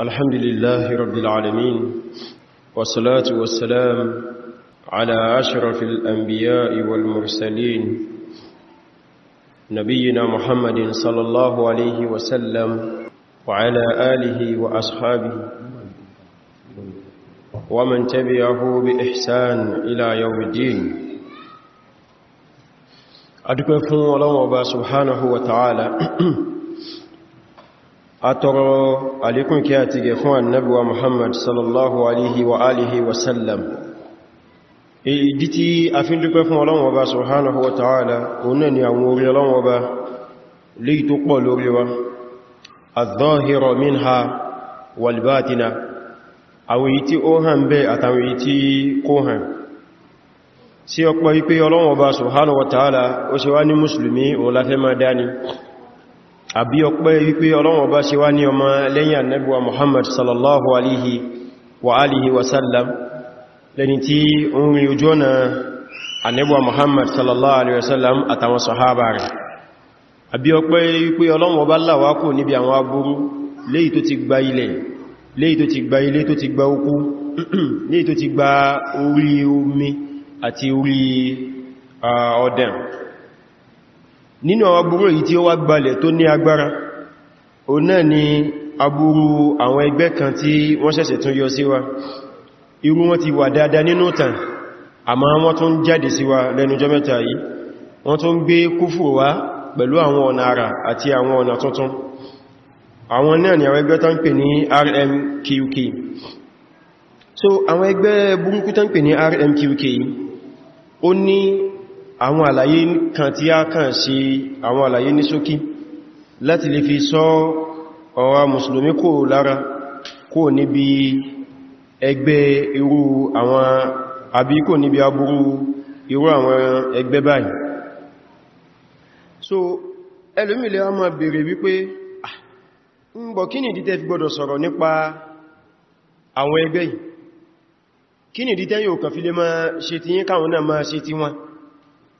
الحمد لله رب العالمين والصلاة والسلام على أشرف الأنبياء والمرسلين نبينا محمد صلى الله عليه وسلم وعلى آله وأصحابه ومن تبعه بإحسان إلى يوم الدين أدكفهم الله وبا سبحانه وتعالى atọrọ alékún kí a ti gẹ fún annabuwa muhammad sallallahu alihi wa alihi wasallam ìdí tí a fi ń dúpẹ́ fún Ọlọ́run Ọba subhanahu wa ta'ala òun ni àwọn orí Ọlọ́run Ọba lè tó pọ̀ lórí wa az-zahira minha àwọn èyí tí ó hàn bẹ́ àtàwọn èyí tí kò hàn àbí ọpẹ́ wípé ọlọ́run ọba ṣe wá ní ọmọ lẹ́yìn annabuwa muhammad sallallahu alihi wa alihi wasallam lẹni tí ó ń rí ojú ọ̀nà annabuwa muhammad sallallahu alihi wasallam àtàwọn sahaba rẹ̀ àbí ọpẹ́ wípé ọlọ́run ọba là wá kò níbi àwọn aburú léyìí tó ti gba ilẹ̀ léyìí nínú àwọn aburú yìí tí ó wá gbalẹ̀ tó ní agbára o náà ni aburú àwọn ẹgbẹ́ kan tí wọ́n ṣẹ̀ṣẹ̀ tún yọ sí wa irú wọn ti wà dáadáa nínú tàn àmọ́ wọ́n tún jáde sí wa mẹ́ta yìí wọ́n tún gbé kúfùrù pẹ̀lú àwọn ọ̀nà àrà àti àwọn ọ̀nà tuntun àwọn náà ni àwọn ẹgbẹ́ tán pè ní RMQK so àwọn ẹgbẹ́ burúkú tán pè ní RMQK ó ní àwọn àlàyé kan tí a kàn ṣe àwọn àlàyé ní ṣókí láti lè fi sọ ọ̀rọ̀ mùsùlùmí kò lára kò níbi ẹgbẹ́ irú àwọn àbí kò níbi aburú irú àwọn ẹgbẹ́ báyìí so ẹlòmílẹ̀ a máa bèèrè wípé ah, ń bọ̀ kí ni ìdítẹ́ fi gbọdọ̀ sọ̀rọ̀ nípa àwọn ẹgbẹ́ yìí kí ni ìdítẹ́ yóò kàn fi lè máa ṣe ti yín káwọn náà máa ṣe ti wọn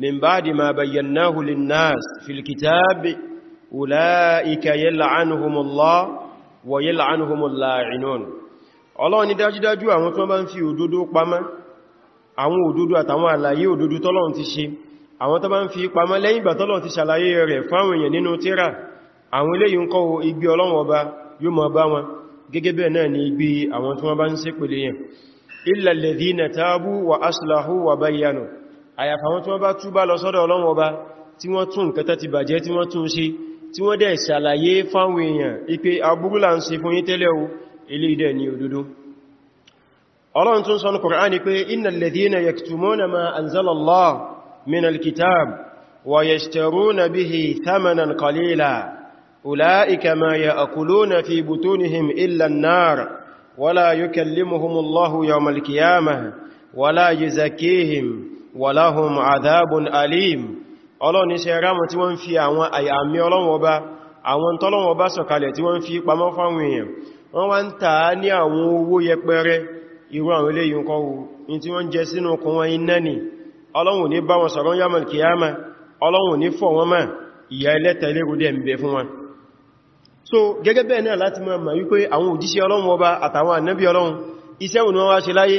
من بعد ما بيناه للناس في الكتاب أولئك يلعنهم الله ويلعنهم اللاعنون Ọlọ́run ni dájúdájú àwọn tó bá ń fi òdodo pamọ́ àwọn òdodo àtàwọn àlàyé òdodo tọ́lọ́run ti ṣe àwọn tó bá ń fi pamọ́ lẹ́yìn ìgbà tọ́lọ́run ti ṣàlàyé rẹ̀ fáwọn èèyàn nínú tírà àwọn eléyìí ń kọ́ igbe Ọlọ́run ọba yóò máa bá wọn gẹ́gẹ́ bẹ́ẹ̀ náà àyàfà wọn tí wọ́n bá túbá lọ sọ́dọ̀ Ọlọ́run Ọba tí wọ́n tún nǹkan tẹ́ ti bàjẹ́ tí wọ́n tún ṣe tí wọ́n dẹ̀ ṣàlàyé fáwọn èèyàn ipé aburú là ń ṣe fún yín tẹ́lẹ̀ wàláhùn àdábùn alim ọlọ́ni ṣe rámù tí wọ́n fi àwọn àmì ọlọ́wọ́ba àwọn tọ́lọ́wọ́ba sọ̀kalẹ̀ tí wọ́n fi pamọ́ fáwọn èèyàn wọ́n wá ń tàá ní àwọn owó yẹpẹrẹ irú àwọn ilé yìí kọwú in tí wọ́n jẹ sínú ọkùn wọn iná so gẹ́gẹ́ bẹ́ẹ̀ náà láti mọ̀ wípé àwọn òjíṣẹ́ ọlọ́run ọba àtàwọn ànábì ọlọ́run iṣẹ́ òun wọ́n wá ṣe láyé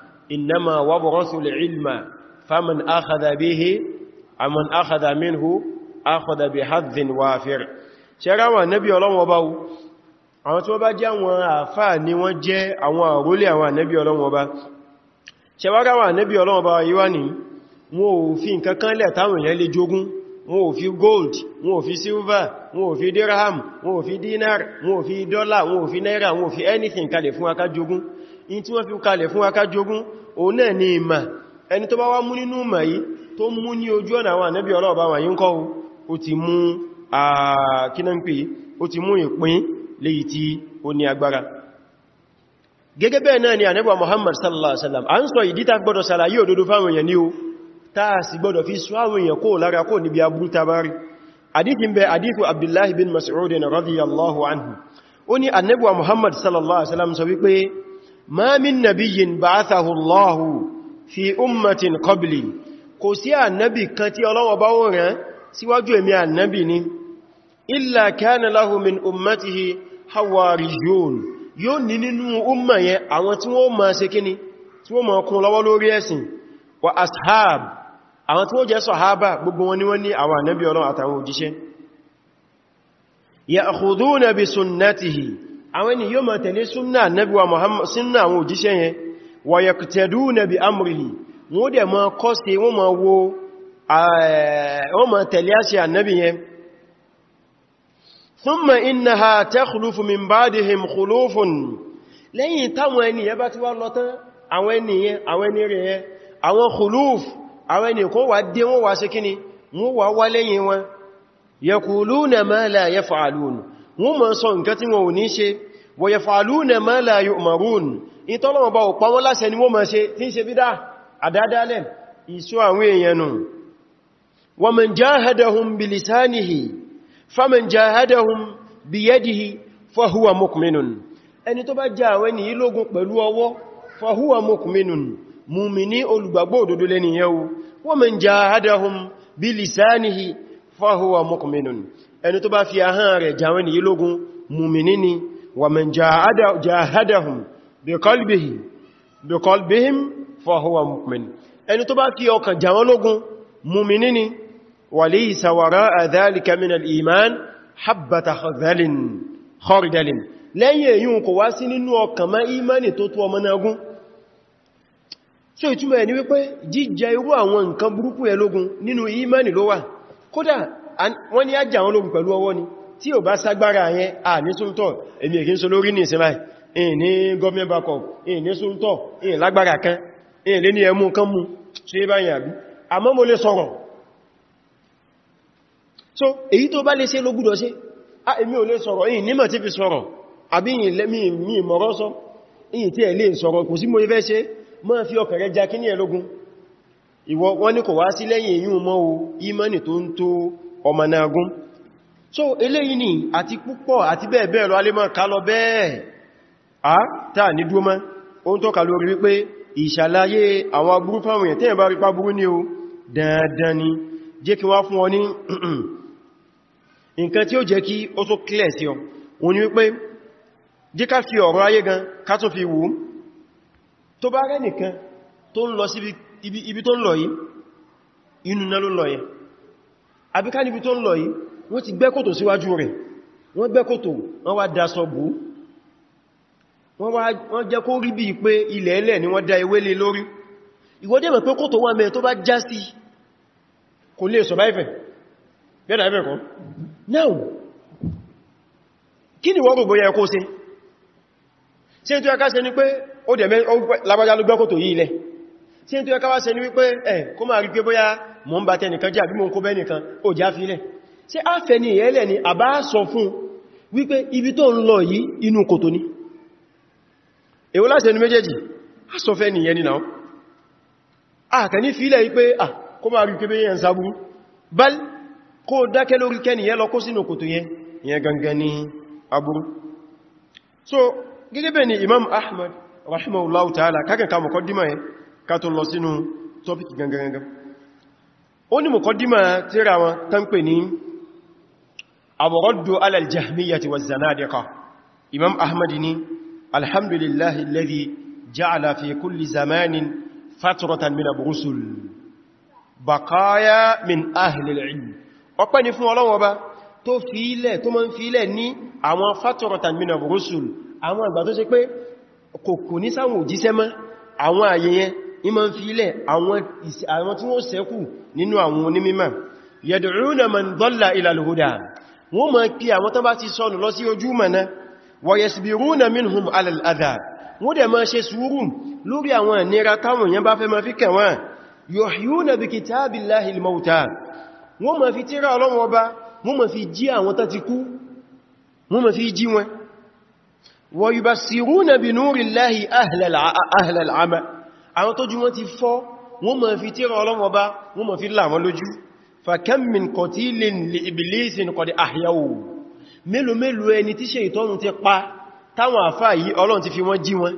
إنما وبرث العلم فمن أخذ به ومن أخذ منه أخذ بحظ وافر ṣẹ́ráwà nẹ́bí ọlọ́run ọba wú àwọn tí wọ́n bá jẹ́ àwọn àfáà ni wọ́n jẹ́ àwọn àrólé àwọn nẹ́bí ọlọ́run ọba ṣẹ́wáráwà nẹ́bí ọlọ́run ọba yíwá ní wọ́n ò fi nǹkan kan lẹ̀ táwọn èèyàn lè jogún wọn ò fi gold wọn ò fi silver wọn ò fi dirham wọn ò fi dinar wọn in tí wọ́n fi kalẹ̀ fún aká jogún òun náà ni ìmà ẹni tó bá wá mú nínú ìmà yìí tó mú ní ojú ọ̀nà àwọn ànábì ọlọ́ọ̀bá wà yínkọ́ ó ti mú àkínánpé ó ti mú ìpín léyìí tí ó ní agbára gẹ́gẹ́ bẹ́ẹ̀ náà ni ànábì Muhammad sallallahu alaihi wasallam à ń sọ ìdí tá gbọ́dọ̀ ṣàlàyé òdodo fáwọn èèyàn ní o táà sì gbọ́dọ̀ fi sọ àwọn èèyàn kó lára bin Mas'ud radiyallahu anhu ó ní ànábì Muhammad sallallahu alaihi wasallam sọ wípé ma min nabiyyin ba'athahu Allahu fi ummatin qabli kò sí annabi kan tí Ọlọ́run bá ó rán síwájú èmi annabi ni illa kana lahu min ummatihi hawarijun yóò ní nínú umma yẹn àwọn tí wọ́n máa ṣe kíni tí wọ́n máa kún lọ́wọ́ lórí ẹ̀sìn wa ashab àwọn tí wọ́n jẹ́ sahaba gbogbo wọn ni wọ́n ní àwọn annabi Ọlọ́run àtàwọn òjíṣẹ́ ya'khuduna bi sunnatihi àwọn ènìyàn yóò máa tẹ̀lé súnnà Nábì wa Muhammad súnnà àwọn òjíṣẹ́ yẹn wa yaqtaduna bi amrihi wọ́n dẹ̀ máa kọ́sí wọ́n máa wo eh, wọ́n máa tẹ̀lé àṣẹ Ànábì yẹn thumma innaha takhlufu min ba'dihim khulufun lẹ́yìn táwọn ènìyàn bá ti wá lọ wọ́n máa sọ nǹkan tí wọn ò ní ṣe wa yaf'aluna ma la yu'marun ìtọ́lọ́wọ́ bá ò pa wọ́n láṣẹ ni wọ́n máa ṣe tí ń ṣe bídá àdádálẹ̀ ìṣó àwọn èèyàn nù wa man jahadahum bilisanihi faman jahadahum biyadihi fahuwa ẹni tó bá fi ahán rẹ̀ jàwọn ènìyàn lógún mùmìnì ni wà mẹ́ jahadahum biqalbihim fahuwa mu'min ẹni tó bá fi ọkàn jàwọn lógún mùmìnì ni walaysa wara'a dhalika min al-iman habbata khardalin khardalin lẹ́yìn èyí kò wá sí nínú ọkàn má ìmánì tó tó ọmọ kódà wọ́n ní ajá wọn lógun pẹ̀lú ọwọ́ ni tí ò bá ságbára yẹn à ní sultan èmi èkí ń so lórí ní ìsinmi ìyìn ní government backup ìyìn ní sultan ìyìn lágbára kan ìyìn lé ní ẹmú kan mú ṣe é àbí àmọ́ so èyí tó bá lè ṣe ló gúdọ̀ ṣe à èmi ò lè sọ̀rọ̀ ìyìn nímọ̀ tí fi sọ̀rọ̀ àbí ìyìn lẹ́mí mi mọ̀rọ̀ sọ ìyìn tí ẹ̀ lè sọ̀rọ̀ kò sí mo wọn ní kò wá sí lẹ́yìn èyí mọ́ o ìmọ́ni tó ń tó ọmọ náàgún so eléyìí ni àti púpọ̀ àti bẹ́ẹ̀ bẹ́ẹ̀ lọ alémọ̀ ká lọ bẹ́ẹ̀ a tà ní dúmọ́ o ń tọ́ka lórí wípé ìṣàlàyé àwọn agbúrú fáwọn èèyàn tẹ́yẹ̀ bá rí pàbúrú ní o dandan ni jẹ́ kí wá fún ọ ní nǹkan tí ó àbíká níbi tó ń lọ yìí wọ́n ti gbẹ́ kòtò síwájú rẹ̀ wọ́n gbẹ́ kòtò wọ́n wá dá sọ́gbò wọ́n jẹ́ kó rí bí i pé ilẹ̀ ẹlẹ̀ ni wọ́n dá ewé lé lórí ìwọ́dẹ̀ mọ̀ pé kòtò wà mẹ́ tó bá já sí kò lè now kí ni wọ́n rògbò yẹ kó ṣe ṣe tó ẹka ṣe ni pé ó dẹ̀ mẹ́ lábájá ló gbẹ́ kòtò yìí ilẹ̀ ṣe tó ẹka mọ́ ń bá tẹnìkan jẹ́ àbí mọ́ ń kó bẹ́nìkan ó já fílẹ̀ ṣé a fẹ́ ní ìyẹ́lẹ̀ ni àbá sọ fún wípé ibi tó ń lọ yìí inú kòtò ní èwo láti ẹnu méjèèjì a sọ fẹ́ nìyẹn ni náà a kà ní fílẹ̀ wípé à kó máa bal kó dákẹ́ lórí kẹ́nìyẹn lọ kó sínú kòtò so gẹ́gẹ́ Imam Ahmad rahimahullahu ta'ala kákẹ́kà mọ̀kọ́ dímọ̀ yẹn ká tó lọ sínú tọ́pìkì gangan gangan ó ní mùkọ́dímà tíra wọn tán pè ní àwọ̀rọ̀dù alàljahmiyyati wa zanadiqa imam ahmad ni alhamdulillahi alladhi ja'ala fi kulli zamanin fatratan min aburusul bakaya min ahli al-ilm ọpẹ́ ni fún Ọlọ́run Ọba tó fílẹ̀ tó mọ́ ń fílẹ̀ ní àwọn fatratan min aburusul àwọn ìgbà tó ṣe pé kòkò ní sáwọn òjíṣẹ́ àwọn àyẹyẹn ìmọ̀ fi ilẹ̀ àwọn tí wọ́n ṣẹ́kù nínú àwọn onímímọ̀ yad'una man dalla ila al-huda wọ́n máa pè àwọn tán bá ti sọnù lọ sí ojú mọ̀nà wọ́n dẹ̀ máa ṣe sùúrù lórí àwọn àwọn tójú wọn ti fọ́ wọ́n máa fi tírà Ọlọ́run Ọba wọ́n máa fi là wọ́n lójú fa kam min qatilin li iblisin qad ahyawu mélòó mélòó ẹni tí Ṣáítánù ti pa táwọn àfá yìí Ọlọ́run ti fi wọ́n jí wọn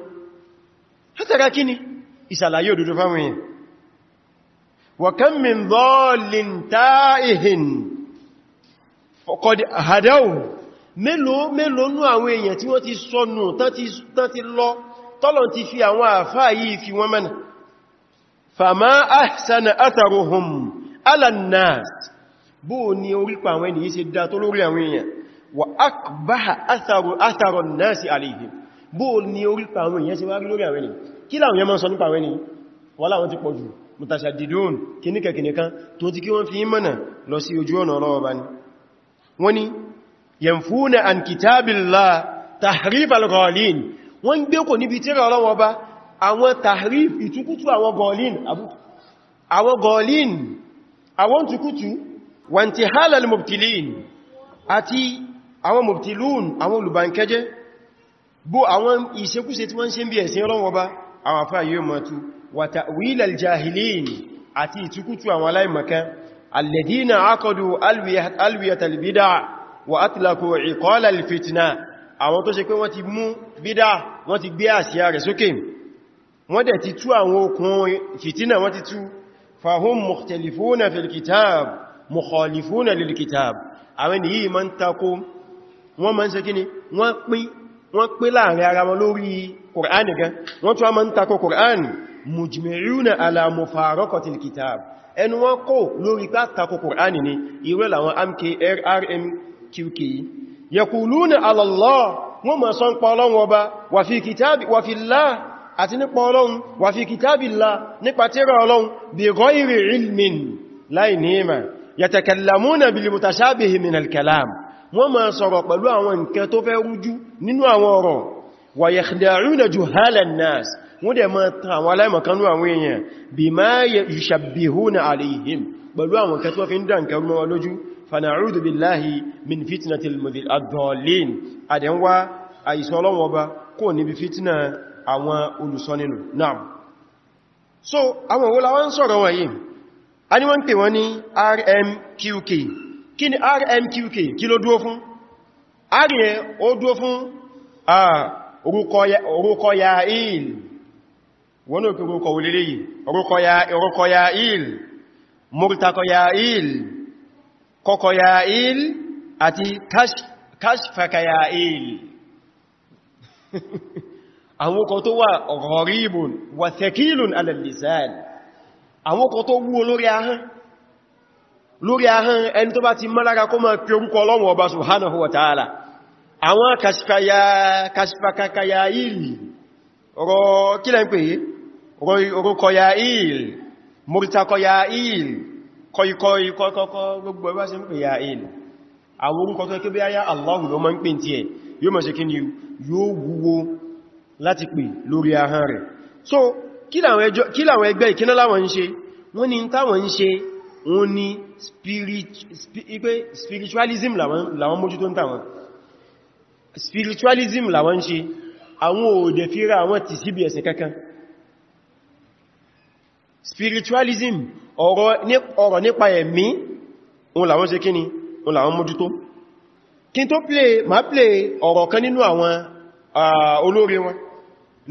látara kí ni ìsàlàyé òdodo fáwọn èèyàn wa kam min mélòó mélòó nú àwọn èèyàn tí wọ́n ti sọnù tán ti lọ tọ́lọ̀ ti fi àwọn àfáà yìí fi wọ́n mẹ́nà fàmá ahsana atharuhum ala nnas bó ní orípa àwọn ènìyàn ṣe dá tó lórí àwọn èèyàn wa akbaha atharu nnasi alayhim bó ní orípa àwọn èèyàn ṣe wá rí lórí àwọn ènìyàn kí láwọn yẹn mọ́ sọ nípa àwọn ènìyàn wọ́n láwọn ti wọ́n ń gbé kò níbi tíra Ọlọ́run Ọba àwọn tahrif ìtukútù àwọn gọ̀ọ̀lín àwọn gọ̀ọ̀lín àwọn tukútù wọ́n ti halal mubtilin àti àwọn mubtilun àwọn olùbànkẹ́jẹ́ bó àwọn ìṣekúṣe tí wọ́n ṣe bí ẹ̀sìn Ọlọ́run Ọba àwọn àwọn aláìmọ̀kan alladhina aqadu àwọn tó ṣe pé wọ́n ti mú bídá wọ́n ti gbé àsíá rẹ̀ sókè wọ́n dẹ̀ ti tú àwọn okùn fìtínà wọ́n ti tú fahum mukhtalifuna fil kitab mukhalifuna lil kitab àwọn ni yìí máa ń takò wọ́n máa ń ṣe kíni wọ́n pín wọ́n pín láàrin ara wọn lórí Qur'an gan wọ́n tún yaquluna ala Allah wọ́n ma sọ ń pa ọlọ́run ọba wà fi kìtàbí wà fi láà àti nípa ọlọ́run wà fi kitabillah nípa tíra ọlọ́run bi ghayri ilmin láì níma yatakallamuna bil mutashabihi minal kalam wọ́n ma sọ̀rọ̀ pẹ̀lú àwọn nǹkan tó fẹ́ rújú nínú àwọn ọ̀rọ̀ wà yakhda'una فنعوذ بالله من فتنة الضالين àdẹ̀wà àìsàn ọlọ́wọ́ ọba kò níbi fitna àwọn olùsọ́nínú náà so àwọn wọ́la wọ́n sọ̀rọ̀ wọ̀nyí a ní wọ́n pè wọ́n ní RMQK kí ni RMQK kí ló dúó fún ààrẹ ó dúó fún orúkọ ya il ya il murtakọ ya il kọkọ ya il àti kashfaka ya il àwọn ọkọ̀ tó wà gharibun wà thakilun ala al-lisan àwọn ọkọ̀ tó wúwo lórí ahán lórí ahán ẹni tó bá ti mọ́lára kó máa pè orúkọ Ọlọ́run Ọba subhanahu wa ta'ala àwọn kashfaka ya il ọ̀rọ̀ kílẹ̀ ń pè ọ̀rọ̀ kọ ya il murtakọ ya il kọ́ikọ́i kọ́kọ́kọ́ gbogbo ẹwà sí ń pè ya ìlú àwọn orúkọ tó kébé ayá Allahu ló máa ń pè tí ẹ yóò mọ̀ sí kí ni yóò wúwo láti pè lórí ahán rẹ̀ so kí láwọn ẹgbẹ́ ìkíná láwọn ń ṣe wọ́n ni táwọn ń ṣe wọ́n ni spiritualism làwọn mójútó ń tàwọn spiritualism làwọn ń ṣe àwọn òdè fíra àwọn tìsíbì spiritualism ọ̀rọ̀ nípa ẹ̀mí òun làwọn ṣe kíni òun làwọn mójútó kí tó play ma play ọ̀rọ̀ kan nínú àwọn olórí wọn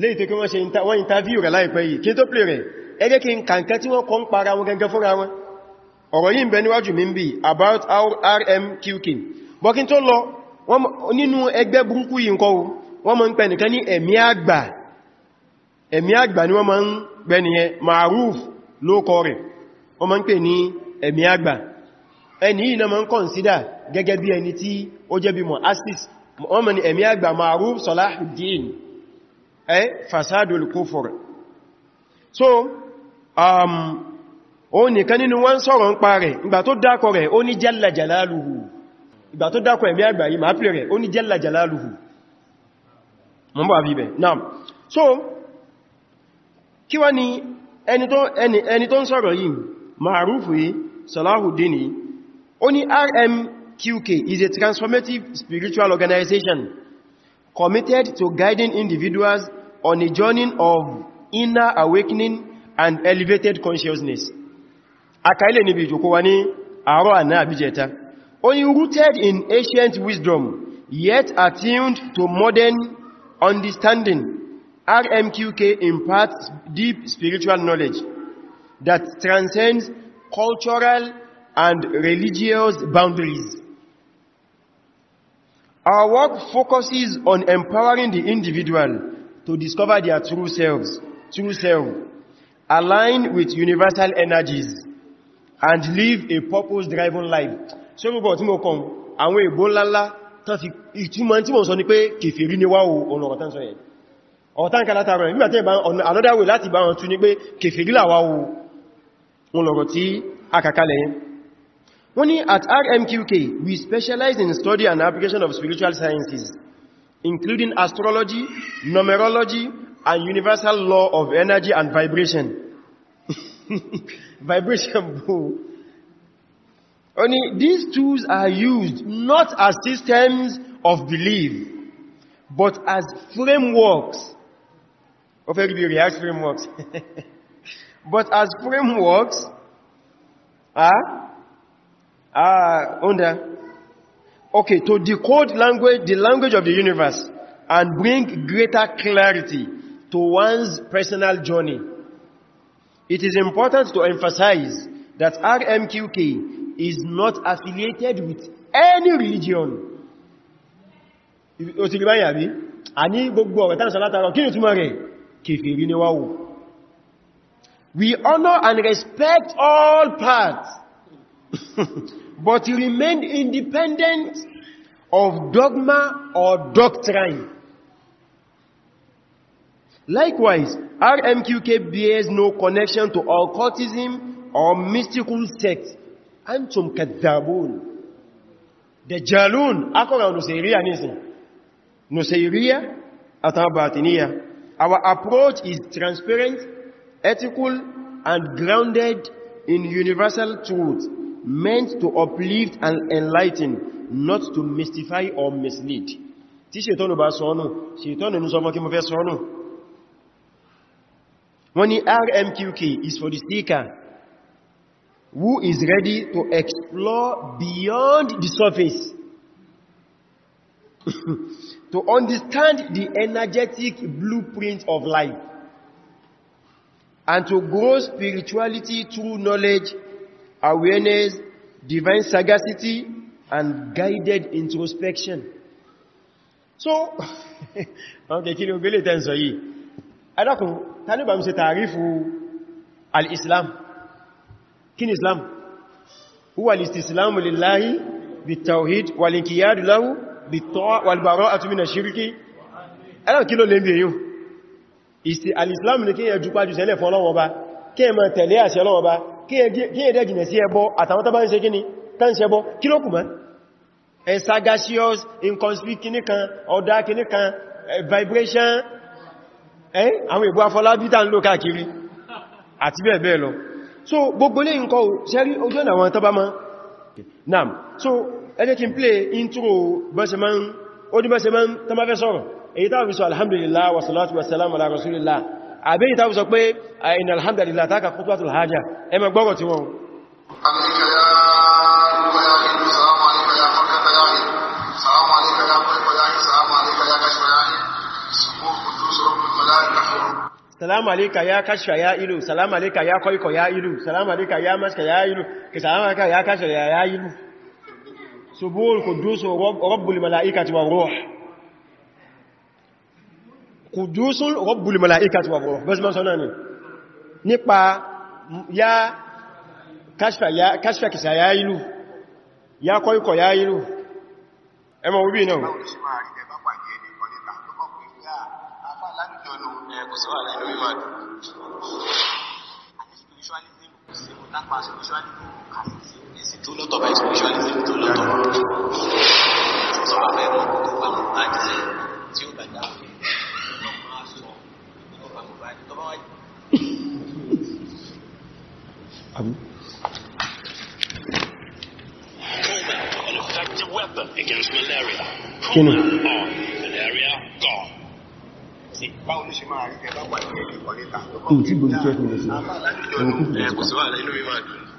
léyìí tó kí wọ́n ṣe wọ́n interview rẹ̀ láìpẹ́ yìí kí tó play rẹ̀ ẹgbẹ́ kí n kànkẹ́ tí wọ́n kọ́ ń para wọn gẹ́gẹ́ fúnra wọn ọ̀rọ̀ yìí ń bẹ níwájú mi ń bí about our RMQK bọ́kí tó lọ nínú ẹgbẹ́ burúkú yìí ń kọ́ wọ́n mọ́ ń pẹ̀ nìkan ní ẹ̀mí àgbà ẹ̀mí àgbà ni wọ́n ma ń pè ní ẹ ma'ruf ló kọ rẹ̀ wọ́n ma ń pè ní ẹ̀mí àgbà ẹni yìí na ma ń kọ̀nsídà gẹ́gẹ́ bí ẹni tí ó jẹ́ bí mu'assis wọ́n so um, ó nìkan nínú wọ́n sọ̀rọ̀ ń pa rẹ̀ ìgbà tó dákọ rẹ̀ ó ní jalla jalaluhu ìgbà tó dákọ ẹ̀mí àgbà yìí máa pè mọ́ bá bíbẹ̀ náà so kí wá ní ẹni tó ń sọ̀rọ̀ yìí Ma'ruf yìí Salahuddin yìí ó RMQK is a transformative spiritual organization committed to guiding individuals on a journey of inner awakening and elevated consciousness akaile níbi ìjòkó wa ní àárọ̀ àná àbíjẹta ó ní rooted in ancient wisdom yet attuned to modern understanding RMQK imparts deep spiritual knowledge that transcends cultural and religious boundaries. Our work focuses on empowering the individual to discover their true selves, true self, align with universal energies, and live a purpose-driven life. Ṣé gbogbo tí mo kàn àwọn ègbó ńláńlá tán fi ìtumọ̀ tí mo sọ ní pé kèfèrí ni wá ọ̀nà ọ̀tán sọ yẹn ọ̀tánkà látàrọ̀ nígbàtí ìbá láti bá wọn tún ní pé kèfèrílà wá wo wọn tí a kàkalẹ̀ yẹn wọ́n ní at RMQK we specialize in study and application of spiritual sciences including astrology numerology and universal law of energy and vibration vibration boo wọ́n these tools are used not as systems of belief but as frameworks Of fẹ́ rí frameworks but as frameworks ah ah under okay to decode language the language of the universe and bring greater clarity to one's personal journey it is important to emphasize that RMQK is not affiliated with any religion o ti rí báyìí àbí a ní gbogbo ọ̀rẹ̀ tánṣà látara kí ni túnmọ̀ rẹ̀ kèfèrí ní we honor and respect all parts but remain independent of dogma or doctrine likewise RMQK bears no connection to occultism or mystical sects antum kadhabun dajalun akọ̀rọ̀ nùsẹ̀ríà nìsìn nùsẹ̀ríà àtàbàtìníyà Our approach is transparent, ethical, and grounded in universal truth, meant to uplift and enlighten, not to mystify or mislead. Tí ṣètọ́nù bá sọ́nù, ṣètọ́nù ní sọmọ́ kí mo fẹ́ sọ́nù. Wọ́n ni RMQK is for the seeker who is ready to explore beyond the surface. to understand the energetic blueprint of life and to grow spirituality through knowledge, awareness, divine sagacity, and guided introspection. So, àwọn kèkí ni ògbélé tẹ́ ń sọ yìí. Adákùn, ta ní bá mú ṣe tààrífù al-Islam? Kí ni Islam? Huwa al-istislamu lillahi bit-tawhid wal-inqiyadu lahu بالطاعة والبراءة من الشرك ẹ̀rọ kí ló lè bí èyàn ìsì alìsìláàmù ní kí ẹ jùpá jù sẹ́lẹ̀ fún Ọlọ́run Ọba kí ẹ máa tẹ̀lé àṣẹ Ọlọ́run Ọba kí ẹ dẹ́gìnà sí ẹbọ àtàwọn tàbí ṣe kíní tán ṣẹbọ kí ló kùmọ́ ẹ sagacious inconspic kíní kan ọ̀dá kíní kan vibration ẹ́ àwọn ìbú afọlábí tàn ló káàkiri àti bẹ́ẹ̀ bẹ́ẹ̀ so ẹ jẹ́ kí n play intro bẹ́sẹ̀mán ó ní bẹ́sẹ̀mán tó máa fẹ́ sọ̀rọ̀ èyí tàà fi sọ alhamdulillah wa salatu wa salam ala rasulillah àbí èyí tàà fi sọ pé ah, inna alhamdulillah taka khutwatul haja ẹ ma gbọ́rọ̀ tí wọ́n salamu alaika ya kashfa ya ilu salamu alaika ya koiko ya ilu salamu alaika ya maska ya ilu ki salamu alaika ya kashfa ya ilu سبوه القدوس رب الملائكة والروح قدوس رب الملائكة والروح بس ما سناني nípa ya kashfa kisa ya ilu ya kọ́ikọ̀ ya ilu ẹmọ orí náà Spiritualism, simultaneous spiritualism, cases through lot of spiritualism, through lot of sọ abẹ́ wọn kò tó báwọn bá jẹ tí ó bá dá fún un lọ máa sọ tó bá kò bá jẹ tó bá An effective weapon against malaria. Kini? malaria gone. Báwo ló ṣe máa rí ẹ bá wà ní ẹ̀lú ìkọ́lé ta? Kò tí gbogbo 12 minutes. Kò sí wà nínú mi máa dùn.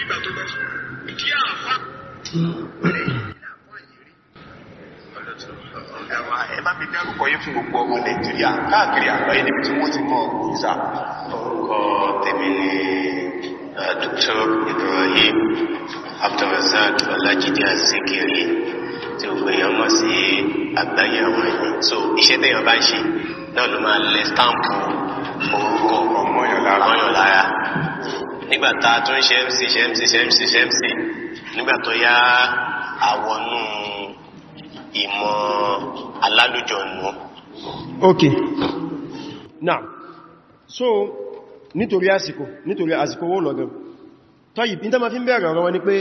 nígbà tó bá sùn kí àfa. ẹ má fi dárúkọ yín fún gbogbo ọmọ nàìjíríà káàkiri àgbáyé níbi tí wọ́n ti mọ ìzà. orúkọ tèmi ni uh, dr ibrahim abdulrasaq ọlájídé azikiri tí o gbé yàn mọ́ sí àgbáyé àwọn ẹ̀yìn so iṣẹ́ téèyàn bá ń ṣe náà ló máa lẹ sítáǹpù orúkọ ọmọ yàn lára nígbà tá a ṣe mc ṣe mc ṣe mc ṣe mc nígbà tó àwọnú ìmọ̀ alálùjọ̀nù. ok now so nítorí àsìkò nítorí àsìkò wó lọ́gán tọ́yì ní tọ́mà fi ń bẹ̀rẹ̀ ọ̀rọ̀ wọn ni pé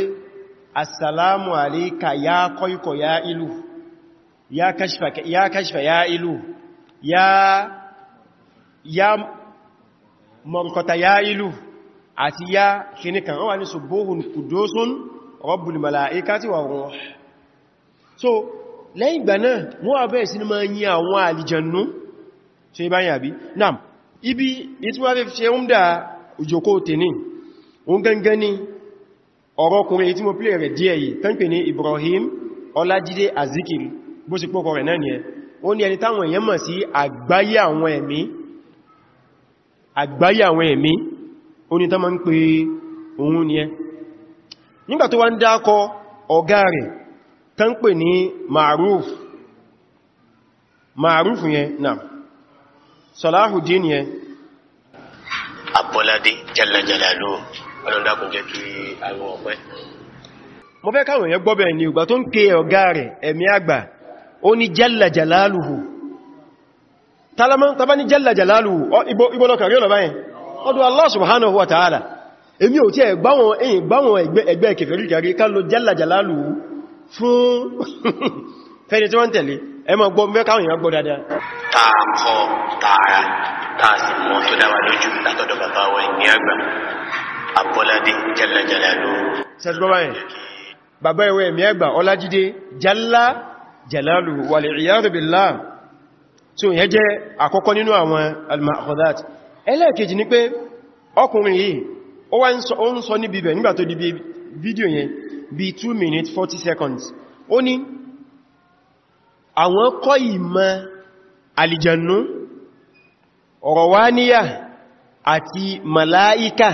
assalamu alaika ya kọ́ikọ̀ ya ilu ya kashfa ya ilu ya ya ya ilu àti yá kìníkan wọ́n wà ní ṣubóhùn kùdósún rabbul mala'ikati wa ruh so lẹ́yìn ìgbà náà wọ́n wà bẹ́ẹ̀ sí ni máa yí àwọn àlìjànnú ṣe bá yà bí náà ibi ìtí wọ́n fẹ́ ṣe ń dà òjòkó tèní òun gangan ni Ibrahim Ọlájídé Azikiri bó sì pọ́kọ̀ rẹ̀ náà ni ẹ ó ní ẹni táwọn èèyàn mọ̀ sí àgbáyé àwọn ẹ̀mí oní tán ma ń pè òun ni ẹ nígbà tó wá ń dákọ ọ̀gá rẹ̀ tán pè ní Ma'ruf Ma'ruf yẹn náà Salahuddin yẹn Abọ́ládé Jalla Jalaluhu ọlọ́dákùn jẹ́ kí àwọn ọ̀pẹ́ mo fẹ́ káwọn èèyàn gbọ́bẹ̀ ní ìgbà tó ń ké ọ̀gá rẹ̀ ẹ̀mí àgbà ó ní Jalla Jalaluhu tàbá ní Jalla rí ọ̀nà ọdún Allah subhanahu wa ta'ala èmi ò tí ẹgbáwọn èyìn gbáwọn ẹgbẹ́ kèfèrí kàrí ká lọ jalla jalalu fún fẹ́ni tí wọ́n tẹ̀lé ẹmọ gbọ́ mẹ́káwọn èèyàn gbọ́ dáadáa taa kọ tààrà taa sì mọ́ tó dáwà lójú látọ̀dọ̀ bàbá wa ní àgbà abọ́ládé jalla jalalu bàbá ìwé jalla jalalu wal billah so yẹ jẹ́ àkọ́kọ́ nínú àwọn al-ma'khudat ẹlẹ́ẹ̀kejì ni pé ọkùnrin yìí ó wá ń sọ níbi ibẹ̀ nígbà tó di fídíò yẹn bí 2 minutes 40 seconds ó ní àwọn kọ́ ìmọ̀ àlìjànú ọ̀rọ̀wáníyà àti màláíkà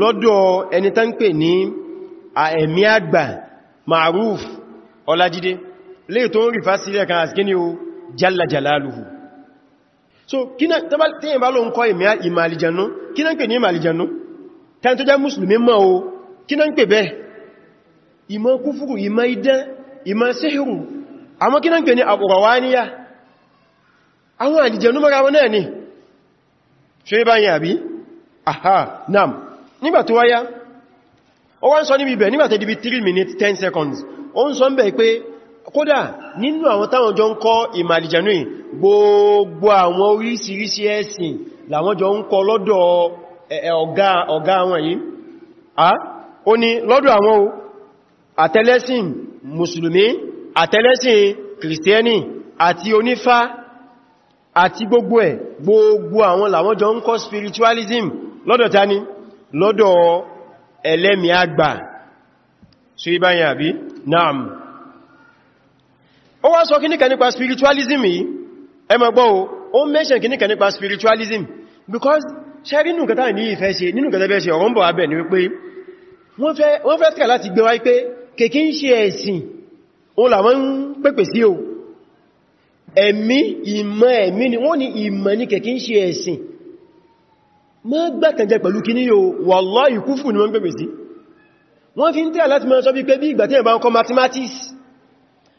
lọ́dọ̀ ẹni tán pè ní ẹ̀mí àgbà maruf ọlájídé lè tó ń rí fásílẹ̀ kan àsìkí ni ó jalla jalaluhu so kíná tẹ́yìn bá ló ń kọ́ ìmàlìjànú kíná ń pè ní ìmàlìjànú tẹ́yìn tó jẹ́ mùsùlùmí mọ́ o kíná ń pè bẹ́ẹ̀ ìmọ̀ kúfùrù ìmọ̀ idán ìmọ̀ síhìrù àwọn kíná ń pè ní àkùrọ̀wáníyà àwọn àlìjànú mọ́ra wọn náà ni ṣe bá aha nam nígbà tó wáyá ó wá ń sọ níbi ibẹ̀ nígbà tó dibi 3 minutes 10 seconds ó kódà nínú àwọn táwọn jọ ń kọ́ ìmàlìjànú ì gbogbo àwọn oríṣiríṣi ẹ̀sìn làwọn jọ ń kọ́ lọ́dọ̀ ọ̀gá wọn yìí a ó ní lọ́dọ̀ àwọn àtẹ́lẹ́sìn mùsùlùmí àtẹ́lẹ́sìn kìrìsìtẹ́nì àti onífá àti gbogbo ẹ̀ gbogbo àwọn làwọn jọ ń kọ́ spiritualism lọ́dọ̀ tani lọ́dọ̀ ẹlẹ́mìí àgbà ṣe ibáyàbí naam ó wá sọ kíníkà nípa spiritualism yìí ẹ má gbọ́ ó mention kíníkà nípa spiritualism because ṣe rí nù kẹta ní ìfẹ́ ṣe nínú kẹta bẹ́ẹ̀ ṣe ọ̀rọ̀ ń bọ̀ abẹ́ ni wípé wọ́n fẹ́ tẹ̀ láti gbé wáyé pé kèkí ń ṣe ẹ̀sìn òun làwọn ń pèpè sí o ẹ̀mí ìmọ̀ ẹ̀mí ni wọ́n ni ìmọ̀ ní kèkí ń ṣe ẹ̀sìn má gbàkànjẹ pẹ̀lú kí ní yóò wallahi kúfù ni wọ́n pèpè sí wọ́n fi ń tẹ̀ láti mọ́ sọ bí pé bí ìgbà tí ẹ̀bá ń kọ́ mathematics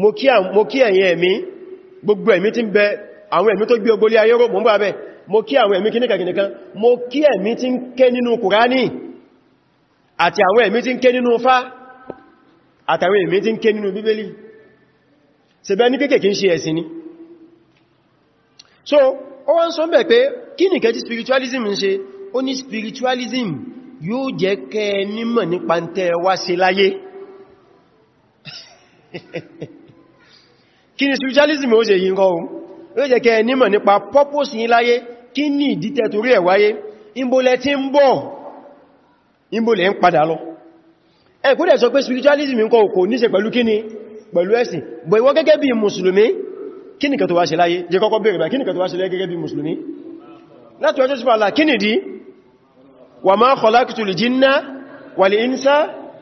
mo kí ẹ̀yin ẹ̀mí gbogbo ẹ̀mí tí ń bẹ àwọn ẹ̀mí tó gbé ogolé ayé rò mọ́ bẹ́ mo kí àwọn ẹ̀mí kìníkàkìníkan mo kí ẹ̀mí tí ń ké nínú kùránì àti àwọn ẹ̀mí tí ń ké nínú fá àtàwọn ẹ̀mí tí ń ké nínú bíbélì so ó wá ń sọ spiritualism ń ṣe spiritualism yóò jẹ́ kẹ́ nímọ̀ nípa kí ni spiritualism ó ṣe yí nǹkan ohun ó jẹ́ kẹ́ nímọ̀ nípa purpose yín láyé kí ní ìdítẹ̀ torí ẹ̀ wáyé ìbòlẹ̀ tí ń bọ̀ ìbòlẹ̀ ń padà lọ ẹ sọ pé spiritualism nǹkan kò ní ṣe pẹ̀lú kíni pẹ̀lú ẹ̀sìn bọ̀ ìwọ gẹ́gẹ́ ni kan tó wá ṣe láyé jẹ́ kọ́kọ́ bèèrè bá kí ni kan tó wá ṣe láyé gẹ́gẹ́ bí mùsùlùmí láti ọjọ́ sí fàlà kí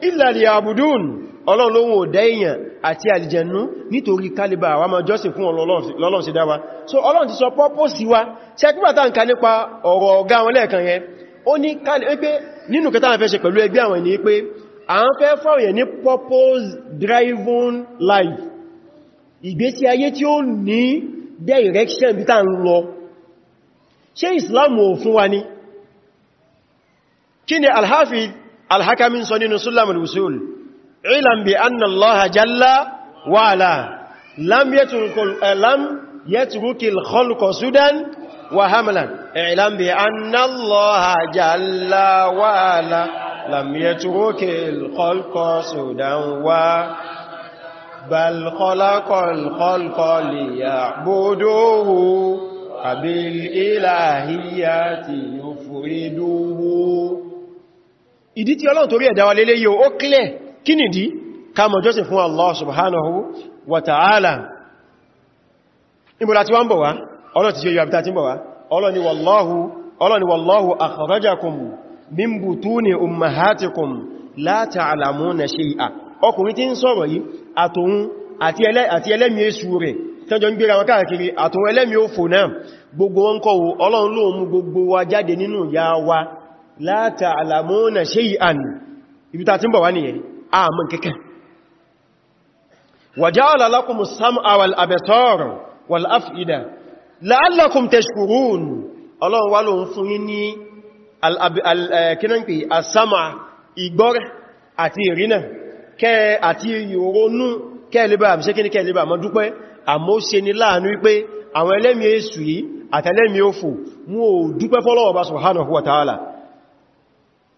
illa liya'budun ọlọ́run lóhun ò dá èèyàn àti àlìjẹ̀nú nítorí kálíbà àwa máa jọ́sìn fún ọlọ́run sí dáwà so ọlọ́run ti sọ pọ́pọ́sì wa tí akígbàtà ń ka nípa ọ̀rọ̀ ọ̀gá wọn lẹ́ẹ̀kan yẹn ó ní pé nínú kẹta àwọn fẹ́ ṣe pẹ̀lú ẹgbẹ́ àwọn ènìyàn life ìgbésí ayé tí ó ní direction bí tá ń lọ ṣé Islam ò fún wa ní kí Al-Hafiz Al-Hakami sọ nínú Sulamul Usul ilan bi anna allaha jalla wa ala lam yatrukul eh, lam yatrukil khalqa sudan wa hamlan ilan bi anna allaha jalla wa ala lam yatrukil khalqa sudan wa bal khalaqal khalqa liya'buduhu qabil ilahiyati yufriduhu ìdí tí Ọlọ́run torí ẹ̀dá wa leleyo ó clear Kini di, dí ká mọ̀ jọ́sìn fún Allah subhanahu wa ta'ala ìbúra tí wọ́n bọ̀ wá ọlọ́ ti ṣe yọ àbítà tí bọ̀ wá ni wallahu ọlọ́ ni wallahu akhrajakum min butuni ummahatikum la ọkùnrin tí ń sọ̀rọ̀ yìí àti ẹlẹ́mì èṣù rẹ̀ tẹ́jọ ń gbéra wọn káàkiri àtòun náà gbogbo wọn kọwọ́ ọlọ́run gbogbo wa jáde nínú ya wa ibi ta ti ń bọ̀ wá àmọ́ kẹ́kẹ́ wàjáàlá lákùnmù sam'awal abẹ́tọ́rù wal af'ida la'allakum tashkurun ọlọ́run wá lóun fún yí ní kínáǹkì asama ìgbọ́rẹ̀ àti ìrìnà kẹ́ àti ìrònú kẹ́lẹ́bà àmìṣẹ́kíní kẹ́lẹ́bà mọ́ dúpẹ́ àmọ́ ṣe ni láàánú wípé àwọn ẹlẹ́mìí èsù yìí àtẹ́lẹ́mìí òfò mú ò dúpẹ́ fọ́lọ́wọ́ bá subhanahu wa ta'ala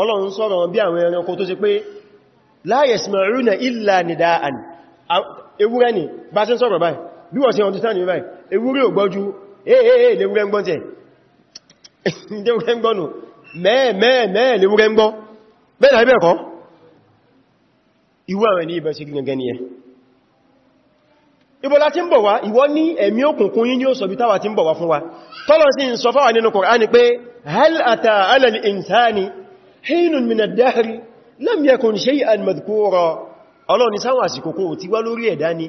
ọlọ́run sọ̀rọ̀ bí àwọn ẹranko tó ṣe pé la yasma'una illa nida'an ewúrẹ́ ni bá ṣe ń sọ̀rọ̀ báyìí bí wọ́n ṣe ọdún sáà ní báyìí ewúrẹ́ ò gbọ́jú èèyàn lewúrẹ́ ń gbọ́n tẹ̀ lewúrẹ́ ń gbọ́nù mẹ́ẹ̀mẹ́ẹ̀ lewúrẹ́ ń gbọ́ bẹ́ẹ̀ náà ni ẹ ibo la ti bọ̀ wá ìwọ ní ẹ̀mí òkùnkùn yín yóò sọ bí táwa ti ń bọ̀ wá fún wa tọ́lọ̀ sí ń sọ fáwà nínú Kùránì pé hal ata alal insani حين من ad لم يكن شيئا shay'an الله ọlọ́run ní sáwọn àsìkò kò ti wá lórí ẹ̀dá ni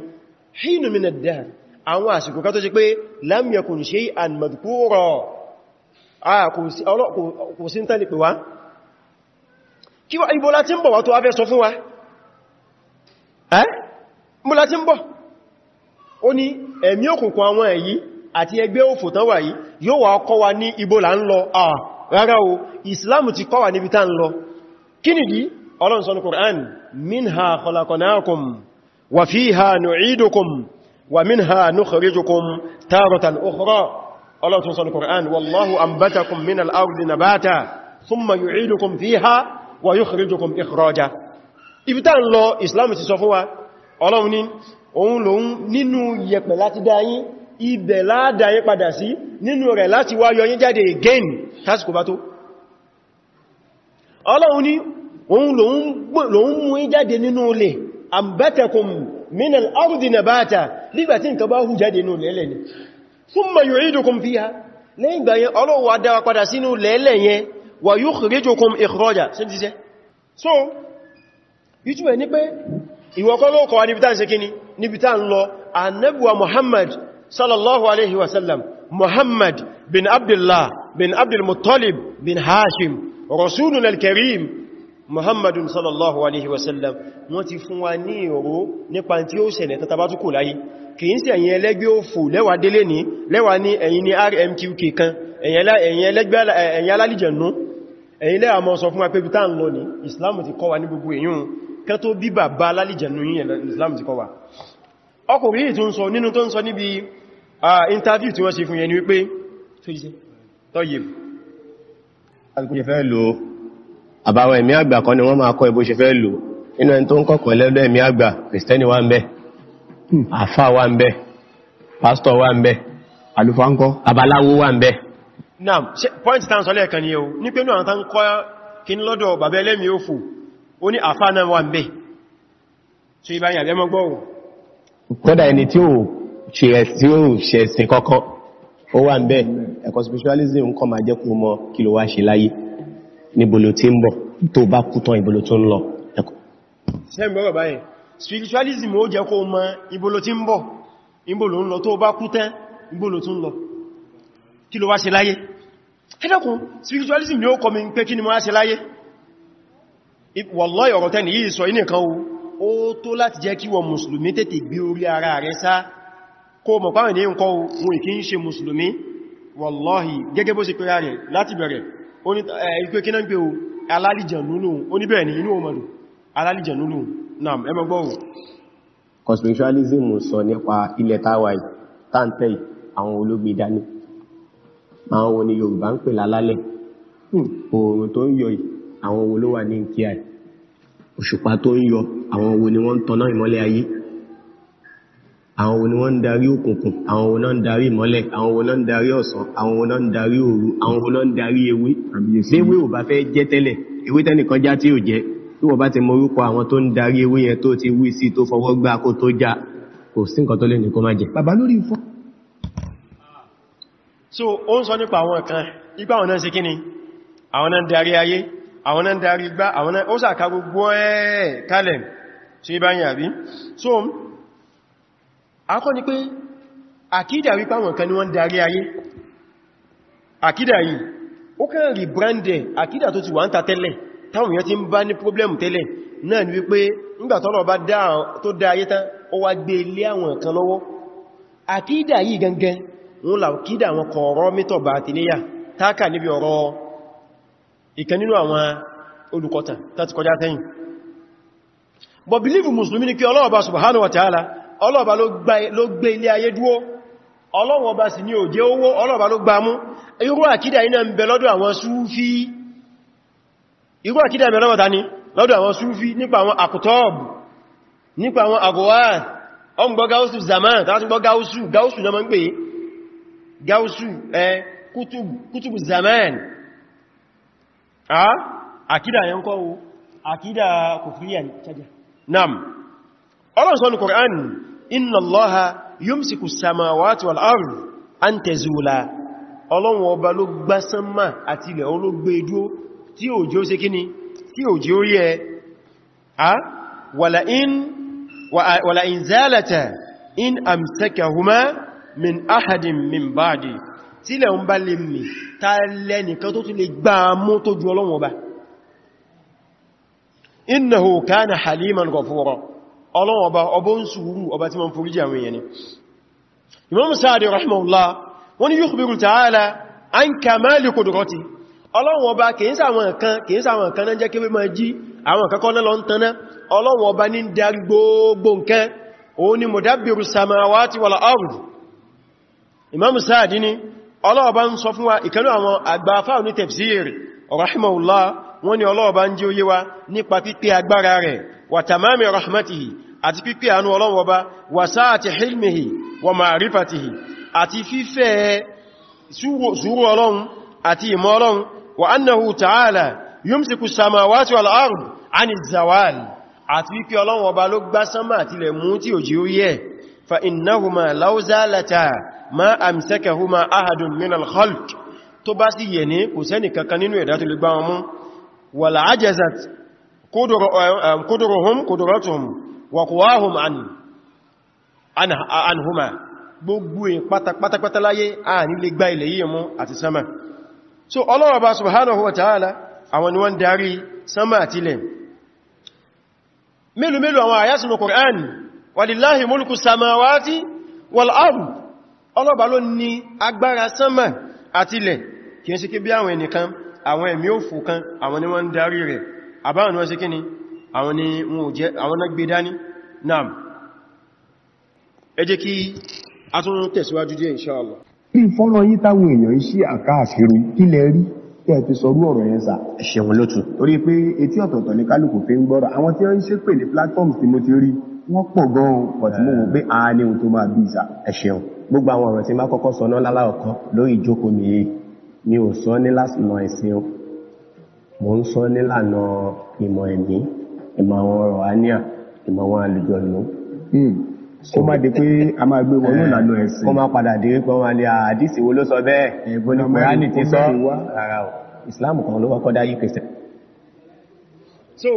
hínun min ad-dahr àwọn àsìkò ká tó ṣe pé lam yakun shay'an madhkura kò sí tán pè wá kí wá ibo láti ń bọ̀ wá tó wá fẹ́ sọ fún wa ẹ́ mú láti ń bọ̀ ó ní ẹ̀mí òkùnkùn àwọn èyí àti ẹgbẹ́ òfò tán wà yìí yóò wá kọ́ wa ní ibo là ń lọ rárá o ìsìláàmù ti kọ́ wa níbi tá ń lọ kí nìdí ọlọ́run sọ ní Qur'an minha khalaqnakum wa fiha nu'idukum wa minha nukhrijukum taratan ukhra ọlọ́run sọ ní Qur'an wallahu anbatakum min al-ardi nabata thumma yu'idukum fiha wa yukhrijukum ikhraja ibi tá ń lọ ìsìláàmù ti sọ fún wa ọlọ́run ni òun lòun nínú yẹ̀pẹ̀ láti dáyín ibẹ̀ láàdáyé padà sí nínú rẹ̀ láti wá yọ yín jáde again tásìkò bá tó ọlọ́run ní òun lòun mú yín jáde nínú olè àmbẹ́tẹ̀kùn mínal ardi nabata nígbàtí nǹkan bá hù jáde nínú lẹ́lẹ̀ ni thumma yu'idukum fiha lẹ́yìn ìgbà yẹn so ìtumọ̀ ni pé ìwọ kọ́ ló kọ́ wa níbi tá ń ṣe kíní sallallahu alaihi wasallam muhammad bin abdullah bin abdul muttalib bin hashim rasulun al-karim muhammadun sallallahu alaihi wasallam wọ́n ti fún wa ní ọ̀rọ̀ nípa tí ó ṣẹlẹ̀ tata bá túkù láyé kìí sí ẹ̀yin ẹlẹ́gbẹ́ òfò lẹ́wà délé ní lẹ́wà ní ẹ̀yin ní rmqk kan ẹ̀yin alálìjẹ̀nú ẹ̀yin lẹ́wà mọ́ sọ fún wa pé bí tá ń lọ ní islam ti kọ́ wa ní gbogbo èyún kẹ́ alálìjẹ̀nú ọkùnrin yìí tó ń sọ nínú tó ń sọ níbi interview tí wọ́n ṣe fún yẹn ni wípé tọ́yìí alùkúnṣe fẹ́ lò àbáwọn ẹ̀mí àgbà kan ni wọ́n máa kọ́ ẹbó ṣe fẹ́ lò inú ẹni tó ń kọ́kọ̀ lẹ́dọ̀ ẹ̀mí àgbà kìrìsìtẹ́nì wà ń bẹ àfà wà ń bẹ pásítọ̀ wà ni o ní pé náà tán kọ́ kí ní lọ́dọ̀ bàbá ẹlẹ́mìí òfò kódà ẹni tí ó ṣe ẹ̀sìn kankan ó wà ń bẹ́ ẹ̀kọ́ spiritualism ń kọ́ máa jẹ́ kó mọ̀ kí ló wá ṣe láyé níbolo tí ń bọ̀ tó bá kú tán ìbolo tó ń lọ spiritualism ó jẹ́ kó mọ̀ ìbolo tí ń bọ̀ ni ó kọ́ mi pé kí ni mo wá ó tó láti jẹ́ kí wọ mùsùlùmí tètè gbé orí ara rẹ̀ sá kó mọ̀ pàwọn ní nǹkan wọn ìkí ń ṣe mùsùlùmí wallahi gẹ́gẹ́ bó ṣe pẹ́ra rẹ̀ láti bẹ̀rẹ̀ ìpé nam ẹ mọ́gbọ́ conspirationalism sọ nípa ilẹ̀ táwà táǹtẹ̀ àwọn ológun ìdání àwọn wo ni Yorùbá ń pè lálálẹ̀ hmm, oòrùn tó ń yọ àwọn wo ní kíà òṣùpá tó ń yọ àwọn wo ni wọ́n tọ́nà ìmọ́lẹ̀ ayé àwọn wo ni wọ́n ń darí òkùnkùn àwọn wo náà ń darí ìmọ́lẹ̀ àwọn wo náà ń darí ọ̀sán àwọn wo náà ń darí òru àwọn wo náà ń darí ewé léwé ò bá fẹ́ jẹ́ tẹ́lẹ̀ ewé tẹ́nìkan já tí ò jẹ́ tí wọ́n bá ti mọ orúkọ àwọn tó ń darí ewé yẹn tó ti wí sí tó fọwọ́ gbá kó tó já kò sí nǹkan tó lè nìkan má jẹ so ó ń sọ nípa àwọn kan ipa àwọn náà ṣe kíni àwọn náà ń darí ayé àwọn náà ń darí igbá àwọn náà ó sàkà gbogbo ẹ̀ kalẹ̀ ṣe bá yà bí so akọ́ ni pé àkídà wípé àwọn kan ni wọ́n darí ayé àkídà yìí ó kàn rí brandẹ̀ àkídà tó ti wà ń ta tẹ́lẹ̀ táwọn èèyàn ti ń bá ní problem tẹ́lẹ̀ náà ni wípé nígbàtọ́lọ̀ bá tó dá ayé tán ó wá gbé ilé àwọn kan lọ́wọ́ àkídà yìí gangan wọn là kídà àwọn kọ̀ọ̀rọ̀ mítọ̀ bá ti níyà táàkà níbi ọ̀rọ̀ ìkan nínú àwọn olùkọta tàti kọjá sẹ́yìn but believe musulmi ni kí ọlọ́ọ̀bá subhanahu wa ta'ala ọlọ́ọ̀bá ló gbé ilé ayé dúó ọlọ́ọ̀bá sì ní òjé owó ọlọ́ọ̀bá ló gbá mú irú àkídà iná ń bẹ lọ́dọ̀ àwọn súfí irú àkídà ń bẹ lọ́dọ̀ àwọn súfí nípa àwọn àkùtọ́ọ̀bù nípa àwọn àgọ́wà ọmọ gbọ́ gáúsù zaman tàbí gbọ́ gáúsù gáúsù zaman àkídà yẹn kọ́ àkídà kòfíríà nam ọlọ́run sọ ní Qur'an inna Allaha yumsiku samawati wal ard an tazula ọlọ́run ọba ló gbá sánmà àti ilẹ̀ olóògbé e dúó tí òjò ṣe kíni tí òjò yẹ a wala in wala in zalata in min ahadin min ba'di tí ilẹ̀ ń bá lè mì ta lẹ́nìkan tó tún lè gbáàmú tó ju ọlọ́run ọba innahu kana haliman ghafura ọlọ́run ọba ọbọ́ ń sùúrù ọba tí wọ́n forí jẹ́ àwọn èèyàn ni imam sáàdì rahimahullah wọ́n ni yukhbiru ta'ala an kamali qudrati ọlọ́run ọba kìí sáwọn kan kìí sáwọn kan náà jẹ́ kí ma jí àwọn kakọ́ náà lọ ń tanná ọlọ́run ọba ní darí gbogbo nǹkan òun ni mudabbiru samawati wal ard imam wọ́n ní Ọlọ́run bá ń jí oyé wa nípa pípé agbára rẹ̀ wà tàmámi rahmatihi àti pípé àánú Ọlọ́run Ọba wà sáàtì hilmihi wà ma'rifatihi àti fífẹ́ sùúrù Ọlọ́run tó bá sì yẹ̀ ní kò sẹ́nì kankan nínú ẹ̀dá tó lè gbá wọn wal ajazat otu gbogbo pátápátá láyé a lè gba ilẹ̀ yìí mú àti sama so Ọlọ́run Ọba subhanahu wa ta'ala àwọn ni wọ́n darí sama àti ilẹ̀ mélòó mélòó àwọn àyásùn Kùránì walillahi mulku ní sama ati ilẹ̀ àwọn ẹ̀mí òfò kan àwọn ni wọ́n ń darí rẹ̀ àbáwọn ni wọ́n sí kí ni àwọn ni wọ́n jẹ́ àwọn náà gbé dání náà ẹ jẹ́ kí a tún tẹ̀síwájú díẹ̀ inṣáàlá kí fọ́nà yí táwọn èèyàn iṣẹ́ àkáàfirú kí lẹ rí kí ẹ ti sọrú ọ̀rọ̀ wọ́n platforms tí mo ti rí wọ́n pọ̀ gan-an pọ̀tí mo wò pé a ní ohun tó máa bí ìsà ẹ̀ṣẹ̀wọ̀n gbogbo àwọn ọ̀rọ̀ tí má kọ́kọ́ sọ náà lálá ọ̀kan lórí ìjókòó nìyí mi ò sọ nílànà ẹ̀sìn o mo ń sọ nílànà ìmọ̀ ẹ̀mí ìmọ̀ àwọn ọ̀rọ̀ àníà ìmọ̀ àwọn àlùjọ̀nù hmm. kó má di pé a máa gbé wọnú eh, ìlànà ẹ̀sìn kó má padà di pé wọ́n ní wo ló sọ bẹẹ. ẹ̀bọ́n ní kòránì ti sọ kan ló kọ́kọ́ dáyé so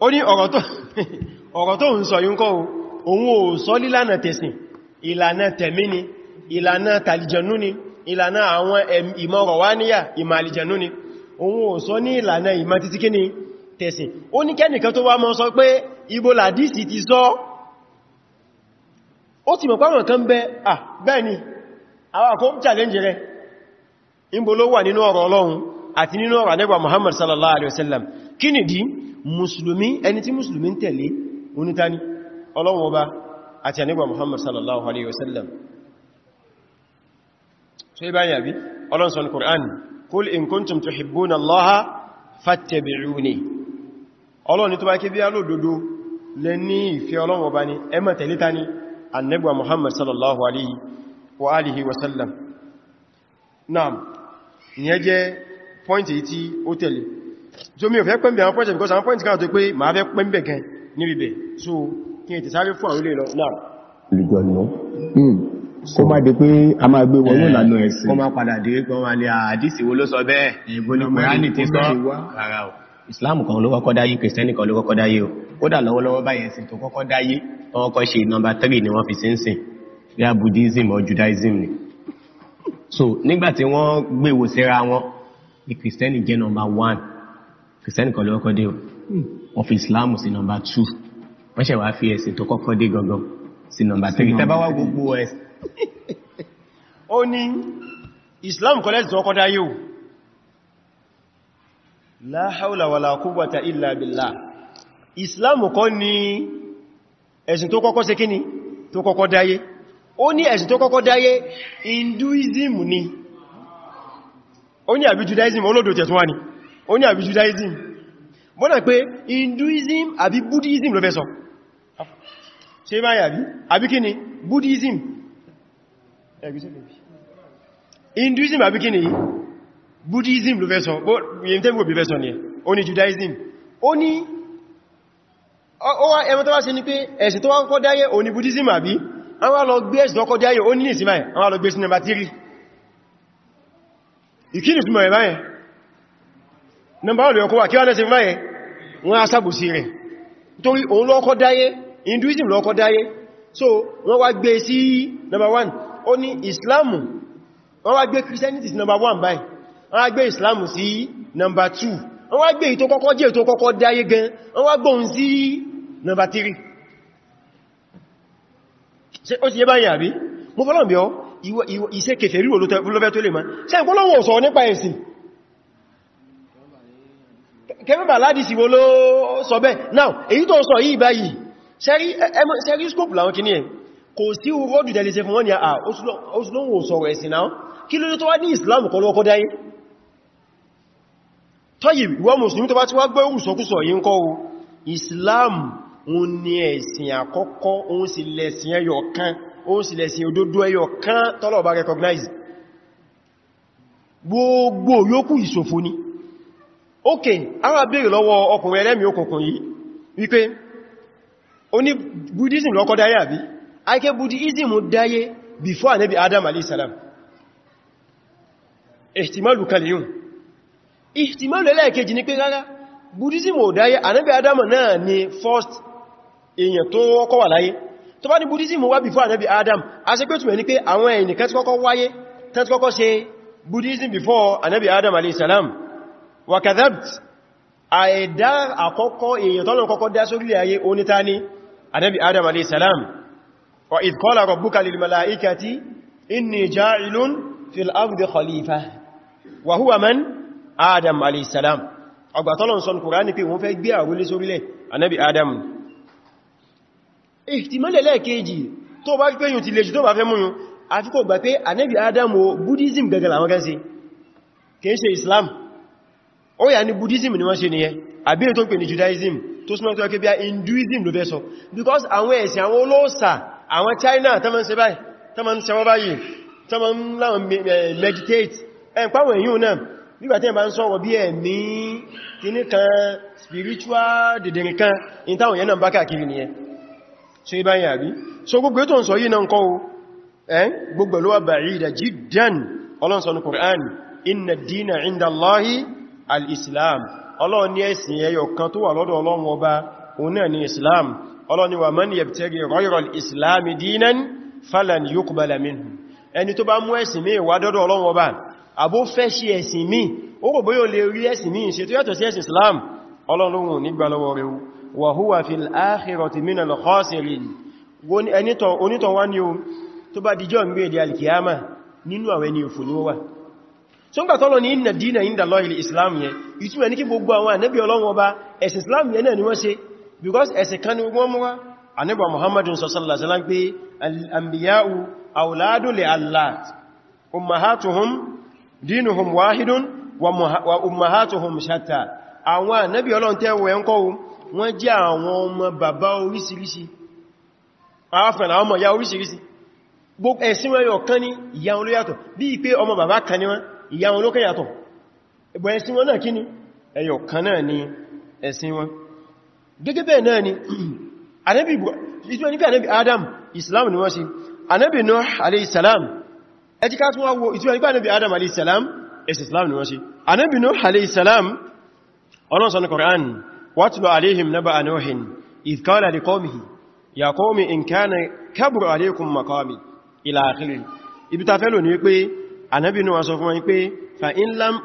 ó ní ọ̀rọ̀ tó ń sọ yí kọ́ kọ́ òun ò sọ lílànà tẹ̀sìn ìlànà tẹ̀mí ìlànà àwọn ìmọ̀ rọ̀wáníyà ìmọ̀ àlìjẹ̀nú ni òun ò sọ ní ìlànà ìmọ̀ títí kí ni tẹ̀sìn ó ní kẹ́nìkan tó wá mọ́ sọ pé ibo làdísì ti sọ ó ti mọ̀ kan bẹ́ àti nínú Muhammad sallallahu alaihi wasallam kí ni dí mùsùlùmí ẹni tí mùsùlùmí ń tẹ̀lé onítání Ọlọ́run ọba Muhammad sallallahu alaihi wasallam ṣe bá bi. ọlọ́nsọ̀ ní kul in kuntum tuhibbuna Allaha fattabi'uni ọlọ́ni tó bá kí bí alódodo lẹ ní ìfẹ́ ọlọ́run ọba ni ẹ máa Muhammad sallallahu alaihi wa alihi wa sallam naam ìyẹn jẹ́ pọ́ìntì tí ó tẹ̀lé so mi ò fẹ́ àwọn pọ́ìntì because àwọn pọ́ìntì ma fẹ́ níbi bẹ̀ so kí n tẹ̀sáré fún àwọn lọ kó má di pé a máa gbé wọnú eh, ìlànà ẹ̀sìn kó má padà dé pé wọ́n ní àdìsí wo ló sọ bẹ́ẹ̀ ìbò ní kòránì sọ rárá buddhism or judaism so nígbà tí wọ́n gbé wò síra wọn ni kìrìsìtẹ́nì jẹ́ nọmba 1 kìrìsìtẹ́nì kan ló kọ́kọ́ dé wọ́n fi ìsìláàmù sí nọmba 2 wọ́n ṣẹ̀ fi ẹ̀sìn tó kọ́kọ́ dé gangan sí nọmba 3 tẹ́bá gbogbo ẹ̀sìn ó ní islam college tó kọ́dá yóò la hawla wala quwwata illa billah islam kọ́ ní ẹ̀sìn tó kọ́kọ́ ṣe kíni tó kọ́kọ́ dáyé ó ní ẹ̀sìn tó kọ́kọ́ dáyé hinduism ni ó ní àbí judaism olódò tẹ̀tún wá ni ó ní àbí judaism bọ́nà pé hinduism àbí buddhism ló fẹ́ sọ ṣe báyà bí àbí buddhism hinduism àbí kí ni buddhism ló fẹ́ sọ yìí tẹ́gbò bí fẹ́ sọ ní ẹ̀ ó ní judaism ó ní ọwá ẹmọ tó wá sí ní pé ẹ̀sìn tó wá ń kọ́ dáyé ó ní buddhism àbí àwọn lọ gbé ẹ̀sìn ọkọ̀ dáyé ó ní ìsinmi àwọn lọ gbé sí nọmbà tírí ìkíni túnmọ̀ ẹ̀ báyẹn nọmbà olè ọkọ̀ wà kí wọ́n lẹ́sìn báyẹn wọ́n á sàbòsí rẹ̀ nítorí òun lọ́kọ́ dáyé hinduism lọ́kọ́ dáyé so wọ́n wá gbé sí nọmbà 1 ó ní islamu wọ́n wá gbé christianity sí number one by. wọ́n wá gbé islamu sí number two wọ́n wá gbé ètò kọ́kọ́ jẹ́ ètò kọ́kọ́ dáyé gan wọ́n wá gbóhun sí number three ṣé ó ti yé báyìí àbí mo fọ́lọ̀ bí ọ iṣẹ́ kẹfẹ̀ ríro lọ́fẹ́ tó lè máa ṣe ìpọ́lọ́wọ̀ sọ nípa ẹ̀sìn kẹfẹ́bà ládìsí wo ló sọ bẹ́ẹ̀ now èyí tó sọ yìí báyìí sẹ́rí scope láwọn kìíní ẹ̀ kò sí rọ́dù tẹ́lẹ̀ṣẹ́ fún wọ́n ni àà ah, oṣùlọ́wọ́ sọ̀rọ̀ ẹ̀sìn náà kí ló tó wá ní islam kọ́ lọ́kọ́ dáyé tọ́yì wọ́n mùsùlùmí tó bá ti wá gbọ́ ìrùsọkúsọ yìí ń kọ́ islam òun ni ẹ̀sìn àkọ́kọ́ òun sì lẹ̀sìn ẹyọ kan òun sì lẹ̀sìn òdodo ẹyọ kan tọ́lọ̀ bá recognize gbogbo yòókù ìṣòfò ni ok ara béèrè lọ́wọ́ ake buddhism dáyé before anabi adam alaihissalam ihtimalu kaliyun ihtimalu ẹlẹ́ẹ̀kejì ni pé rárá buddhism ò dáyé anabi adam náà ni first èèyàn tó kọ́kọ́ wà láyé tó bá ní buddhism wá before anabi adam a ṣe pé túnmẹ̀ ní pé àwọn èèyàn kan tí kọ́kọ́ wáyé tán tí kọ́kọ́ ṣe buddhism before anabi adam alaihissalam wakadhabt àìdá àkọ́kọ́ èèyàn tọ́lọ̀ kọ́kọ́ dá sórílẹ̀ ayé oníta ní anabi adam alaihissalam وإذ قال ربك للملائكة إني جاعل في الأرض خليفة وهو من آدم عليه السلام ọgbà tọ́lọ̀n sọ kùránì pé wọ́n fẹ́ gbé àwọlé sórílẹ̀ anábi adam ìtìmọ́lẹ̀lẹ́ kéèjì tó bá pé yùn ti lè jù tó bá fẹ́ múyùn àti kò gbà pé anábi adam kìí ṣe islam ó yà ní buddhism ni wọ́n ṣe nìyẹn àbí tó pè ní judaism tó súnmọ́ tó ẹkẹ́ bí i hinduism ló fẹ́ sọ because àwọn ẹ̀sìn àwọn olóòsà àwọn China tó mọ́ ṣe báyìí tó mọ́ ṣe wọ́n báyìí tó mọ́ láwọn meditate ẹn pàwọn èyí náà nígbàtí ẹ bá ń sọ̀rọ̀ bí ẹ̀ ní kan spiritual dìdìrì kan in táwọn yẹn náà bá káàkiri nìyẹn so ibá yà rí so gbogbo tó ń sọ yìí inna dina 'inda Allahi al-Islam ọlọ́run ní ẹ̀sìn ẹyọ kan tó wà lọ́dọ̀ ọlọ́run ọba òun náà ni Islam ọlọ́ni wa man yabtaghi ghayra al-islam dinan falan yuqbala minhu ẹni tó bá mú ẹ̀sìn mi wá dọ́dọ̀ Ọlọ́run Ọba àbó fẹ́ ṣe ẹ̀sìn mi ó rò bóyá lè rí ẹ̀sìn mi ṣe tó yàtọ̀ sí ẹ̀sìn Islam Ọlọ́run nígbà lọ́wọ́ rẹ̀ wa huwa fil akhirati minal khasirin onítọ̀ wá ní o tó bá dijọ́ ń gbé alkiyama nínú àwọn ẹni òfò gbà tọ́lọ ní inna dina inda islam yẹn ìtumẹ̀ ní kí gbogbo àwọn ànábì Ọlọ́run Ọba ẹ̀sìn Islam yẹn náà ni wọ́n ṣe because ẹ̀sẹ̀ kan ni wọ́n mú wá àníbà muhammadun sallallahu alaihi wasallam pé al-anbiya'u awladu li Allah ummahatuhum dinuhum wahidun wa ummahatuhum shatta àwọn ànábì Ọlọ́run tẹ́ wọ́n kọ́ wọ́n jẹ́ àwọn ọmọ bàbá oríṣiríṣi àwọn ya oríṣiríṣi gbogbo ẹ̀sìn wọn yóò kán ní ìyá ló yàtọ̀ bí i pé ọmọ bàbá kan ní wọn ìyá ló kẹ́ yàtọ̀ ẹ̀bọ̀ ẹ̀sìn wọn náà kí ni ẹ̀yọ̀ kan náà ni ẹ̀sìn wọn gẹ́gẹ́ bẹ́ẹ̀ náà ni ànábì ìjọ́ ní pé ànábì adam islam ni wọ́n sí ànábì Nuh aleyhisalam ẹjí ká tún wáwo ìjọ́ ní pé ànábì adam aleyhisalam ẹ̀sì islam ni wọ́n sí ànábì Nuh aleyhisalam ọlọ́sàn Qur'an wátùlọ aléhìm naba anóhin idh qala liqawmihi ya qawmi in kana kabura alaykum maqami ila akhiri ibi ta fẹ́lò ni pé ànábì Nuh sọ fún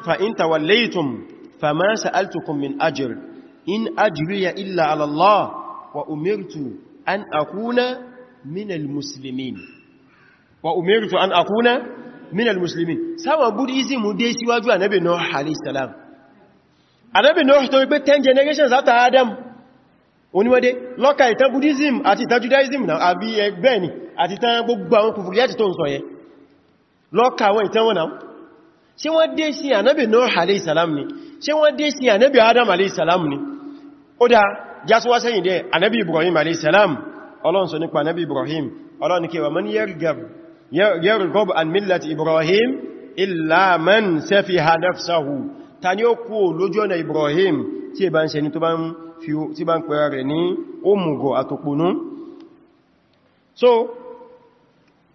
fa in tawallaytum fa ma sa'altukum min ajr in ajriya illa ala Allah wa umirtu an akuna minal muslimin wa umirtu an akuna minal muslimin sáwọn buddhism dé síwájú ànábì Nuh alayhi salam ànábì Nuh tó wípé 10 generations after Adam oníwọ́dé lọ́ka ìtàn buddhism àti ìtàn judaism náà àbí ẹgbẹ́ ni àti ìtàn gbogbo àwọn kùfùrìyàtì tó ń sọ yẹ lọ́ka àwọn ìtàn wọn náà ṣé wọ́n dé sí ànábì Nuh alayhi salam ni ṣé wọ́n dé sí ànábì Adam alayhi salam ni ó dá jásúwá sẹ́yìn dẹ́ anábí ibrahim alaihissalam ọlọ́run sọ nípa anábí ibrahim ọlọ́run kí wa man yarghabu an millati ibrahim illa man safiha nafsahu ta ni ó kú lójú ọ̀nà ibrahim tí bá ń ṣe ní tí bá ń pẹ̀rẹ̀ rẹ̀ ní òmùgọ̀ àtòpónú so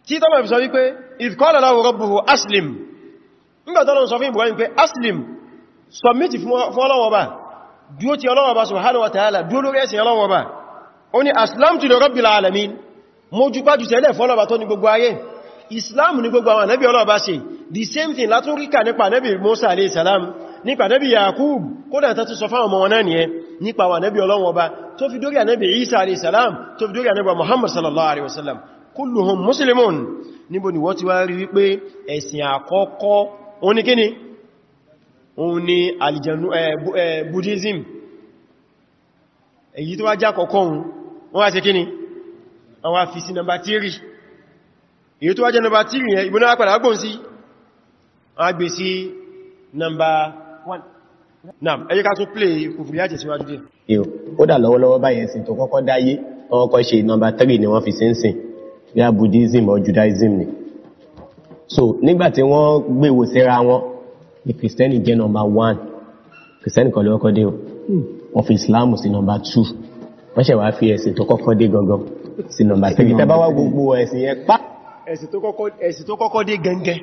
tí tọ́mọ̀ fi sọ wípé idh qala lahu rabbuhu aslim nígbàtọ́lọ́run sọ fún ibrahim pé aslim submit fún ọlọ́wọ́ bá dúó ti Ọlọ́run Ọba subhanahu wa ta'ala dúó lórí ẹ̀sìn Ọlọ́run Ọba ó ní aslamtu li rabbil alamin mo jùpá jù tẹ́lẹ̀ fọ́lọ́ba tó ní gbogbo ayé islam ní gbogbo àwọn ànábì Ọlọ́run Ọba ṣe the same thing látún ríkà nípa ànábì Musa alayhi salam nípa ànábì Yakub kódà tó sọ fáwọn ọmọ wọn náà òun ni aljanu buddhism èyí tó wá já kọ̀kọ́ òun wọ́n wá ṣe kí ni àwọn àfisí nàmbà tírì èyí tó wá jẹ́ nàmbà tírì yẹn ìbúná àpàdà agbóhùn sí agbè sí nàmbà 1 náà ká tún play kùfùrí àti síwájú dé ó dà lọ́wọ́lọ́wọ́ báyẹn sí tó kọ́kọ́ dáyé wọ́n kọ́ ṣe nàmbà 3 ni wọ́n fi sínsìn bí a ni so nígbàtí wọ́n gbèwò síra wọn The Christian is number one. Christian kan lọ́kọ́ dé wọ́n fi islam sí number two. wọ́n ṣẹ̀ wá fi ẹ̀sìn tó kọ́kọ́ dé gangan sí nọmbà 3 tẹ́bá wá gbogbo ẹ̀sìn yẹn pá ẹ̀sìn tó kọ́kọ́ dé gangan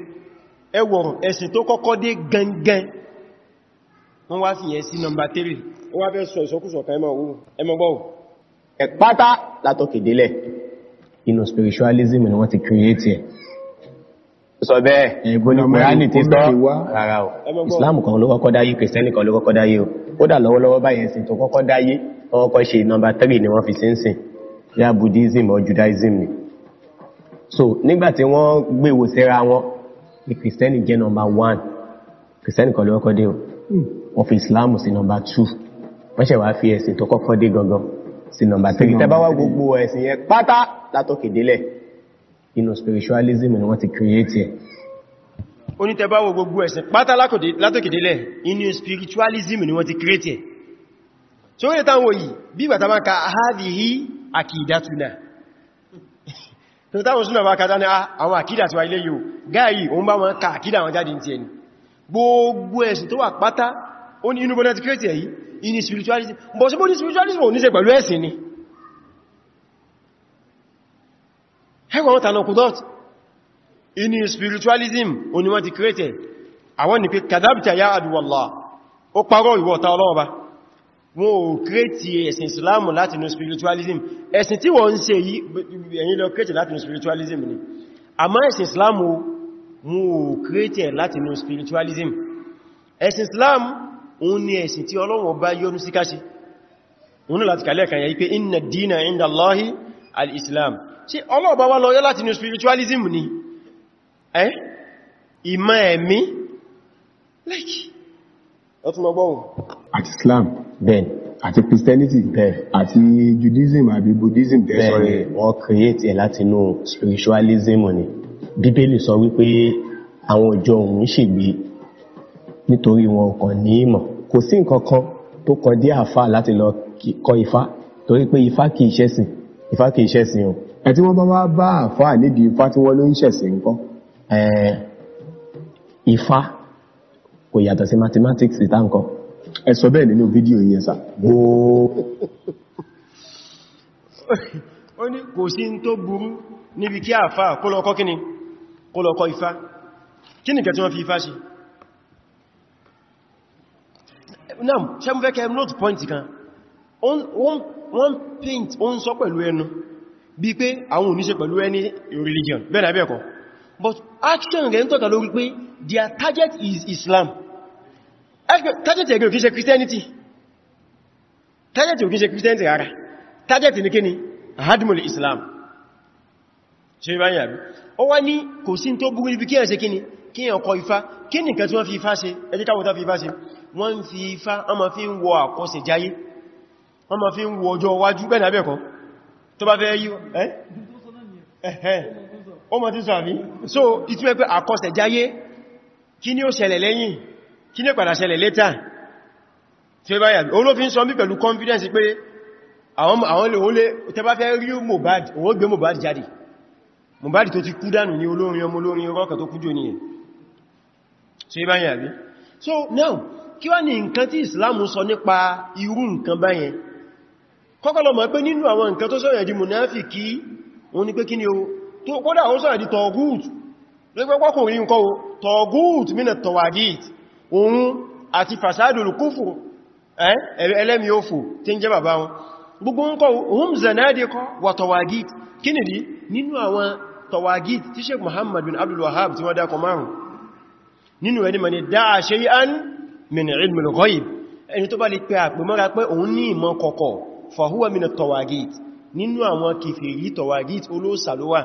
ẹwọ̀rọ̀ ẹ̀sìn tó kọ́kọ́ dé gangan wọ́n wá fi ẹ̀sìn nọmbà 3 ó wá fẹ́ sọ ìsọkúsọ kan sọ bẹ́ẹ̀ ẹ̀bọ́ ní kòránì tí tọ́ rárá o islam kan ló kọ́kọ́ dáyé kìrìsìtẹ́nì kan ló kọ́kọ́ dáyé o ó dà lọ́wọ́lọ́wọ́ báyìí sí tó kọ́kọ́ dáyé ọkọ̀ ṣe nọmba 3 ni wọ́n fi sí ń sìn ya buddhism or judaism ni so nígbàtí wọ́n gbèwò síra wọn ni kìrìsìtẹ́nì jẹ́ nọmba 1 kìrìsìtẹ́nì kan ló kọ́kọ́ o wọ́n fi islam sí nọmba 2 wọ́n ṣẹ̀ wá fi ẹ̀sìn tó kọ́kọ́ inú spiritualism and what it create ẹ̀ onítẹ̀báwò gbogbo ẹ̀sìn pátá látòkèdélẹ̀ inú spiritualism ni wọ́n ti create ẹ̀ tí ó lè táwọn yìí bí bàtà máa ka hadhihi akidatuna tó táwọn súnà bá kátá ní ah, àwọn àkídà tí wà ilé yóò gáàyì òun bá wọn ka àkídà wọn jáde ti ẹni gbogbo ẹ̀sìn tó wà pátá ó ní inú bọ́nà ti create yìí inú spiritualism bọ̀ sí bó ní spiritualism ò ní se pẹ̀lú ẹ̀sìn ni ẹwà wọn tànà kùdọ́t inú spiritualism oníwọ́n ti created àwọn ni pé kadabta ya aduwallah ó parọ́ ìwọ ọ̀tá ọlọ́ọba ò create ẹ̀sìn islamu láti inú spiritualism ẹ̀sìn tí wọ́n ń ṣe yìí ẹ̀yin ló create láti inú spiritualism ni islamu wọn ò create láti spiritualism ẹ̀sìn islam òun ni ẹ̀sìn tí Ọlọ́run ọba yọ́nú sí káṣe inna dina inda Allahi al-islam ṣe ọlọ́ọ̀bá wá lọ yọ́ láti ní spiritualism ni ẹ́ ìmọ̀ ẹ̀mí lẹ́kì ọtúnmọ̀gbọ́hùn àti Islam bẹ́ẹ̀ àti Christianity bẹ́ẹ̀ àti Judaism àbí Buddhism bẹ́ẹ̀ wọ́n create ẹ̀ láti inú spiritualism ni Bíbélì sọ wípé àwọn ìjọ òun ṣègbé nítorí wọn kàn ní ìmọ̀ kò sí nǹkan kan tó kọ dí àfà láti lọ kọ Ifá torí pé Ifá kìí ṣẹ̀sìn Ifá kìí ṣẹ̀sìn ohun ẹ̀tí wọ́n bá wá bá àfáà nídi ifá tí wọ́n ló ń ṣẹ̀sìn ńkọ́ ifá kò yàtọ̀ sí mathematics ìta ńkọ́ ẹ sọ bẹ́ẹ̀ nínú fídíò yẹn sà ó ní kò sí tó burú níbi kí àfáà kó lọ kọ́ kíni kó lọ kọ́ ifá kíni kẹ́ tí wọ́n fi ifá ṣe náà ṣe mú fẹ́ kẹ́ wọ́n paint ó ń sọ pẹ̀lú ẹnu bí pé àwọn oníṣe pẹ̀lú any religion bẹ́ẹ̀ àbí ẹ̀kọ́ but action rẹ̀ ń tọ́ka lórí pé their target is Islam target ẹ̀gẹ́ òkíṣẹ́ Christianity target òkíṣẹ́ Christianity rárá target ní kíni hadmul Islam ṣe bá yà bí ó wá ní kò sí tó burú ibi kíyàn ṣe kíni kíyàn kọ ifá kíni kan tí wọ́n fi ifá ṣe ẹjẹ́ káwọ́ta fi ifá ṣe wọ́n fi ifá wọ́n fi ń wọ àkọsẹ̀ jáyé wọ́n fi ń wọ ọjọ́ iwájú bẹ́ẹ̀ àbí ẹ̀kọ́ tó bá fẹ́ yí ẹ̀hẹ́n ó mọ̀ tí sọ àmì so ìtumẹ̀ pé àkọsẹ̀ jáyé kí ni ó ṣẹlẹ̀ lẹ́yìn kí ni padà ṣẹlẹ̀ létà tí ó bá yà olófin sọ mí pẹ̀lú confidence pé àwọn lè olé tẹ bá fẹ́ rí Mohbad òun gbé Mohbad jáde Mohbad tó ti kú dànù so now kí wá ní nǹkan tí Islam kọ́kọ́lọ mọ̀ pé nínú àwọn nǹkan tó sọ́yẹ̀ di munafiki wọ́n ní pé kí ni o tó kódà ó sọ́yẹ̀ di tọ́gút lẹ́gbẹ́gbọ́ kò rí nǹkan o tọ́gút mínà tọ́wàdít òun àti fasadul kufur ẹlẹ́mi òfò tí ń jẹ́ wa tọ́wàgít kí ni di nínú àwọn tọ́wàgít Muhammad bin Abdul Wahhab tí wọ́n dákọ márùn nínú ẹni mani da'a shay'an min ilmi al-ghaib ẹni tó bá lè pẹ àpè mọ́ra pé òun ní ìmọ̀ kọ̀kọ̀ fàhúwà mìnà tọwàgít nínú àwọn kèfèrí tọwàgít olóòsà ló wà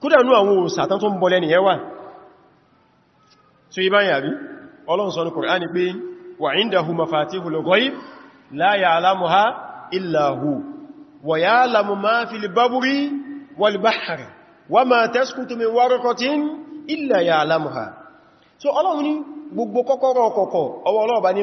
kódà nú àwọn òòsà tán tó ń bọ́lẹ̀ nìyẹn wà so ibá yàrí Ọlọ́run sọ ní Kùránì pé wà indahu mafatihul ghaib la ya'lamuha illa hu wa ya'lamu ma fil babri wal bahri wa ma tasqutu so Ọlọ́run ní gbogbo kọ́kọ́rọ́ ọ̀kọ̀kọ̀ ọwọ́ Ọlọ́run bá ní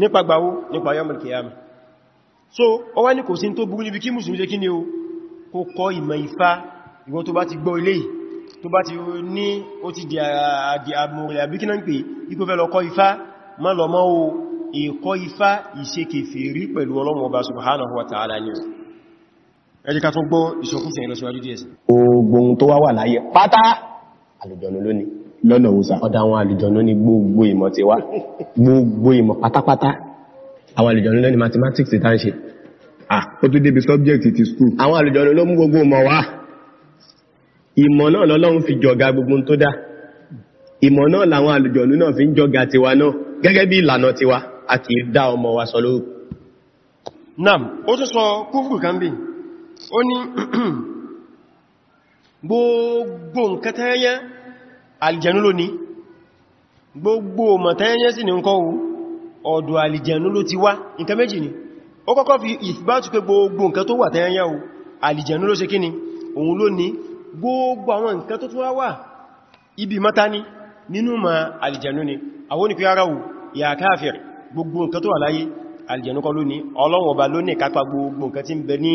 nípa gbàwó nípa yọmọl kìyàmì so ó wá ní kò sí tó burú níbi kí mùsùlùmí ṣe kí ni o kó kọ́ ìmọ̀ Ifá ìwọ tó bá ti gbọ́ ilé tó bá ti ní ó ti di àmúrẹ̀ àbí kíná ń pè ipò fẹ́ lọ kọ́ Ifá má lọ mọ́ o ìkọ́ Ifá ìṣe kèfèrí pẹ̀lú Ọlọ́run Ọba o ẹ jẹ́ ká tún gbọ́ lọ́nà òsà ọ̀dá àwọn àlùjọ̀nú ní gbogbo ìmọ̀ ti wá gbogbo ìmọ̀ pátápátá àwọn àlùjọ̀nú lẹ́ni mathematics ti tánṣe ó tó débi subject ti school àwọn àlùjọ̀nú ló mú gbogbo ìmọ̀ wá ìmọ̀ náà lọ́lọ́run fi jọga gbogbo tó dá ìmọ̀ náà làwọn àlùjọ̀nú náà fi ń jọga tiwa náà gẹ́gẹ́ bí ìlànà tiwa àti dá ọmọ wa nam ó tún sọ kúfùrù kan bí ó ní gbogbo nǹkan tẹ́yẹn alìjẹnú ló ní gbogbo mọ̀tẹ́yẹ́ sí ni ń kọ́ ọ̀dọ̀ alìjẹnú ló ti wá nǹkan méjì ni ó kọ́kọ́ fi ìfibátù pé gbogbo nǹkan tó wà tẹ́yẹ́ o alìjẹnú ló ṣe kí ni òun ló ní gbogbo àwọn nǹkan tó tún wá ibi mọ́ta ni nínú ma alìjẹnú ni àwọn ni ara wù ya káfir gbogbo nǹkan tó wà láyé alìjẹnú kọ́ ló ní ọlọ́run ọba ló ní kápá gbogbo nǹkan tí ń bẹ ní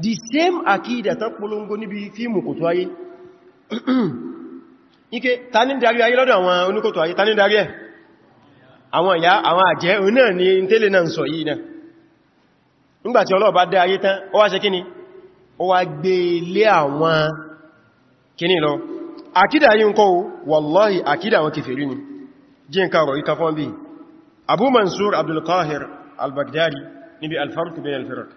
the same akida tán polongo níbi fíìmù kòtò ayé ike ta ní darí ayé lọ́dọ̀ àwọn oníkòtò ayé ta ní darí ẹ̀ àwọn ìyá àwọn àjẹ́ òun náà ni tẹ́lẹ̀ náà ń sọ yìí náà nígbàtí Ọlọ́run bá dá ayé tán ó wá ṣe kíni ó wá gbé ilé àwọn kíni lọ akida yìí ń kọ́ wallahi akida àwọn kèfèrí ni jí nǹkan ọ̀rọ̀ ìka bí Abu Mansur Abdul Qahir al-Baghdadi níbi al-Farq bayn al-Firq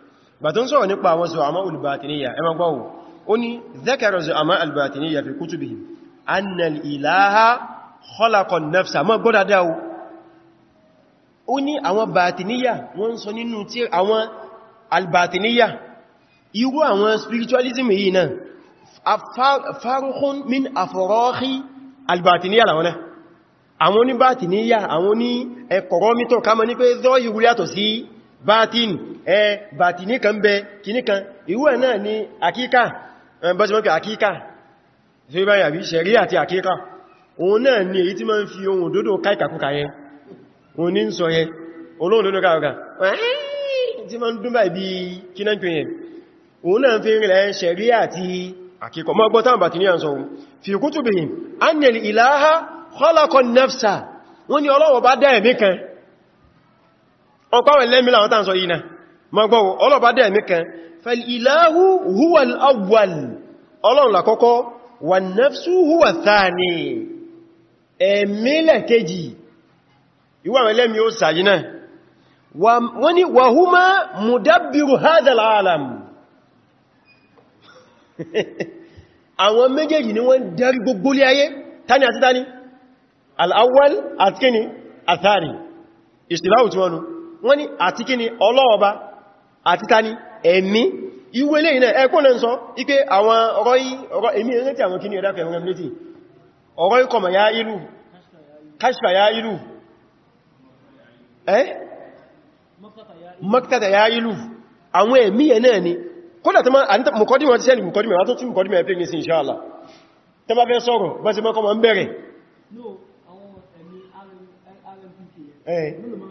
bàtún sọ̀rọ̀ nípa àwọn zu'ama al-batiniyya ẹmọ gbọ́wọ̀ ó ní zakara zu'ama al-batiniyya fi kutubihim anna al-ilaha khalaqa an-nafsa mọ́ gbọ́dá dáwó ó ní àwọn batiniyya wọ́n sọ nínú tí àwọn al-batiniyya irú àwọn spiritualism yìí náà farukhun min afraghi al làwọn náà àwọn oníbàtìníyà àwọn oní ẹ̀kọ̀rọ̀ mítọ̀ ní pé zọ́ ìwúrí àtọ̀ sí Batin, ẹ bátínì kan bẹ kìní kan ìwé náà ni àkíkà bọ́símọ́kì àkíkà tí ó bá yàbí ṣẹ̀rí àti àkíkà òun náà ni èyí tí ma ń fi ohun òdòdó káìkàkúkà yẹn òun ní ń sọ yẹn olóhun òdòdó káìkà tí ma ń dún bá ibi kíná pè ilaha khalaqa nafsa wọ́n ni ọlọ́wọ̀ bá dá kan ọpáwẹ̀ lẹ́mìlá àwọn tàà sọ yìí náà ma gbọ́wọ́ ọlọ́bá dẹ̀ mí kan fal-ilahu huwal awwal ọlọ́run lákọ́kọ́ wà nafsu huwa thani ẹ̀mílẹ̀ kejì ìwàwẹ̀ lẹ́mì ó àtàrí ìsìláhù tí wọ́n wọ́n ní àti kí ni ọlọ́ọ̀ba àti ta ni ẹ̀mí ìwé lè iná ẹkùn náà sọ ipé àwọn ọ̀rọ̀ yìí ọ̀rọ̀ ẹ̀rẹ́tì àwọn kíní ẹ̀dàkẹ̀ ẹ̀rẹ́ mìlítì ọ̀rọ̀ ikọ̀mọ̀ ya ìlú kashfa ya ìlú ẹ́ maktata ya ìlú àwọn ẹ̀mí ẹ̀ náà ni kódà tó máa mọ̀kọ́dìmọ̀ ti sẹ́lì mọ̀kọ́dìmọ̀ wọ́n tó tún mọ̀kọ́dìmọ̀ ẹ̀fẹ́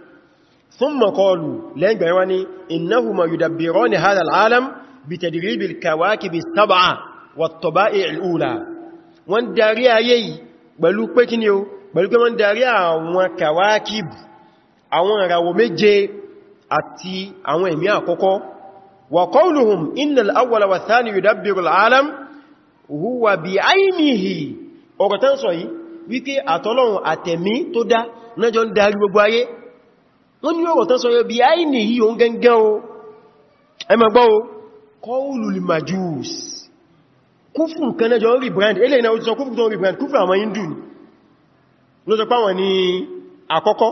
ثم قالوا لين بيواني إنهما يدبران هذا العالم بتدريب الكواكب السبعة والطبائع الأولى wọ́n darí ayé yìí pẹ̀lú pé kí ni o pẹ̀lú pé wọ́n darí àwọn kàwákìb àwọn ìràwọ̀ méje àti àwọn ẹ̀mí àkọ́kọ́ wa qawluhum innal awwala wa thani yudabbiru al'alam huwa bi aynihi ọ̀rọ̀ tán sọ yìí wípé àtọ́lọ́run àtẹ̀mí tó dá náà jọ ń darí gbogbo ayé wọ́n ní ọ̀rọ̀ tán sọ yọ bí i ní yí oún o ẹmọ o kọ́ùlù lè kúfù kanájọ orí brand ilẹ̀ ìnáwó ti sọ kúfù tó orí brand kúfù àwọn hindu ni ló sọ páwọn ní àkọ́kọ́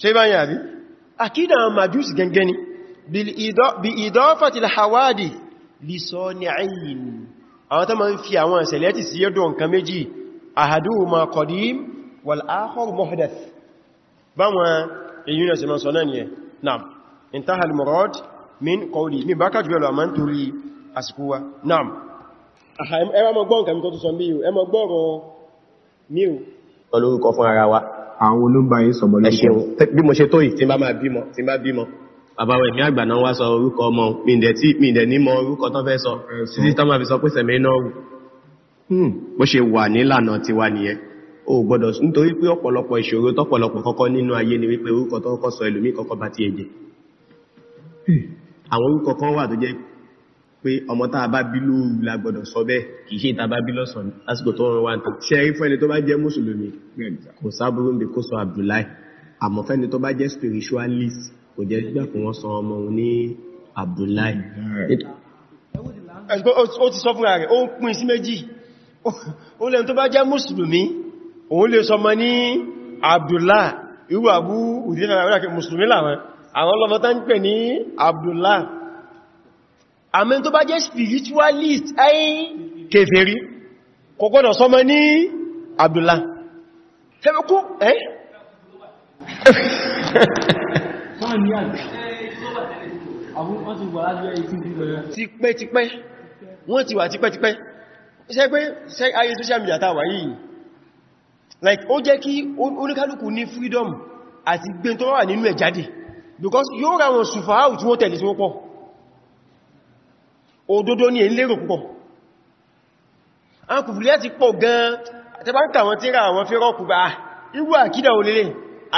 ṣe bá yàrí àkídà majúùs gẹ́gẹ́ ni hawadi lè sọ ní ayin àwọn tó máa ń fi àwọn sẹ̀lẹ́tì sí yẹ́dọ̀ nǹkan méjì báwọn èyí náà sì mọ́ sọ náà ni ẹ̀ naam intaha al-murad min qawli mi bá kàjú ẹlọ àmá ń torí àsìkò wa naam ẹwà mọ́ gbọ́n kàmí tó tó sọ mí o ẹmọ gbọ́rọ̀ mí o olórúkọ fún ara wa àwọn olóńgbà yìí mo ṣe tó yìí tí bá máa bímọ tí bá bímọ àbáwẹ̀ mi àgbà náà wá sọ orúkọ ọmọ mìndẹ̀ ní mọ orúkọ tán fẹ́ sọ títí tán máa fi sọ pé sẹ̀mẹ́ náà wù hmm. bó ṣe wà nílànà tiwa nìyẹn o gbọ́dọ̀ nítorí pé ọ̀pọ̀lọpọ̀ ìṣòro tọ́pọ̀lọpọ̀ kọ́kọ́ nínú ayé ni wípé orúkọ tó kọ́kọ́ sọ ẹlòmí kọ́kọ́ bá ti ẹ̀jẹ̀ àwọn orúkọ kan wà tó jẹ́ pé ọmọ tá bá bí lóru la gbọ́dọ̀ sọ bẹ́ẹ̀ kì í ṣe ìta bá bí lọ́sàn lásìkò tó rọrùn wà ní ṣe rí fẹ́ni spiritualist kò jẹ́ gbà fún wọn sọ ọmọ òun ní Abdullahi ó ti sọ ó lẹ́nu tó bá jẹ́ mùsùlùmí òun lè sọmọ ní Abdullah irú àbú ìdíjẹ́ àwọn mùsùlùmí làwọn àwọn ọlọ́mọ tán ń pè ní Abdullah àmì tó bá jẹ́ spiritualist ẹ́yìn kèfèrí kò gbọ́dọ̀ sọmọ ní Abdullah tẹ́bẹ̀kú ẹ́ ti pẹ́ ti pẹ́ wọ́n ti wà ti pẹ́ ti pẹ́ ṣe pé ayé social media tàwà yìí like ó jẹ́ kí oníkálùkù ní freedom àti gbé to wà nínú ẹ̀ jáde because yóò ra wọn sùfà áwù tí wọ́n tẹ̀lé sí wọ́pọ̀ òdodo ní èyí lérò púpọ̀ àwọn kùfùlẹ́ ti pọ̀ gan tẹbá ń kà wọn tí ra àwọn fẹ́rọ kù bá irú àkídà olélé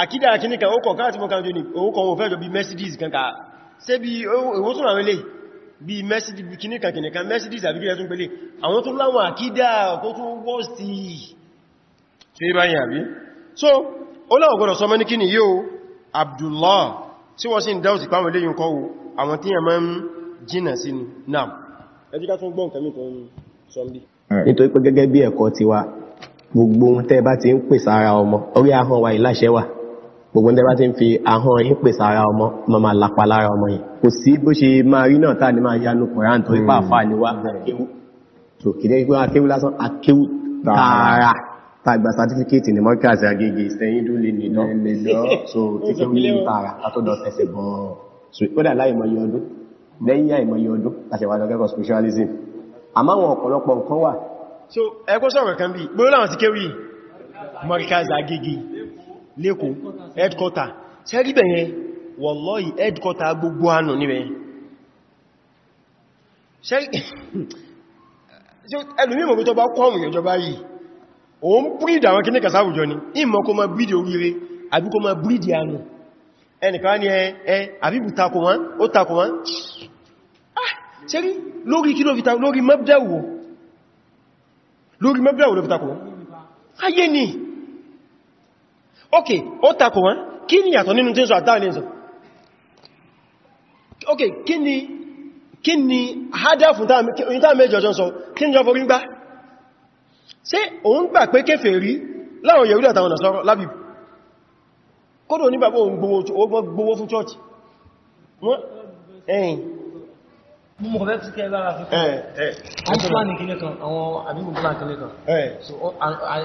àkídà akíníkan ó kọ̀ káàtí mọ́kànjọ ní owó kan wọ́n fẹ́ jọ bí Mercedes kankan ṣe bí owó tún àwọn ilé bí Mercedes kìníkan kìníkan Mercedes àbíkílẹ̀ tún pẹ̀lẹ̀ àwọn tún láwọn àkídà kó tún wọ́ sí i ṣe báyìí àbí so olóògbọ́dọ̀ sọmọ́ ní kíni yóò Abdullah tí wọ́n sí ń dáwọ̀ sí pàmò léyìn kọ́ àwọn tí yàn máa ń jìnà sí ni náà ẹjí tún gbọ́n kàmí tó ń sọmdí nítorí pé gẹ́gẹ́ bí ẹ̀kọ́ ti ń wa ìláṣẹ́ wà gbogbo ohun tẹ́ bá ti ń fi ahọ́n yín pè sára ọmọ ma ma lapa lára ọmọ yìí kò sí bó ṣe máa rí náà táà ní máa yánu Kùránì nítorí pàfà ní wá akéwú so tàgbà certificate ní mọ́kàsí agége ìsẹ̀yìn dúlé nìdọ́ so tí kí ó ní ìtara àtọ́dọ̀ tẹ̀sẹ̀ bọ̀ọ̀ so ìkọ́dà láìmọye ọdún lẹ́yìn àìmọye ọdún àṣẹwàdọ̀ kẹ́kọ̀ọ́ spiritualism àmáwọn ọ̀pọ̀lọpọ̀ nǹkan wà so ẹkọ́ sọ̀rọ̀ kan bí gbóòlà àwọn síkéwì mọ́kàsí agége lẹ́kọ̀ọ́ headquarter sẹ́rí bẹ̀yẹn wallahi headquarter gbogbo ànà níbẹ̀ ẹlùmí mọ̀ tó bá kọ́ ọ̀mù ìjọba yìí o ń breed àwọn kíníkà sáwùjọ ni ìmọ̀ kó ma breed oríire àbí kó ma breed àánú ẹnìkan ni ẹ àbíbù takò wọn ó takò wọn ah, ṣẹ́rí lórí kí ló fi takò lórí mọ́bdáwò lórí mọ́bdáwò ló fi takò wọn ayé ni ok ó takò wọn kí ni yàtọ̀ nínú tí ń sọ àtàrí ní sọ ok kí ni kí ni hádá o òun gbà pé kèfèrí láwọn yẹ̀rú àtàwọn nàṣọ́rọ̀ lábìbù kódò ní bàbá òun gbówó fún chọ́ọ̀tì wọ́n ẹ̀yìn mú kọ̀fẹ́ tí kẹ́ lára fífẹ́ ọ̀n pláàni kílé kan àwọn àbíkù pláà kílé kan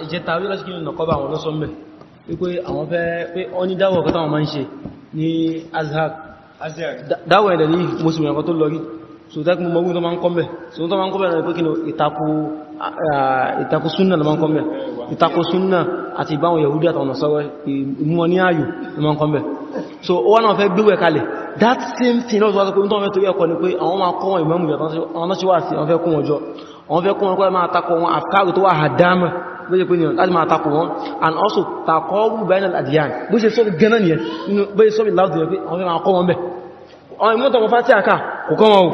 ìjẹta rí lọ́sí kílé nọ̀kọ́ bá àwọn lọ́sọ́ mẹ́ wípé àwọn fẹ́ pé ọ ní dáwọ̀ ọ̀kọ́ táwọn máa ń ṣe ní azhar dáwọ̀ ẹ̀dẹ̀ ní mọ́sùlùmí ọkọ̀ tó lọ rí so that mo mọ̀gbọ́n tó máa ń so tó máa ń kọ́ mẹ́ rẹ̀ pé kí ni ìtakò súnnà lọ́mọ́ kọ́ mẹ́ ìtakò súnnà Yahudi àtàwọn ọ̀sọ́wẹ́ ìmúwọn ní ayò lọ́mọ́ kọ́ so ó wá náà fẹ́ gbéwẹ̀ kalẹ̀ that same thing lọ́wọ́ tó tó fẹ́ torí ẹ̀kọ́ ni pé àwọn máa kọ́ wọn ìmọ̀mù àwọn náà wà sí àwọn fẹ́ kún wọn jọ àwọn fẹ́ kún wọn kọ́ máa takọ̀ wọn àfikàrù tó wà àdámà bó ṣe pé nìyàn láti máa takọ̀ wọn and also takọ̀ ọgbù bayan al-adiyan bó ṣe sọ́rọ̀ gẹ́nà nìyẹn bó ṣe sọ́rọ̀ láti rẹ̀ pé àwọn àwọn ìmọ́tọ̀kọ̀ fàtí àká kò kọ́ wọn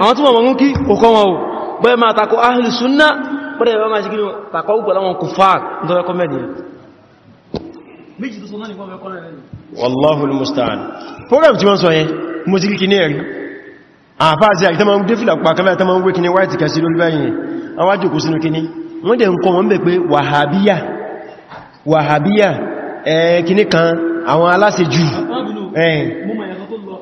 o àwọn tí wọ́n wọ́n kí kò kọ́ wọn o bẹ́ẹ̀ máa takọ̀ ahìlì súnná pẹ́lẹ̀ bá máa ṣe gínú takọ̀ ugbọ̀ láwọn kò fà wallahul musta'an program tí wọ́n sọ yẹn mo ti kìkì ní ẹ̀rí àfáàsí àti tọ́mọ̀ dé fìlà pàkàlá tọ́mọ̀ wé kìní wáìtì kà sí lórí báyìí àwọn àjòkó sínú kìní wọ́n dẹ̀ ń kọ wọ́n bẹ̀ pé wàhábíyà wàhábíyà ẹ̀ẹ́ kìní kan àwọn aláṣejù ẹ̀ẹ́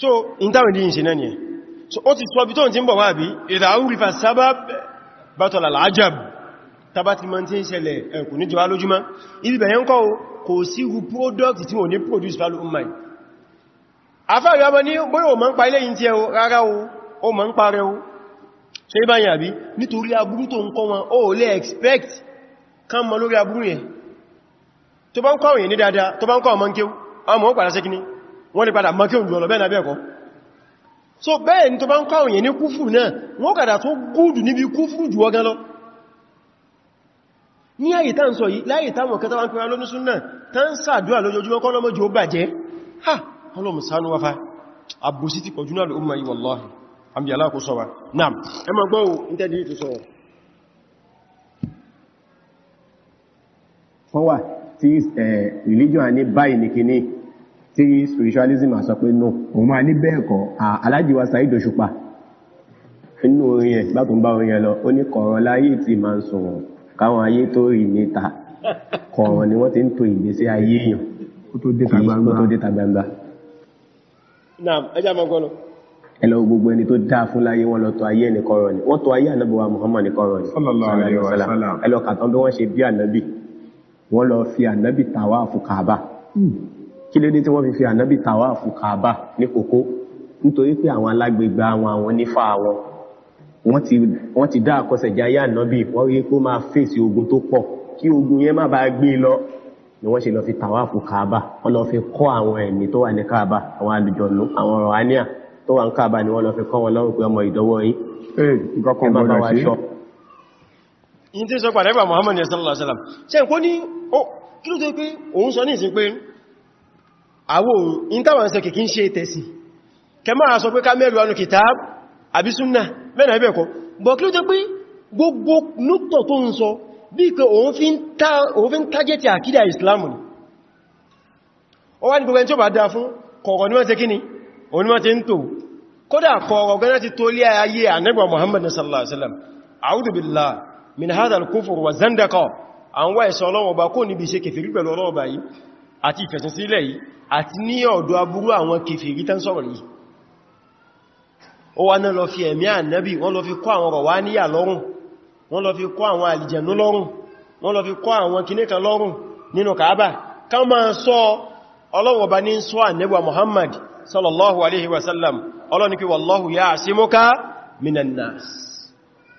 so in táwọn ìdí náà so ó ti sọ bí tó ti ń bọ̀ wá bí ìdáhùrífà sábàb bátọ̀lá lájàb tàbá ti mọ́ tí ń ṣẹlẹ̀ ẹ̀kù ní jọwá lójúmá ibẹ̀ yẹn kọ́ kò sí hu product tí wọ́n ní produce value ọmọ yìí afẹ́rẹ́ ọmọ ní bóyọ̀ mọ́ ń pa ilé yìí tí ẹ rárá o o ṣe expect kan mọ́ lórí aburú yẹn tó bá ń kọ́ òyìn ní wọ́n lè padà mọ́kí òjò ọlọ́bẹ́ bẹ́ẹ̀kọ́ so bẹ́ẹ̀ ni tó bá ń kọ́ òyìn ní kúfùrù náà wọ́n kàdà tó gúdù níbi kúfùrù jù ọgán lọ ní àyè tá ń sọ yìí láyè táwọn kẹta wọn pẹ̀lú lónúsún náà tá ń sàdúrà lójoojúmọ́ kọ́ lọ́mọ́ ha ọlọ́mù sánú religion a tí spiritualism a sọ pé no òun máa ní bẹ́ẹ̀ kọ́ aláàjì wa Saheed Òṣùpá inú orin ẹ̀ bá orin lọ ó ní kọ̀ọ̀rọ̀ láyé tí máa ń ayé tó rí níta ni wọ́n ti ń to ìgbésí ayé èèyàn kó tó déta gbangba. naam gbogbo ẹni tó dáa wọn lọ ayé ẹni ni wọ́n ayé Muhammad kọ̀ọ̀rọ̀ ni ẹ lọ bí wọ́n ṣe wọ́n lọ fi kí ló dé tí wọ́n fi fi ànábì tàwáàfù kàábà ní kòkó nítorí pé àwọn alágbègbè àwọn àwọn nífà wọn wọ́n ti dá àkọsẹ̀já yá ànábì wọ́n rí kó máa fèsì ogun tó pọ̀ kí ogun yẹn má bá gbé lọ ni wọ́n ṣe lọ fi tàwáàfù kàábà wọ́n lọ fi kọ́ àwọn ẹ̀mí tó wà ní kàábà àwọn àlùjọ̀nù àwọn ọ̀rọ̀ tó wà ní kàábà ni wọ́n lọ fi kọ́ wọn lọ́rùn pé ọmọ ìdọ́wọ́ yín kí ló dé àwò ìntàwọn ṣe kìkí ń ṣe tẹ̀sì kẹ máa sọ pé ká mẹ́rin wánú kìtàb àbí súnnà mẹ́rin àbí ẹ̀kọ́ bọ̀ kí ló jẹ́ pé gbogbo núktọ̀ tó ń sọ bí i pé òun fi ń tágẹ́tì àkídà ìsìlámù ni ó Muhammad sallallahu alaihi wasallam a'udhu billah min hadha al-kufr wa zandaqa àwọn wáyé sọ ọlọ́wọ́ bá kó níbi ṣe kèfèrí pẹ̀lú ọlọ́wọ́ báyìí àti ìfẹ̀sìn sílẹ̀ yìí àti ní ọ̀dọ̀ aburú àwọn kèfèrí tán sọ̀rọ̀ yìí ó wá náà lọ fi ẹ̀mí ànábì wọ́n lọ fi kọ́ àwọn rọ̀wá níyà lọ́rùn wọ́n lọ fi kọ́ àwọn àlìjẹ̀nú lọ́rùn wọ́n lọ fi kọ́ àwọn kìníkà lọ́rùn nínú kàábà ká máa sọ ọlọ́wọ̀ba ní sọ Muhammad sallallahu alaihi wasallam ọlọ́ni pé wallahu ya'simuka minan nas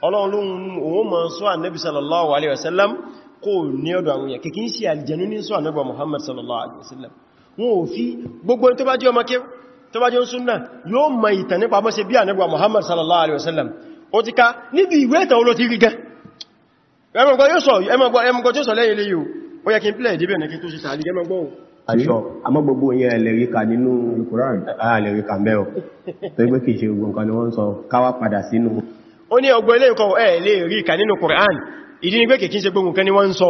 ọlọ́run òun máa sọ sallallahu alaihi wasallam kò ní ọ̀dọ̀ àwọn yà kìkín sí àlìjẹ̀nú ní Muhammad sallallahu alaihi wasallam wọn ò fi gbogbo tó bá jẹ́ ọmọ kéw tó bá jẹ́ súnnà yóò mọ̀ ìtàn nípa mọ́sí bí ànẹ́gbà Muhammad sallallahu alaihi wasallam ó ti ká níbi ìwé ìtàn olóti rí gẹ́ ẹmọ̀gbọ́ yóò sọ ẹmọ̀gbọ́ tí ó sọ lẹ́yìn ilé yóò ó yẹ kí n pílẹ̀ ìdíbẹ̀ ní kí tó ṣe tààrí ẹmọ̀gbọ́ aṣọ àmọ́ gbogbo yẹn ẹlẹ́ríkà nínú Al-Qur'an ẹlẹ́ríkà mẹ́ọ̀ tó gbé kìí ṣe gbogbo nǹkan ni wọ́n sọ káwà padà sínú ó ní ọgbọ̀ ilé ìkọ̀ ẹ̀ lè rí ìkà nínú Qur'an ìdí ni pé kìí ṣe gbogbo nǹkan ni wọ́n sọ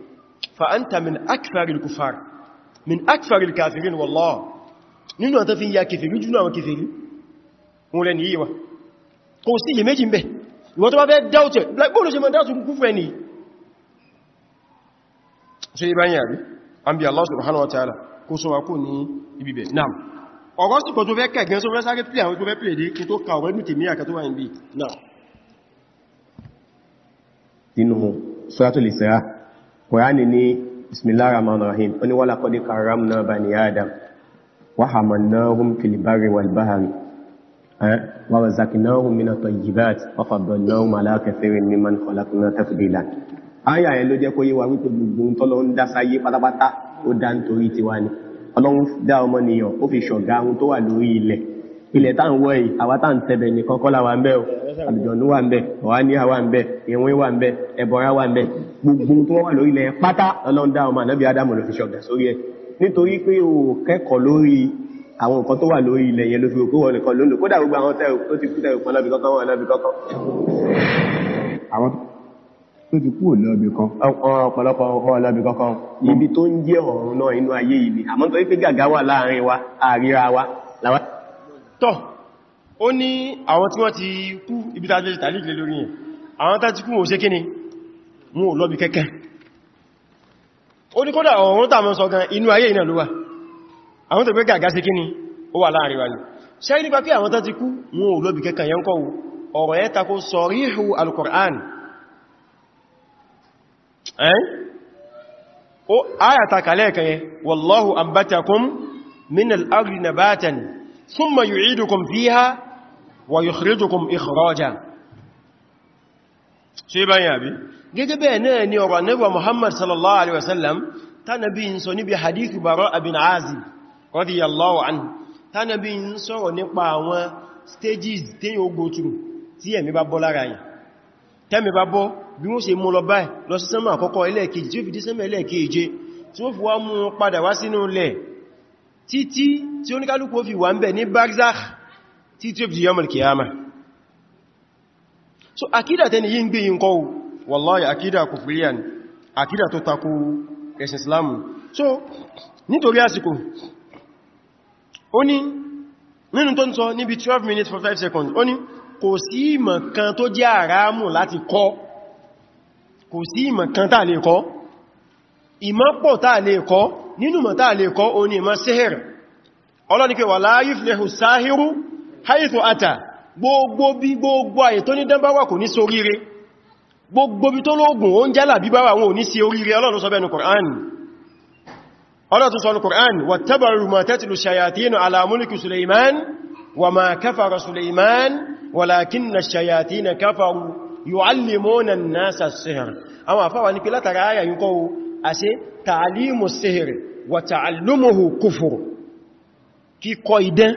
فأنت من أكثر الكفار من أكثر الكافرين والله نينو أنت في يا كفرين جنو أما كفرين ولن ييوه kò sí iye méjì ń bẹ̀ ìwọ́n tó bá bẹ́ dáútẹ̀ bóòlù ṣe mọ̀ dáútù kúkú fún ẹni ṣe ibáyìn àrí an bí Allah subhanahu wa ta'ala kó sọ wákó ní ibibẹ̀ náà ọ̀rọ̀ sí kò tó fẹ́ Kùránì ní bismillahir rahmanir rahim ó ní wa laqad karramna bani adam wa hamalnahum fil barri wal bahri eh, wa razaqnahum minat tayyibati wa faddalnahum ala kathirin mimman khalaqna tafdila aya yẹn ló jẹ́ kó yé wa wípé gbogbo ohun tọ́lọ́ ń dá sáyé pátápátá ó ilẹ̀ tá ń wọ́ yìí àwa tá ń tẹ̀bẹ̀ nìkan kọ́ láwa ń bẹ o àlùjọ̀nú wà ń bẹ ọ̀hání wà ń bẹ ìwín wà ń bẹ ẹ̀bọ̀ra wà ń bẹ gbogbo tó wà lórí ilẹ̀ pátá ọlọ́run dá ọmọ ànábì ádámù ló fi ṣọ̀gà sórí ẹ̀ nítorí pé o kẹ́kọ̀ọ́ lórí àwọn nǹkan tó wà lórí ilẹ̀ yẹn wa àríra wa tọ́ ó ní àwọn tí wọ́n ti kú ibi tàbí tàbík lè lórí yẹn àwọn tàbí kú wọ́n ṣe kíni mú ò lọ́bi kẹ́kẹ́ ó ní kódà ọ̀run tàbí sọ gan inú ayé iná ló wà àwọn tó pé gàgá ṣe kíni ó wà láàrin wa ni ṣe nípa pé àwọn tàbí kú mú ò lọ́bi kẹ́kẹ́ yẹn kọ́ ọ̀rọ̀ yẹn tako al-Qur'an ó áyàtà kalẹ́ kan yẹn wallahu ambatakum min al-ardi nabatan thumma yu'idukum fiha wa yukhrijukum ikhraja ṣe báyìí àbí gẹ́gẹ́ bẹ́ẹ̀ náà ni ọ̀rọ̀ Ànábì Muhammad sallallahu alaihi wasallam tánàbí ń sọ níbi hadith Bara' bin Azib radiyallahu anhu tánàbí ń sọ̀rọ̀ nípa àwọn stages tí yóò go títí tí oníkálùkù ó fi wà ń bẹ̀ ní barzakh títí ó fi yọmọ̀lì kìyàmà so akídà tẹni yí ń gbé yín kọ́ wallahi akídà kufriyan akídà tó takò ẹ̀sìn islamu so nítorí àsìkò ó ní nínú tó ń sọ níbi 12 minutes for 5 seconds ó ní kò sí ìmọ̀ kan tó jẹ́ àrámù láti kọ́ kò sí ìmọ̀ kan tàà lè kọ́ ìmọ̀ pọ̀ tàà lè kọ́ nínú mọ̀tá lè kọ́ o ní ìmọ̀ síhìr ọlọ́nikẹ́ wà la yuflihu sáhírú haythu ata gbogbo bí gbogbo àyè tó ní dánbáwà kò ní sí oríire gbogbo bí tó lóògùn ó ń jálà bí báwà wọn ò ní sí oríire ọlọ́run sọ bẹ́nu Qur'an ọlọ́run sọ nínú Qur'an wattaba'u ma tatlu shayatinu ala mulki Sulaiman wa ma kafara Sulaiman walakinna wa ta'allumuhu kufur kíkọ́ idán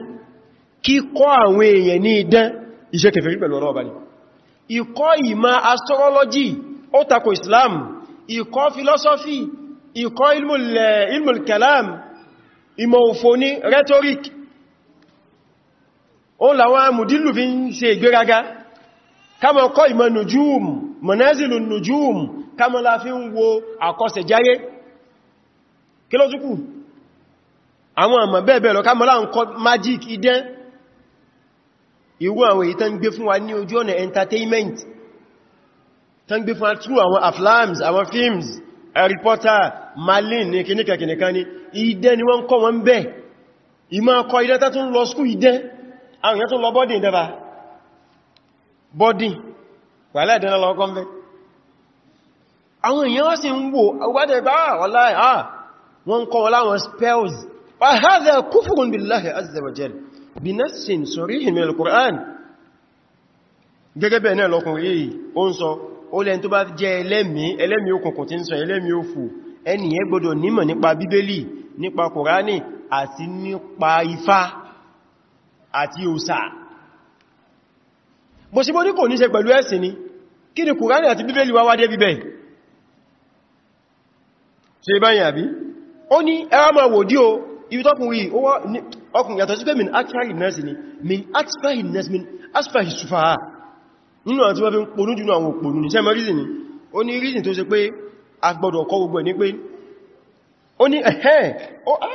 kíkọ́ àwọn èèyàn ní idán iṣẹ́ kèfèrí pẹ̀lú ọlọ́ọ̀bá ni ìkọ́ ìmá astrology ó tako Islam ìkọ́ philosophy ìkọ́ ilmul eh, kalam ìmọ̀ òfòní rhetoric ó làwọn amùdílù fi ń ṣe ìgbéraga kama kọ́ ìmọ̀ nùjúùm mọ̀názìlù nùjúùm kama la fi ń wo àkọsẹ̀jáyé kí ló túkù àwọn àmà bẹ́ẹ̀bẹ́ẹ̀ lọ ká mọ́lá ń kọ magic idán irú àwọn èyí tán gbé fún wa ní ojú ọ̀nà entertainment tán gbé fún wa through àwọn aflams àwọn films Harry Potter Merlin ní kíníkà kíníkà ní idán ni wọ́n kọ́ wọn bẹ́ẹ̀ ìmọ̀ akọ idán tá tún lọ skú idán àwọn èyàn tún lọ bọ́dìn dẹba bọ́dìn wà láìdánlọ́kọ́ mẹ́ sì ń wò wádẹ̀ gbáà wọ́láì ah, ah wọ́n kọ́ láwọn spells وهذا كفر بالله عز وجل بنص صريح من القرآن gẹ́gẹ́ bẹ́ẹ̀ náà lọ́kùnrin yìí ó ń sọ ó lẹ́n tó bá jẹ́ ẹlẹ́mìí ẹlẹ́mìí òkùnkùn tí ń sọ ẹlẹ́mìí òfù ẹniyàn gbọdọ̀ nímọ̀ nípa bíbélì nípa kòránì àti nípa ifá àti òsà bó sí bó ní kò ní ṣe pẹ̀lú ẹ̀sìn ni kí ni kòránì àti bíbélì wá wá dé bíbẹ̀ ṣe báyìí àbí ó ní ẹwà máa wò o ibi tọ́kùnrin ọkùnrin yàtọ̀ sí pé min akfari nẹ́sì ni min akfari nẹ́sì min asfari sufaha nínú àti wọ́n fi ń pònú jùlọ àwọn òpònú ní sẹ́mọ̀ reason ni ó ní reason tó ṣe pé agbọ́dọ̀ kọ ah,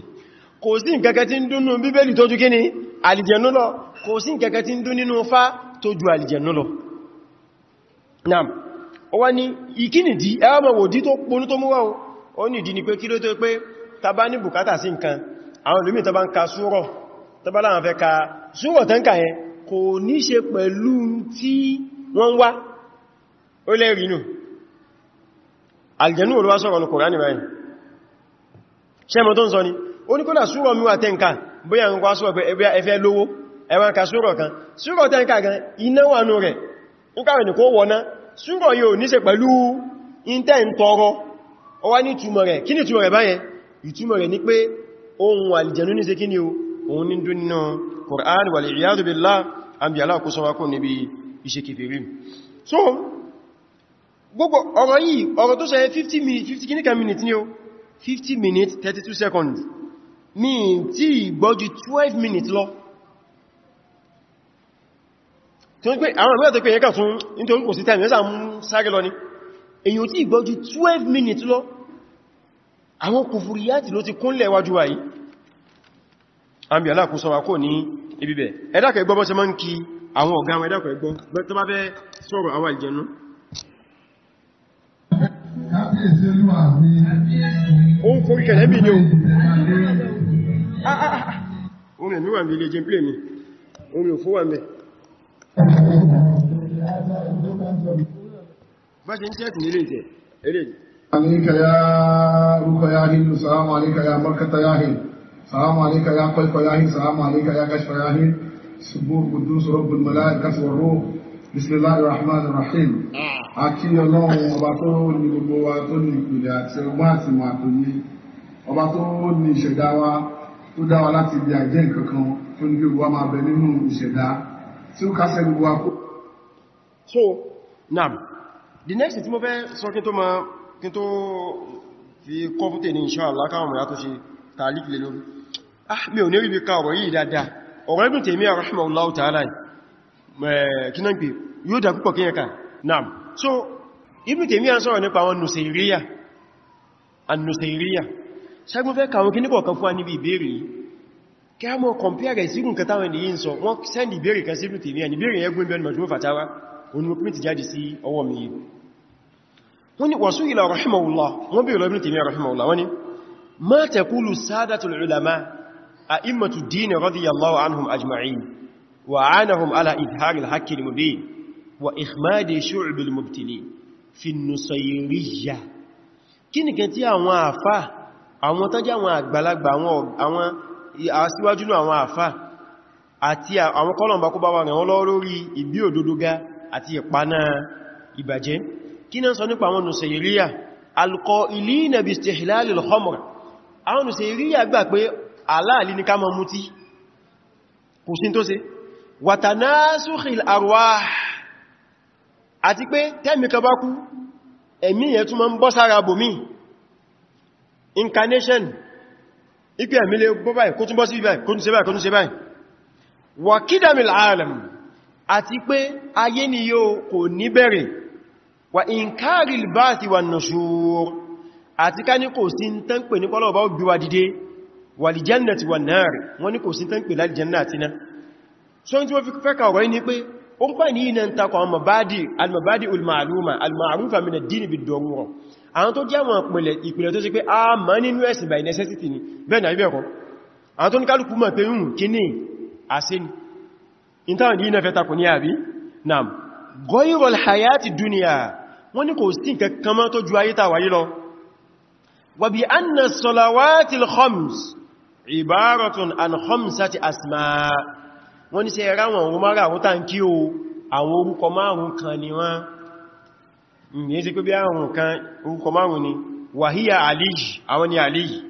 o kò sí nkẹ́kẹ́ tí ń dún nínú bíbélì tó ju kí ni àlìjẹ̀nú lọ kò sí nkẹ́kẹ́ tí ń dún nínú fá tó ju àlìjẹ̀nú lọ náà ó wá ní ìkínìdí ẹwàmọ̀wòdí tó ponú tó múwá ó ní ni pé kí ló tó pé tàbá ní bùkátà sí nǹkan àwọn olómi tàbá ń ka súrọ̀ tàbá láwọn fẹ́ ka súrọ̀ tán kà yẹn kò ní ṣe pẹ̀lú tí wọ́n tó ń sọ ni ó ní kódà súrọ̀ mi wà tẹ́ǹkà bóyá ń kwa súrọ̀ pé ẹfẹ́ lówó ẹwà ń ka súrọ̀ kan súrọ̀ tẹ́ǹkà gan iná wà nú rẹ̀ níkàwẹ̀ ní kó wọ́ná súrọ̀ yóò níṣe pẹ̀lú intẹ́ ń tọrọ ó wá ní ìtumọ̀ rẹ̀ Qur'an wal billah àbí aláàkóso wa kò níbi so gbogbo ọ̀rọ̀ yìí ọ̀rọ̀ tó ṣe 50 minutes minutes ni o 50 minutes 32 seconds mi tí ìgbọ́jú 12 minutes lọ tí wọ́n pé àwọn ìgbẹ́ tó pé ẹ̀kà tún nítorí kò sí time yẹ́sà mú sáré lọ ní èyàn tí ìgbọ́jú 12 minutes lọ àwọn kùfùríyàtì ló ti kúnlẹ̀ wájú wáyí àmì aláàkúsọwà kò ní ibibẹ̀ ẹ̀dàkọ̀ ẹgbọ́ bọ́ ṣe máa ń kí àwọn ọ̀gá àwọn ẹ̀dàkọ̀ ẹgbọ́ tó bá fẹ́ sọ̀rọ̀ ni ó orin ẹ̀mí wà ní ilé jẹ́ plé mi orin òfó wà mẹ́ bá ṣe ń tẹ́kùn ilé ìjẹ́ eré عليك يا روح يا هند سلام عليك يا بركة يا هند سلام عليك يا قلب يا هند سلام عليك يا كشف يا هند سبوح قدوس رب الملائكة والروح بسم الله الرحمن الرحيم àti ọlọ́run ọba tó ní gbogbo wa tó ní ìpìlẹ̀ àti ọgbọ́n àti tó dá wa láti ibi àjẹ́ ìkankan tó ní gbogbo wa máa bẹ nínú ìṣẹ̀dá tí ó kásẹ̀ gbogbo wa so now the next thing tí mo fẹ́ sọ kí tó máa kí tó fi kọ́fútẹ̀ ní inshallah káwọn mọ̀yá tó tààlì lè lórí ah mi ò ní rí bí ká ọ̀rọ̀ yìí dáadáa ọ̀rọ̀ Ibn Taymiyyah rahimahullahu ta'ala kí náà gbé yóò dá púpọ̀ kíyànká naam so Ibn Taymiyyah sọ̀rọ̀ nípa àwọn nùsẹ̀ríyà ṣẹ́gun fẹ́ kàwọn kí níkọ̀ọ̀kan fún wa níbi ìbéèrè yìí kí a mọ́ kọmpẹ́rẹ̀ sírùn kẹta wọn ni yí ń sọ wọ́n sẹ́ndì ìbéèrè kan sírùn tèmi ẹni ìbéèrè ẹgbùn bẹ́ẹ̀ mọ̀jú fàtàwà oní print jáde sí ọwọ́ mi yìí wọ́n ni wọ̀sú ìlà rahimahullah wọ́n bí ìlọ́bìn tèmi rahimahullah wọ́n ni ma taqulu sadatul ulama tí àwọn àfáà àwọn tán jẹ́ àwọn àgbàlagbà àwọn aṣíwájú ní àwọn àfà àti àwọn kọlọ̀mbà kó bá wà rẹ̀wọ́n lọ́wọ́ lórí ìbí òdodoga àti ìpaná ìbàjẹ́ kí náà sọ nípa àwọn nùsẹ̀yìríyà alkọ ilé ìnàbí stihlali al-khamr àwọn nùsẹ̀yìríyà gbà pé aláàlì ní ká má mutí incarnation ipe ẹ̀mí lè gbọ́ báyìí kó tún bọ́ sí báyìí kó tún ṣe báyìí kó tún ṣe báyìí wà kídàmìl alam àti pé ayé ni yóò kò ní bẹ̀rẹ̀ wà inkaril ba'thi wan nushur àti ká ní kò sí wa dìde wà lì jannati wan nar wọ́n so n tí wọ́n fi fẹ́ ni pé ó ń pà ní ìnà ń takọ̀ al-mabadi al-mabadi al-ma'luma al-ma'rufa min ad-din àwọn tó jẹ́ àwọn ìpìlẹ̀ tó sí pé a mọ̀ nínú ẹ̀sìn by necessity ni bẹ́ẹ̀ náà ibẹ̀ẹ̀kọ́ àwọn tó ní kálùkù mọ̀ pé yùn hmm, kí ní àsíní ìtàwọn yìí na fẹ́ takò ní àbí nam gọ́yìrọl hayati duniya wọ́n ní kò sí kankan mọ́ tó ju ayé ta wáyé lọ wàbí anna salawatil khams ibaratun an khamsati asma wọ́n ní sẹ́ ẹ̀rá wọn rúmọ́ra àwọn o àwọn orúkọ márùn-ún kan ni wọ́n yìí sí pé bí àwọn kan orúkọ márùn ni wàhíyà aliyu àwọn ni aliyu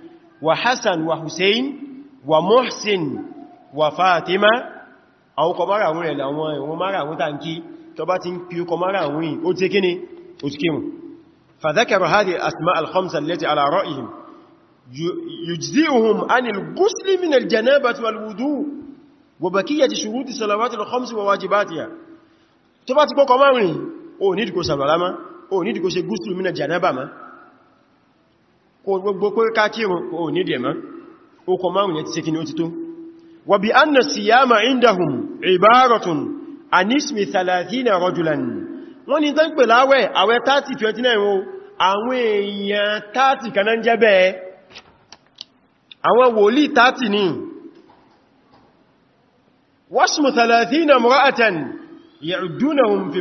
wà hassan wà hussein wà mohsin wà fatima àwọn kọ mara àwọn rẹ̀ làwọn ẹ̀wọ̀n mara àwọn tàǹkí tó bá ti ń pí kọ àwọn yìí ó ti kí ni ó ti kí mu fàzákẹ̀rọ ní ìdíkò sàbàlámá o ní dìkó ṣe gúúsùlù mínà jànábà ma kò gbogbo pé káàkiri o ní dìẹ̀ ma o kọ márùn yẹ ti ṣe kí ni ó ti tó wà bí an na siyama indahum ibaratun anismi 30 rajulan wọ́n ni tán pè láwẹ̀ àwẹ̀ 30 29 àwọn èèyàn 30 kanan jẹ́ bẹ́ẹ̀ àwọn wòlí 30 ni wasmu 30 mura'atan ya'dunahum fi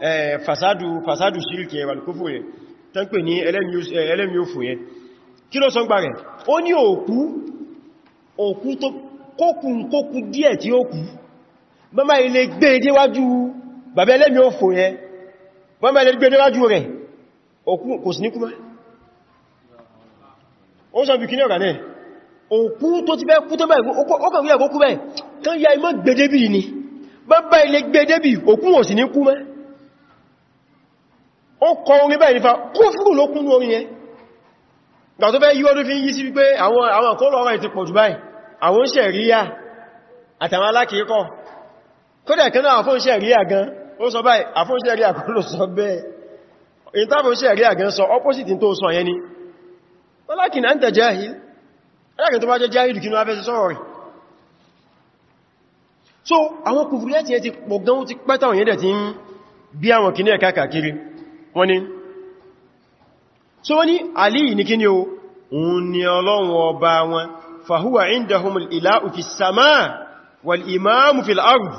Eh, fasadu fasadu shirk yẹ walkufu yẹ tán pè ní ẹlẹ́mí òfò eh, yẹ kí ló sọ gbà rẹ̀ ó ní òkú òkú tó kókùn kókù díẹ̀ tí ó kú mọ́má ilé gbé e déwájú bàbá ẹlẹ́mí òfò yẹ mọ́má ilé gbé e déwájú rẹ̀ òkú kò sí ní kú mọ́ ó sọ bí kí ní ọ̀gá náà òkú tó ti bẹ́ kú tó bẹ́ẹ̀ ó kàn rí ẹ̀kókú bẹ́ẹ̀ kán ya imọ́ gbé e débì ni bàbá ilé gbé débì òkú ò sí ní kú mọ́ ó kọ orin bẹ́ẹ̀ nífà kúfúrù ló kún orin yẹn gbà tó fẹ́ yí ọdún fi yí sí wípé àwọn àkọọ́lù ọ̀rọ̀ ìtì pọ̀ jù báyìí àwọn ṣẹ̀ríyà àtàwọn alákìíkọ́ kódẹ̀ kanáà àfún ṣẹ̀ríyà gan ó sọ báyìí àfún ṣẹ̀ríyà kọ́ ló sọ bẹ́ẹ̀ ìtàfún ṣẹ̀ríyà opposite tó sọ yẹn ni walakin anta jahil alákin tó bá jẹ́ jahil kí ní wá so àwọn kùfùrù yẹ́ ti pọ̀ gan ó ti pẹ́tàwọn yẹ́dẹ̀ ti ń bí àwọn kìnnẹ̀ káàkiri wọ́n ni so wọ́n ni Ali ní kí ni o òun ni Ọlọ́run ọba wọn fahuwa indahumul ilahu fi sama wal imamu fil ard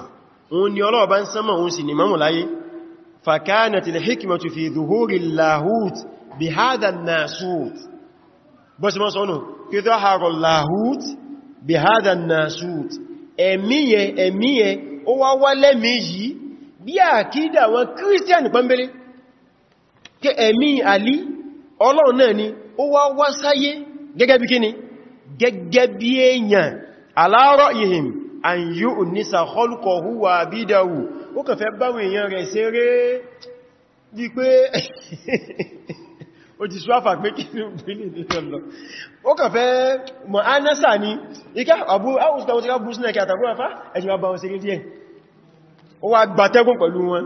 òun ni Ọlọ́run ọba ń sama òun sì ni imamu láyé fakanatil hikmatu fi zuhuri lahut bi hada nasut tó bí àkídà wọn kírísítíànì pẹ́mbélé pé ẹ̀mí àlí ọlọ́run náà ni ó wá wá sáyé gẹ́gẹ́ bí kíni gẹ́gẹ́ bí èèyàn aláàrọ̀ ihim an yí ò nísà ọlùkọ̀ húwà bídáwù ó kàfẹ́ báwọn èèyàn rẹ̀ ṣeré bí pé ó ti ṣwáfà pé kí ní ìpínlẹ̀ ìdíjọ́lọ́ ó kàfẹ́ mọ̀ pẹ̀lú wọn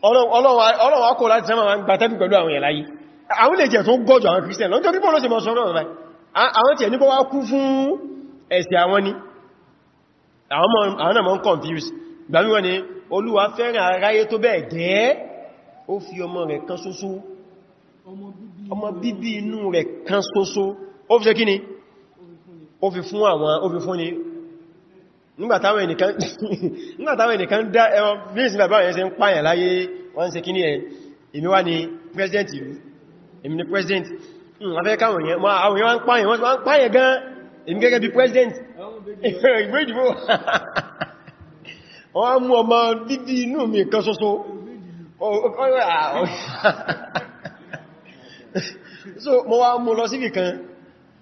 ọlọ́run akọ̀ láti sẹ́mọ̀ wọn gbàtẹ́bì pẹ̀lú àwọn ìyàláyé àwọn ilẹ̀ jẹ́ tó gọ́jọ àwọn christian lọ́jọ́ rí bọ́ọ̀lọ́ sí mọ́ sọ́rọ̀ rẹ̀ àwọn tí ẹni bọ́ wá kú fún ẹ̀sẹ̀ àwọn ni àwọn náà mọ́ ń confuse gbàmí wọn ni olúwa fẹ́ràn aráyé tó bẹ́ẹ̀ gẹ́ ó fi ọmọ rẹ̀ kan ṣoṣo ọmọ bíbí inú rẹ̀ kan ṣoṣo ó fi ṣe kíni ó fi fún àwọn ó fi fún ni nígbàtàwọn ẹnìkan dá ẹwọ bíìsì bàbá ẹ̀yẹn ṣe ń pààyàn láyé wọ́n ṣe kíní ẹ̀ èmi wá ní president ìlú èmi ni president hmm, afẹ́ káwọn èèyàn àwọn èèyàn wọ́n pààyàn wọ́n pààyàn gan èmi gẹ́gẹ́ bí president ìgbé ìdìbò wọ́n mú ọmọ dídí inú mi kan ṣoṣo ah, so mo wá mú lọ sí kìkan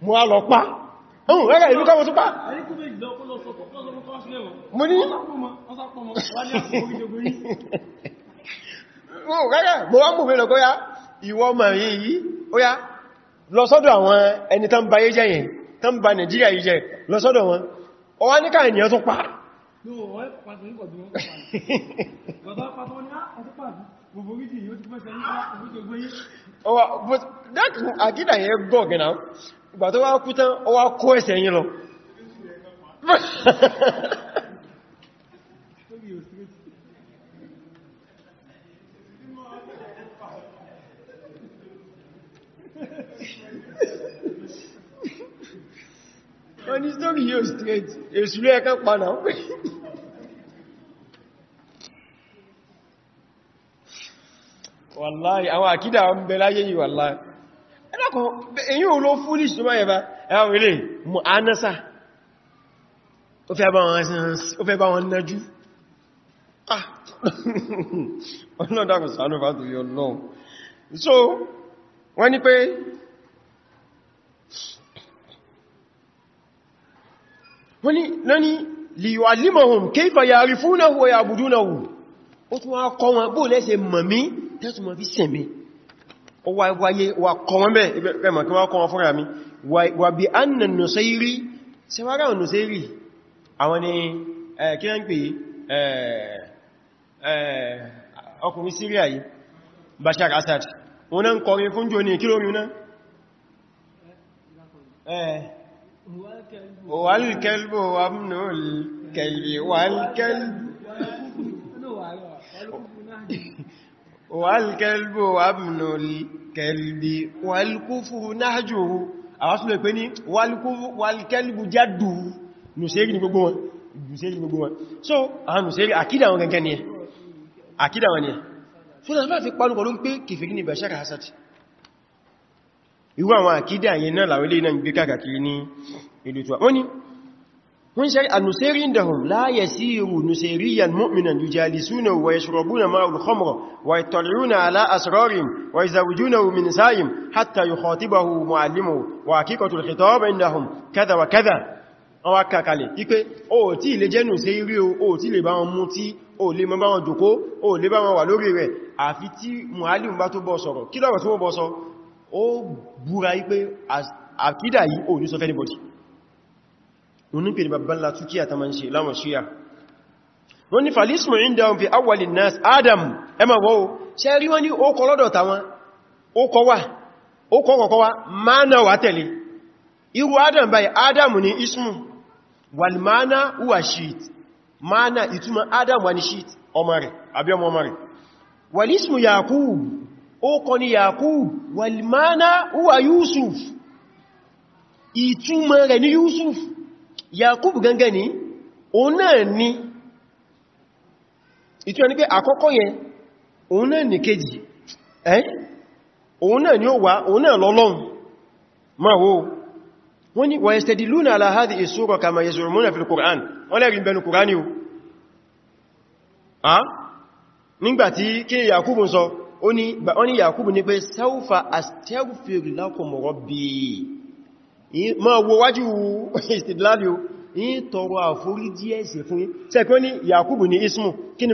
mo wá lọ pa ọ̀rẹ́ hmm, ìlú káwọn tó pa mo ní rárá mo wá mú mi lọ kóyá ìwọ ọmọ yìí yìí ó yá lọ àwọn ẹni tán bá yé jẹ́ yẹn tán bá Nàìjíríà yìí jẹ́ lọ wọn ó wá ní ènìyàn tó pa àkídà ah, yẹn gọ̀gẹ̀ náà ìgbà tó wá kú tán ó kó ẹsẹ̀ yìí lọ wọ́n ní story yóò straight èsù ló ẹ̀kọ́ padà ń pè wàláì àwọn àkídà ń bẹ láyé yìí wàláì ẹ̀lọ́kọ̀ èyí ò ló fúlìṣì tó báyẹ̀ bá ẹ̀wọ̀n ilé mọ̀ ánásà ó fẹ́ bá wọn nájú ọlọ́dàkùn sàánù bá tó yọ lọ́wọ́ so wọ́n ní pé wọ́n ní lọ́ní liyu'allimahum kayfa ya'rifunahu wa ya'budunahu ó tún wá kọ́ wọn bóò lẹ́sẹ̀ mọ̀mí tẹ́tùmọ̀ fi sẹ̀mí ó wáyé wà kọ́ wọn bẹ́ẹ̀ mọ̀ kí wọ́n kọ́ wọn fúnra mi wà bí annan nusayri sẹ́wárá nusayri àwọn ni eh, kí ẹ ń pè eh, eh, ọkùnrin Syria yìí Bashar Assad wọn náà ń kọrin fún jò ní kí lórí náà wàlkẹ́lbò wàmnúl kẹ̀lì wàlkẹ́lbò wàmnúl wàlkúfù náà jù àwọn sílẹ̀ pé ní wàlkẹ́lbù jádùú nùsẹ́rí ní gbogbo wọn nùsẹ́rí ní gbogbo wọn so àwọn nùsẹ́rí àkídà wọn gẹ́gẹ́ ni ẹ àkídà wọn ni ẹ so that's why fi pálùkọ̀ ló ń pé kèfèrí ní bashara hasati irú àwọn àkídà yẹn náà làwẹ́lẹ́ náà gbé kàkàkiri ní ìlú tó wọ́n ni wọ́n sẹ́rí ànùsẹ́rí indahum la yasiru nusayriyan mu'minan yujalisuna wa yashrabuna ma'al khamra wa yattali'una ala asrarihim wa yazawjunahu min nisa'ihim hatta yukhatibahu mu'allimuhu wa haqiqatul khitab indahum kadha wọ́n wá kàkàlẹ̀ wípé o tí ilé jẹ́nù sí rí o tí lè bá wọn mú tí o lè mọ́ bá wọn jòkó o lè bá wọn wà lórí rẹ̀ àfi tí muhalim bá tó bọ́ sọ̀rọ̀ kí lọ́rọ̀ tí wọ́n bọ́ sọ ó búra wípé àkídà yìí o ní sọ falismu indahum fi awwalin adam ẹmà wọ́ ṣe rí wọ́n ní ó kọ lọ́dọ̀ tàwọn ó kọ wà irú adam báyìí adam ni ismu walmana huwa shit mana ituma adam wani shit omari abiyam omari walismu yakub ó kọ ni yakub walmana huwa yusuf ituma rẹ̀ ni yusuf yakub gangan ni òun ni ìtumọ̀ ni pé àkọ́kọ́ yẹn òun náà ni keji eh òun náà ni o wa òun náà lọ́lọ́run wo wọ́n ni wàyẹ̀stẹ̀dìlúnà aláhádì ìṣúrọ̀ kama yẹ̀sùrùmúnà fi kùrán wọ́n lẹ́rin bẹnu kùrán ni o nígbàtí kí yakubu sọ wọ́n ni yakubu ní pé sáúfà astaghfir lakum rabbi ma wo wájú istidlali yí tọrọ àforíjì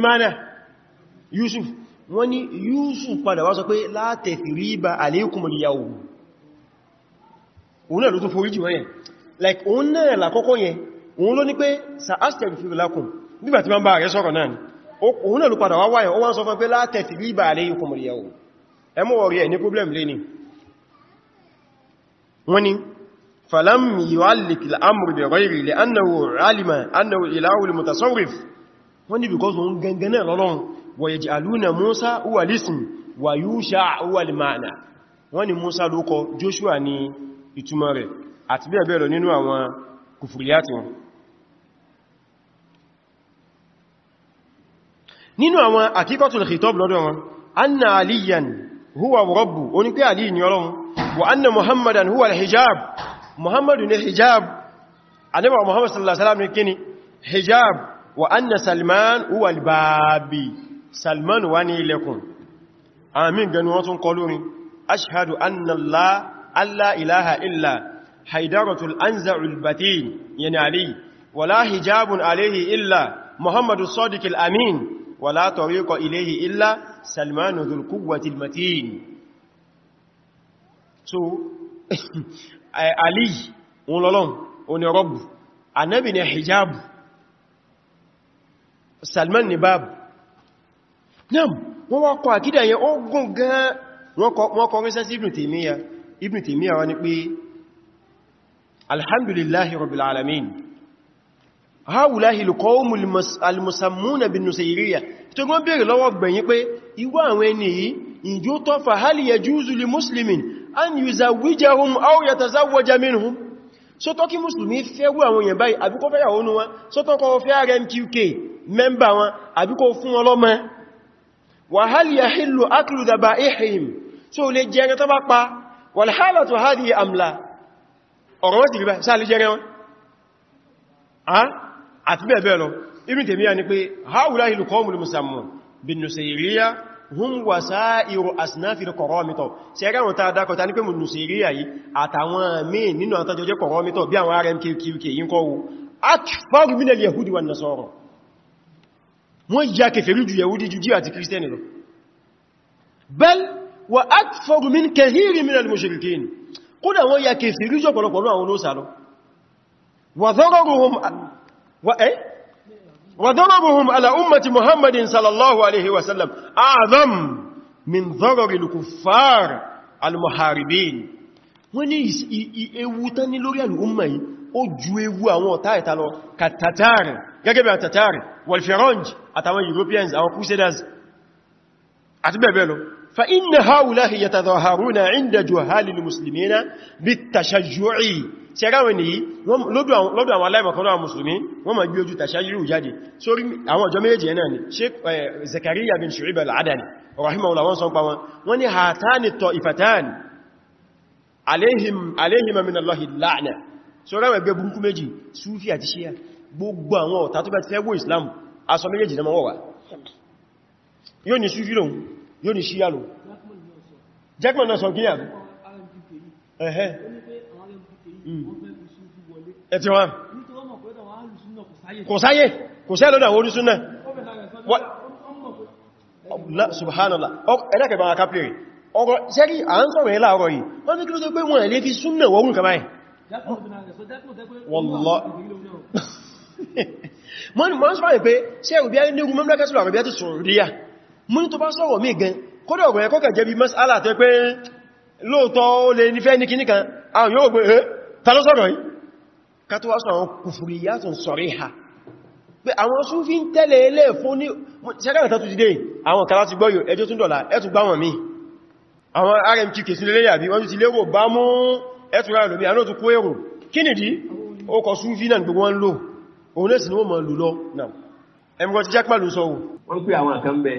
mana yusuf wọ́n yusuf padà wá sọ pé la tathriba alaykumul òun náà ló tún foríjì wọ́n yẹn like òun náà làkọ́kọ́ yẹn òun ló ní pé sa astag fi lákùn nígbàtí ma ń bá rẹ̀ sọ́rọ̀ náà ni òun náà ló padà wá wáyẹ̀ ó wá ń sọ fún pé látẹ̀tì líbà aléyìn kọmọ̀lẹ̀yàwó problem lé ní wọ́n ni falam yu'allik al-amru bi ghayri li annahu alima annahu ilahu al-mutasawwif wọ́n because òun gangan náà lọ́lọ́run wa Musa huwa Joshua ni ìtumọ̀ rẹ̀ àti bẹ́ẹ̀ bẹ́ẹ̀ lọ nínú àwọn kùfùrìyàtì wọn nínú àwọn àkíkọ́tùl khitab lọ́dọ̀ wọn anna aliyan huwa rabbu ó ní pé ali ni Ọlọ́run wa anna muhammadan huwa al-hijab muhammadu ni hijab anabi muhammad sallallahu alaihi wasallam ni kini hijab wa anna salman huwa al salman wa ni amin ganu wọn tún kọ lórin ashhadu alla ilaha illa haidaratul anza'ul batin yani ali wala hijabun alayhi illa muhammadu sadiq al-amin wala tariqa ilayhi illa salmanu dhul quwwati al-matin so ali on lolon on rob anabi ni hijab salman ni bab nam wọ́n wá kọ àkídà yẹn ó gùn gan wọ́n kọ rí sẹ́sì Ibn Taymiyyah Ibn Taymiyyah wá ní pé alhamdulillahi rabbil alamin haulahi alqawmul almusammuna bin nusayriyya tó gbọ́n bèèrè lọ́wọ́ gbẹ̀yìn pé ìwọ àwọn ẹni yìí ìjó tó fa hal yajuzu li muslimin an yuzawwijahum aw yatazawwaja minhum so tó kí muslimi fẹ́ wú àwọn èèyàn báyìí àbí kó fẹ́ yàwó nú wọn so tó kọ́ fẹ́ RMQK mẹ́mbà والحالة هذه أم لا ọ̀rọ̀ sí ríbá sáà lè jẹ́ rẹ̀wọ́n àti bẹ́ẹ̀ bẹ́ẹ̀ lọ Ibn Taymiyyah ni pé haula ilukọ́mùlù musamman bin nusayriya hun wa sa'iru asnafil kọ̀rọ̀mítọ̀ sí ẹgbẹ̀rún ta dákọta ní pé mú nusayriya yìí àtàwọn míì nínú àtàjọjẹ́ kọ̀rọ̀mítọ̀ bí àwọn rmkkk yí kọwọ́ akfaru min al wà akthar min kahiri min al-mushrikin kódà wọ́n ya kèfì rí jọ pọ̀lọpọ̀ àwọn olóòsà lọ wa dararuhum eh? ala ummati muhammadin sallallahu alaihi wasallam a'zam min darari al-kuffar al-muharibin wọ́n ní ewu tán ní lórí فإن هؤلاء يتظاهرون عند جهال المسلمين بالتشجع sẹ́ráwẹ̀ nìyí lọ́dọ̀ àwọn aláìmọ̀kọ́lọ́ àwọn musulmi wọ́n ma gbí ojú tàṣáyírù jáde sórí àwọn ọjọ́ méjì ẹ̀nà ni Sheikh Zakariya bin Shu'aib al-Adani rahimahullah wọ́n sọ́n pa wọn wọ́n ni hàtánì tọ ìfàtánì aléhìmà min Allahi la'na sọ́ráwẹ̀ gbé burúkú méjì Sufi àti Shia gbogbo àwọn ọ̀tá tó bá ti fẹ́ wó Islam aṣọ méjèèjì na mọ́wọ́wà yóò ni Sufi lòun yóò ní ṣíyà lò jackman náà sọ kí yà ẹ̀hẹ́ ẹ̀tí wọn kò sáyé kò sáyé lọ́dọ̀ àwọn orísúnnà subhanallah ẹ̀lẹ́kẹ̀bà akápẹ̀rẹ̀ ọgọ́ sẹ́rí à ń sọ̀rọ̀ ẹ̀lá ọ̀rọ̀ yìí wọ́n ní kí ló tó pé wọ́n ẹ̀lẹ́ fi súnnà wọ́gùn kàmá ẹ̀ wọ́n ni mọ́ sọ́rọ̀ pé sẹ́rù bí i ní ogun mọ́mílákẹ́sùlọ̀ àrẹ̀bíyà ti sọ̀rọ̀ ríyà mú ní tó bá sọ̀rọ̀ mí gan kódà ọ̀rọ̀ ẹ̀kọ́ kẹjẹ bí mas'ala tẹ́ pé lóòtọ́ ó lè nífẹ́ ní kíní kan àwọn yóò gbé ẹ́ ta ló sọ̀rọ̀ yìí ká tó wá sọ̀rọ̀ kufuriyatun sariha pé àwọn Sufi ń tẹ́lẹ̀ ilé fún ní ṣẹ́gbẹ̀rẹ̀ tó ti dé àwọn kan láti gbọ́yọ̀ ẹjọ́ tún dọ̀là ẹ̀tù gbá wọn mí àwọn rmq kèsí lélẹ́ yàbí wọ́n ti lérò bá mú ẹ̀tù rẹ̀ lómi àánà tó kó èrò àwọn àkàmbẹ̀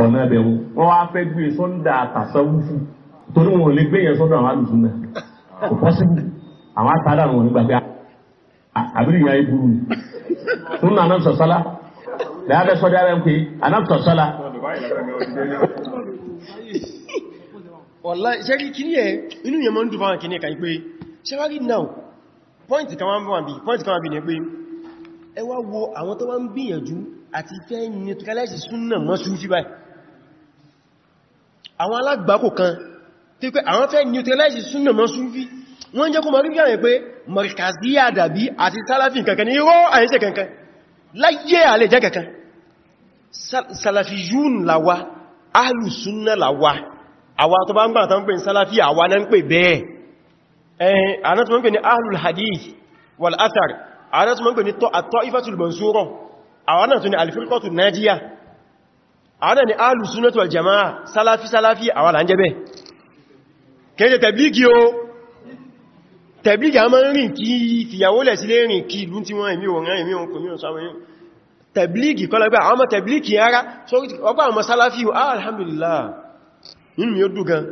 ọ̀nà ẹbẹ̀ wo wọ́n wá fẹ́ gbé e sọ́ndà àtàsáwùfù torí wọn ò lè gbé yẹn sọ́dọ̀ àwọn àlùsùn náà kò pọ́sibú àwọn àtàdà wọn nígbà pé àbírí ìyá ibùrù ni tún náà anáfẹ́ sọ́lá lẹ́yìn abẹ́ sọ́dọ̀ abẹ́ ń pè anáfẹ́ sọ́lá. ọ̀la ṣe rí kíní ẹ̀ inú yẹn mọ́ ń dùn fáwọn kíní ẹ̀ka pé ṣe wá rí náà pọ́ìntì kan wá ń bí pọ́ìntì kan wá ń bí ni pé ẹ wá wo àwọn tó wá ń gbìyànjú àti fẹ́ neutralize súnnà mọ́ súnfí báyìí àwọn alágbàkò kan tí pé àwọn fẹ́ neutralize súnnà mọ́ súnfí wọ́n jẹ́ kó mọ̀rí gbáyẹ̀ pé markaziya dàbí àti salafi kankan ní irọ́ àyíṣẹ́ kankan láyé alẹ́ jẹ́ kankan salafiyun lawa ahlu súnnà lawa àwa tó bá ń gbà tán ahlul hadith wal athar àwọn tó mọ́ ń pè àwọn náà tún ni alifirkotu najiya àwọn náà ni alùsúnẹ́tù aljama'a salafi salafi àwọn là ń jẹ́bẹ̀ kéje tẹ̀blígi o tẹ̀blígi a máa ń rìn kí fìyàwó lẹ̀ sílé rìn kí ìlú tí wọ́n èmi ò rán èmi òun o ah, alhamdulillah nínú mi ó dùn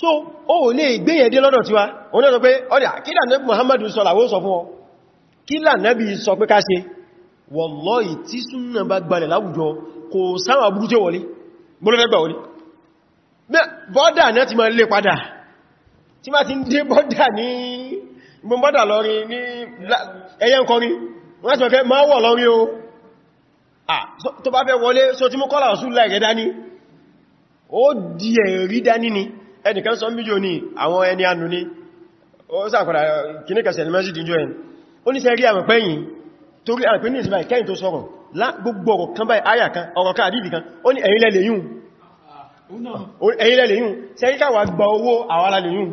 so o lè gbéyẹ̀dé lọ́dọ̀ tiwa onílọ́dọ̀ pé ọdá kí lànẹ́bì Muhammadu sọ làwó sọ fún ọ kí sọ pé ká ṣe wallahi tí súnnà bá gbalẹ̀ láwùjọ kò sáwọn aburú jẹ́ wọlé gbọ́lẹ́gbà wọlé bọ́dà náà ti máa lè padà tí máa ti ń dé bọ́dà ní ìgbọ́n bọ́dà lọ́rin ní ẹyẹ nkọrin wọ́n ti fẹ́ máa wọ̀ lọ́rin o tó bá fẹ́ wọlé so tí mú kọ́lá ọ̀sùn láìrẹ dání ó ni ẹnìkan sọ mílíò ní àwọn ẹni anú ni ó sàkọ̀dà kìníkà sẹ̀lẹ̀mẹ́sì díjọ́ ẹni ó ní torí àpín ní ìsìnbáyì kẹ́yìn tó sọ̀rọ̀ gbogbo ọ̀rọ̀ kan báyìí ayà kan ọ̀rọ̀ kan àdìdì kan ó ní ẹ̀yin lẹ́lẹ̀ yún ẹ̀yin lẹ́lẹ̀ yún ṣe rí káwà gba owó àwárá lè yún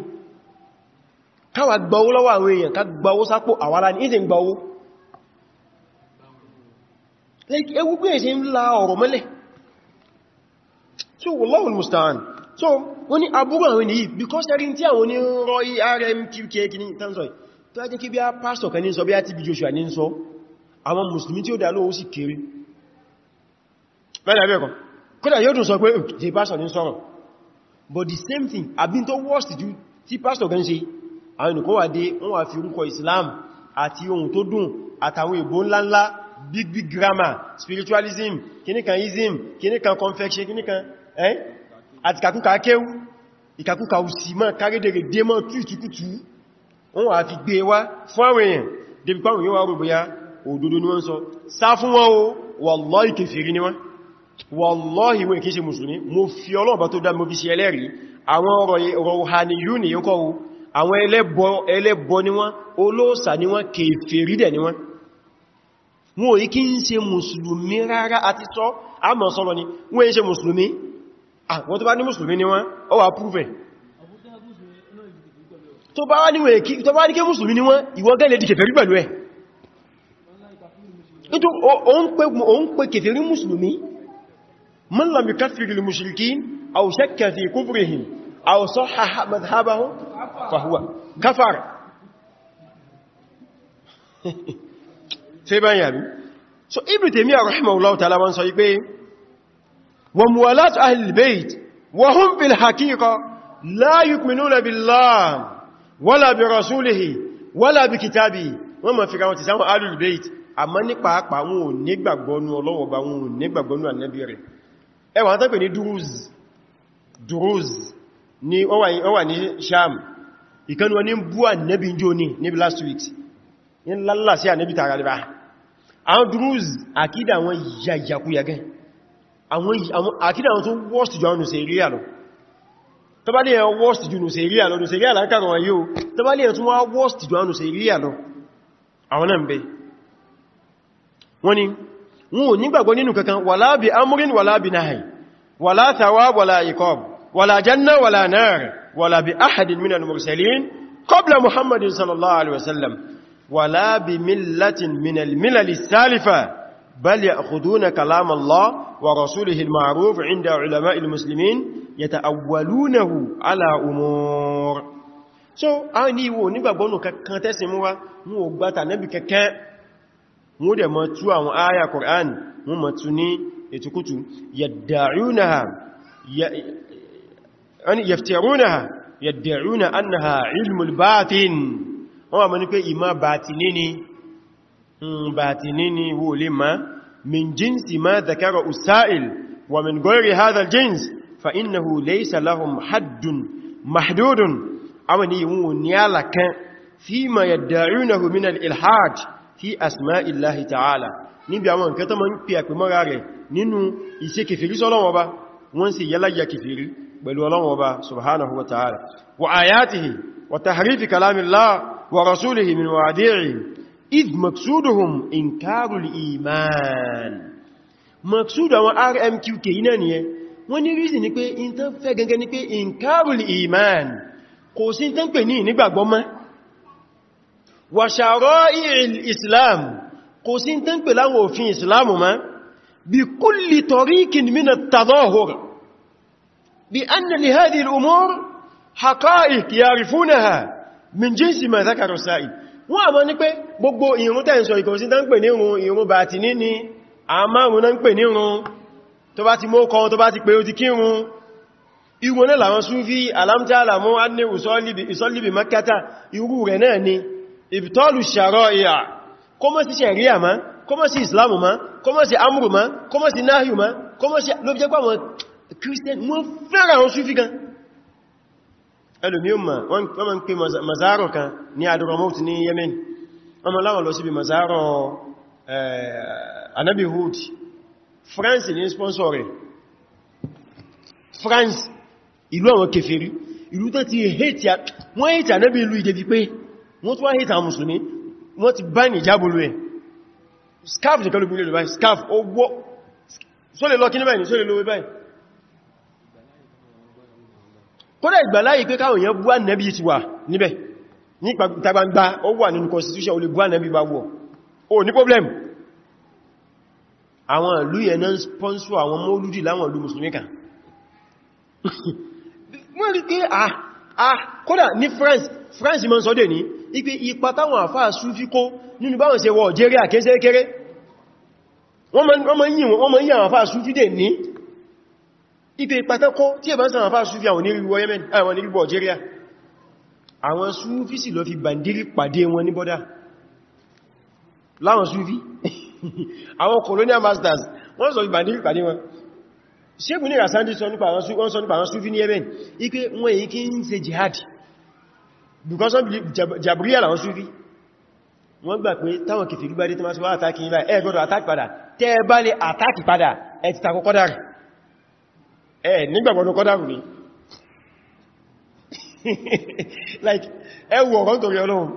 káwà gba owó lọ́wọ́ àwọn èèyàn ká gba owó sápò àwárá ní ìsìn gba owó la ọ̀rọ̀ so wallahu al so wọ́n ní aburú because ẹ̀rin tí àwọn onírọ̀ rmqk kìíní tánzọ̀ tó ẹjẹ́ kí bí a pastor kan ní sọ bí a ti àwọn mùsùlùmí tí ó dá lóòó sì kéré mẹ́lẹ̀ ẹ̀kọ́ kódà yóò dùn sọ pé jẹ pastor ní sọ́rọ̀ but the same thing àbí tó worst ju tí pastor gan ṣe àwọn ènìyàn wà dé wọ́n wà fi orúkọ Islam àti ohun tó dùn àtàwọn èbó ńláńlá big big grammar spiritualism kíníkan ism kíníkan confection kíníkan eh àti kàkúkà kéwú ìkàkúkà òsì mọ́ kárédèrè démọ́ tú ìtukútù wọ́n wà fi gbé e wá fún àwọn èèyàn débi òdodo ni wọ́n sọ sá fún wọn o wallahi kèfèrí ni wọ́n wallahi wọn kìí ṣe mùsùlùmí mo fi ọlọ́ọ̀bá tó dá mo fi ṣe ẹlẹ́rìí àwọn ọ̀rọ̀ òhànìyún ni yóò kọ́ àwọn ẹlẹ́bọ ni wọ́n olóòsà ni wọ́n kèfèrí dẹ̀ ni wọ́n wọn ò yí kí ń ṣe mùsùlùmí rárá àti tọ́ àmọ́ sọ́rọ̀ ni wọ́n ń ṣe mùsùlùmí tó bá ní ní kí mùsùlùmí ni ìwọ́gẹ́lẹ̀ di kèfèrí pẹ̀lú ẹ̀ nítorí òun pè kèfèrí mùsùlùmí man lam yukaffir al-mushrikin aw shakka fi kufrihim aw sahhaha madhhabahum fahuwa kafara ṣe bá yàrí so Ibn Taymiyyah rahimahullahu ta'ala wọ́n sọ wípé wa muwalatu ahlil bayt wa hum fil haqiqa la yu'minuna billah wala bi rasulihi wala bi kitabihi wọ́n ma fi ra wọn ti àmọ́ ní pàápàá wọn ò nígbàgbọ́nú ọlọ́wọ̀gbà wọn ò nígbàgbọ́nú ànẹ́bí rẹ̀ ẹwà tẹ́pẹ̀ ní duruz ní ọwà ní sham ìkanu wọn ní bú ànẹ́bí jò ní níbi last week ní lálà sí ànẹ́bí tààrà lẹ́bà àwọn duruz àkídà wọn yàyàkúyàgẹ́ àkídà wọn worst jù àwọn nùsẹ̀ríà lọ tó bá worst jù nùsẹ̀ríà lọ nùsẹ̀ríà lákàrọ̀ wọn yóò tó bá lè ẹ tún worst jù àwọn nùsẹ̀ríà lọ náà ń bẹ̀ẹ́ wọ́n ni wọn ò nígbàgbọ́ nínú kankan wàlá bí amúrin wàlá bí náà wàlá tàwà wàlá ikọ̀ wàlá janna wàlá náà wàlá bí ahadin minal mursalin qabla muhammadin sallallahu alaihi wasallam wàlá bí millatin minal milali salifa so a ní ìwò nígbàgbọ́nù kankan tẹ́sìn mú wa mú ògbàtà nẹ́bì kankan mú dẹ̀ mọ̀ tú àwọn ayà Kùránì mú mọ̀ tú ní ètùkútù yaddarunaha yaftirunaha yaddaruna annaha ilmul batin wọ́n mọ̀ ní pé ìmọ̀ batinini batinini wo lè ma min jinsi ma zakara usail wa min ghairi hadha jins fa innahu laysa lahum haddun mahdudun àwọn ni wọ́n ní alakan fima yaddarunahu min al-ilhad fi asma'illahi ta'ala níbi àwọn nǹkan tó ma ń pè àpèmọ́ra rẹ̀ nínú iṣẹ́ kèfèrí sọ́lọ́wọ́ bá wọ́n sì yálàyà kèfèrí pẹ̀lú ọlọ́wọ́ bá subhanahu wa ta'ala wa ayatihi wa tahrifi kalamillah wa kò sí tán pè ní ìnígbàgbọ́ wa shara'i'il islam kò sí tán pè láwọn òfin islam ma bi kulli tariqin min at-tadahur bi anna li hadhihi al-umur haqa'iq ya'rifunaha min jinsi ma dhakara as-sa'il wọ́n àmọ́ ní pé gbogbo ìrun tẹ́ ń sọ ìkọ̀sí tán pè ní ìrun ìrun bá ti ní ní àmárùn náà ń pè ní ìrun tó bá ti mọ́kọ tó bá irú rẹ̀ náà ni ìbìtọ́lù ṣàrọ̀ ìyà kó mọ́ sí ṣẹ̀ríà ma kó mọ́ sí islamu ma kó mọ́ sí amuru ma kó mọ́ sí náhìu ma kó mọ́ sí lóbíjẹ́ pàmọ́ christian wọ́n fẹ́ràn wọn súfí gan ẹlòmíùn ma wọ́n ń pè mazaro kan ní adúrọmọ́tì ní yemen wọ́n láwọn lọ síbi mazaro anabi hood france ní sponsor rẹ̀ france ìlú àwọn kèfèrí ìlú tó ti hate wọ́n hate anabi ìlú ìdẹ̀bí pé wọ́n tó wá hìtà musulmi wọ́n ti bá ní ìjábòlú ẹ̀ scarf jẹ́ kẹlùgbìn lè báyìí scarf owó sólè lọ kíní báyìí sólè lówé báyìí kódà ìgbàláyì pé káwọn èèyàn bú ànẹ́bí ti wà níbẹ̀ ní ìtagbangba ó wà nínú constitution ó problem àwọn ìlú yẹn náà sponsor àwọn mọ́lúdì láwọn ìlú musulmi kan wọ́n rí pé ah, ah kódà ní France France mọ́ sọ́dẹ̀ ní ipé ipa táwọn àfáà súfí kó nínú báwọn ṣe wọ Algeria kéṣẹ́kéré wọ́n mọ́ yí àwọn àfáà súfí dè ní ipé ipa tán kó tí ẹ̀bá sáwọn àfáà súfí àwọn onírígbọ́ Algeria àwọn súfí sì lọ fi bàndírí pàdé wọn ní bọ́dá láwọn súfí àwọn colonial masters wọ́n sọ fi bàndírí pàdé wọn ṣébùnira sáńdí sọ nípa àwọn súfí ní Yemen ipé wọ́n èyí kí ń ṣe jihadi because Jabriya làwọn Sufi wọ́n gbà pé táwọn kèfèrí bá dé tí ma ṣe wá àtàkì yìí báyìí ẹ gbọ́dọ̀ àtàkì padà tẹ́ bá lè àtàkì padà ẹ ti takọ kọ́dàrù ẹ nígbàgbọ́dọ̀ kọ́dàrù ni like ẹ wọ ọ̀rọ̀ nítorí Ọlọ́run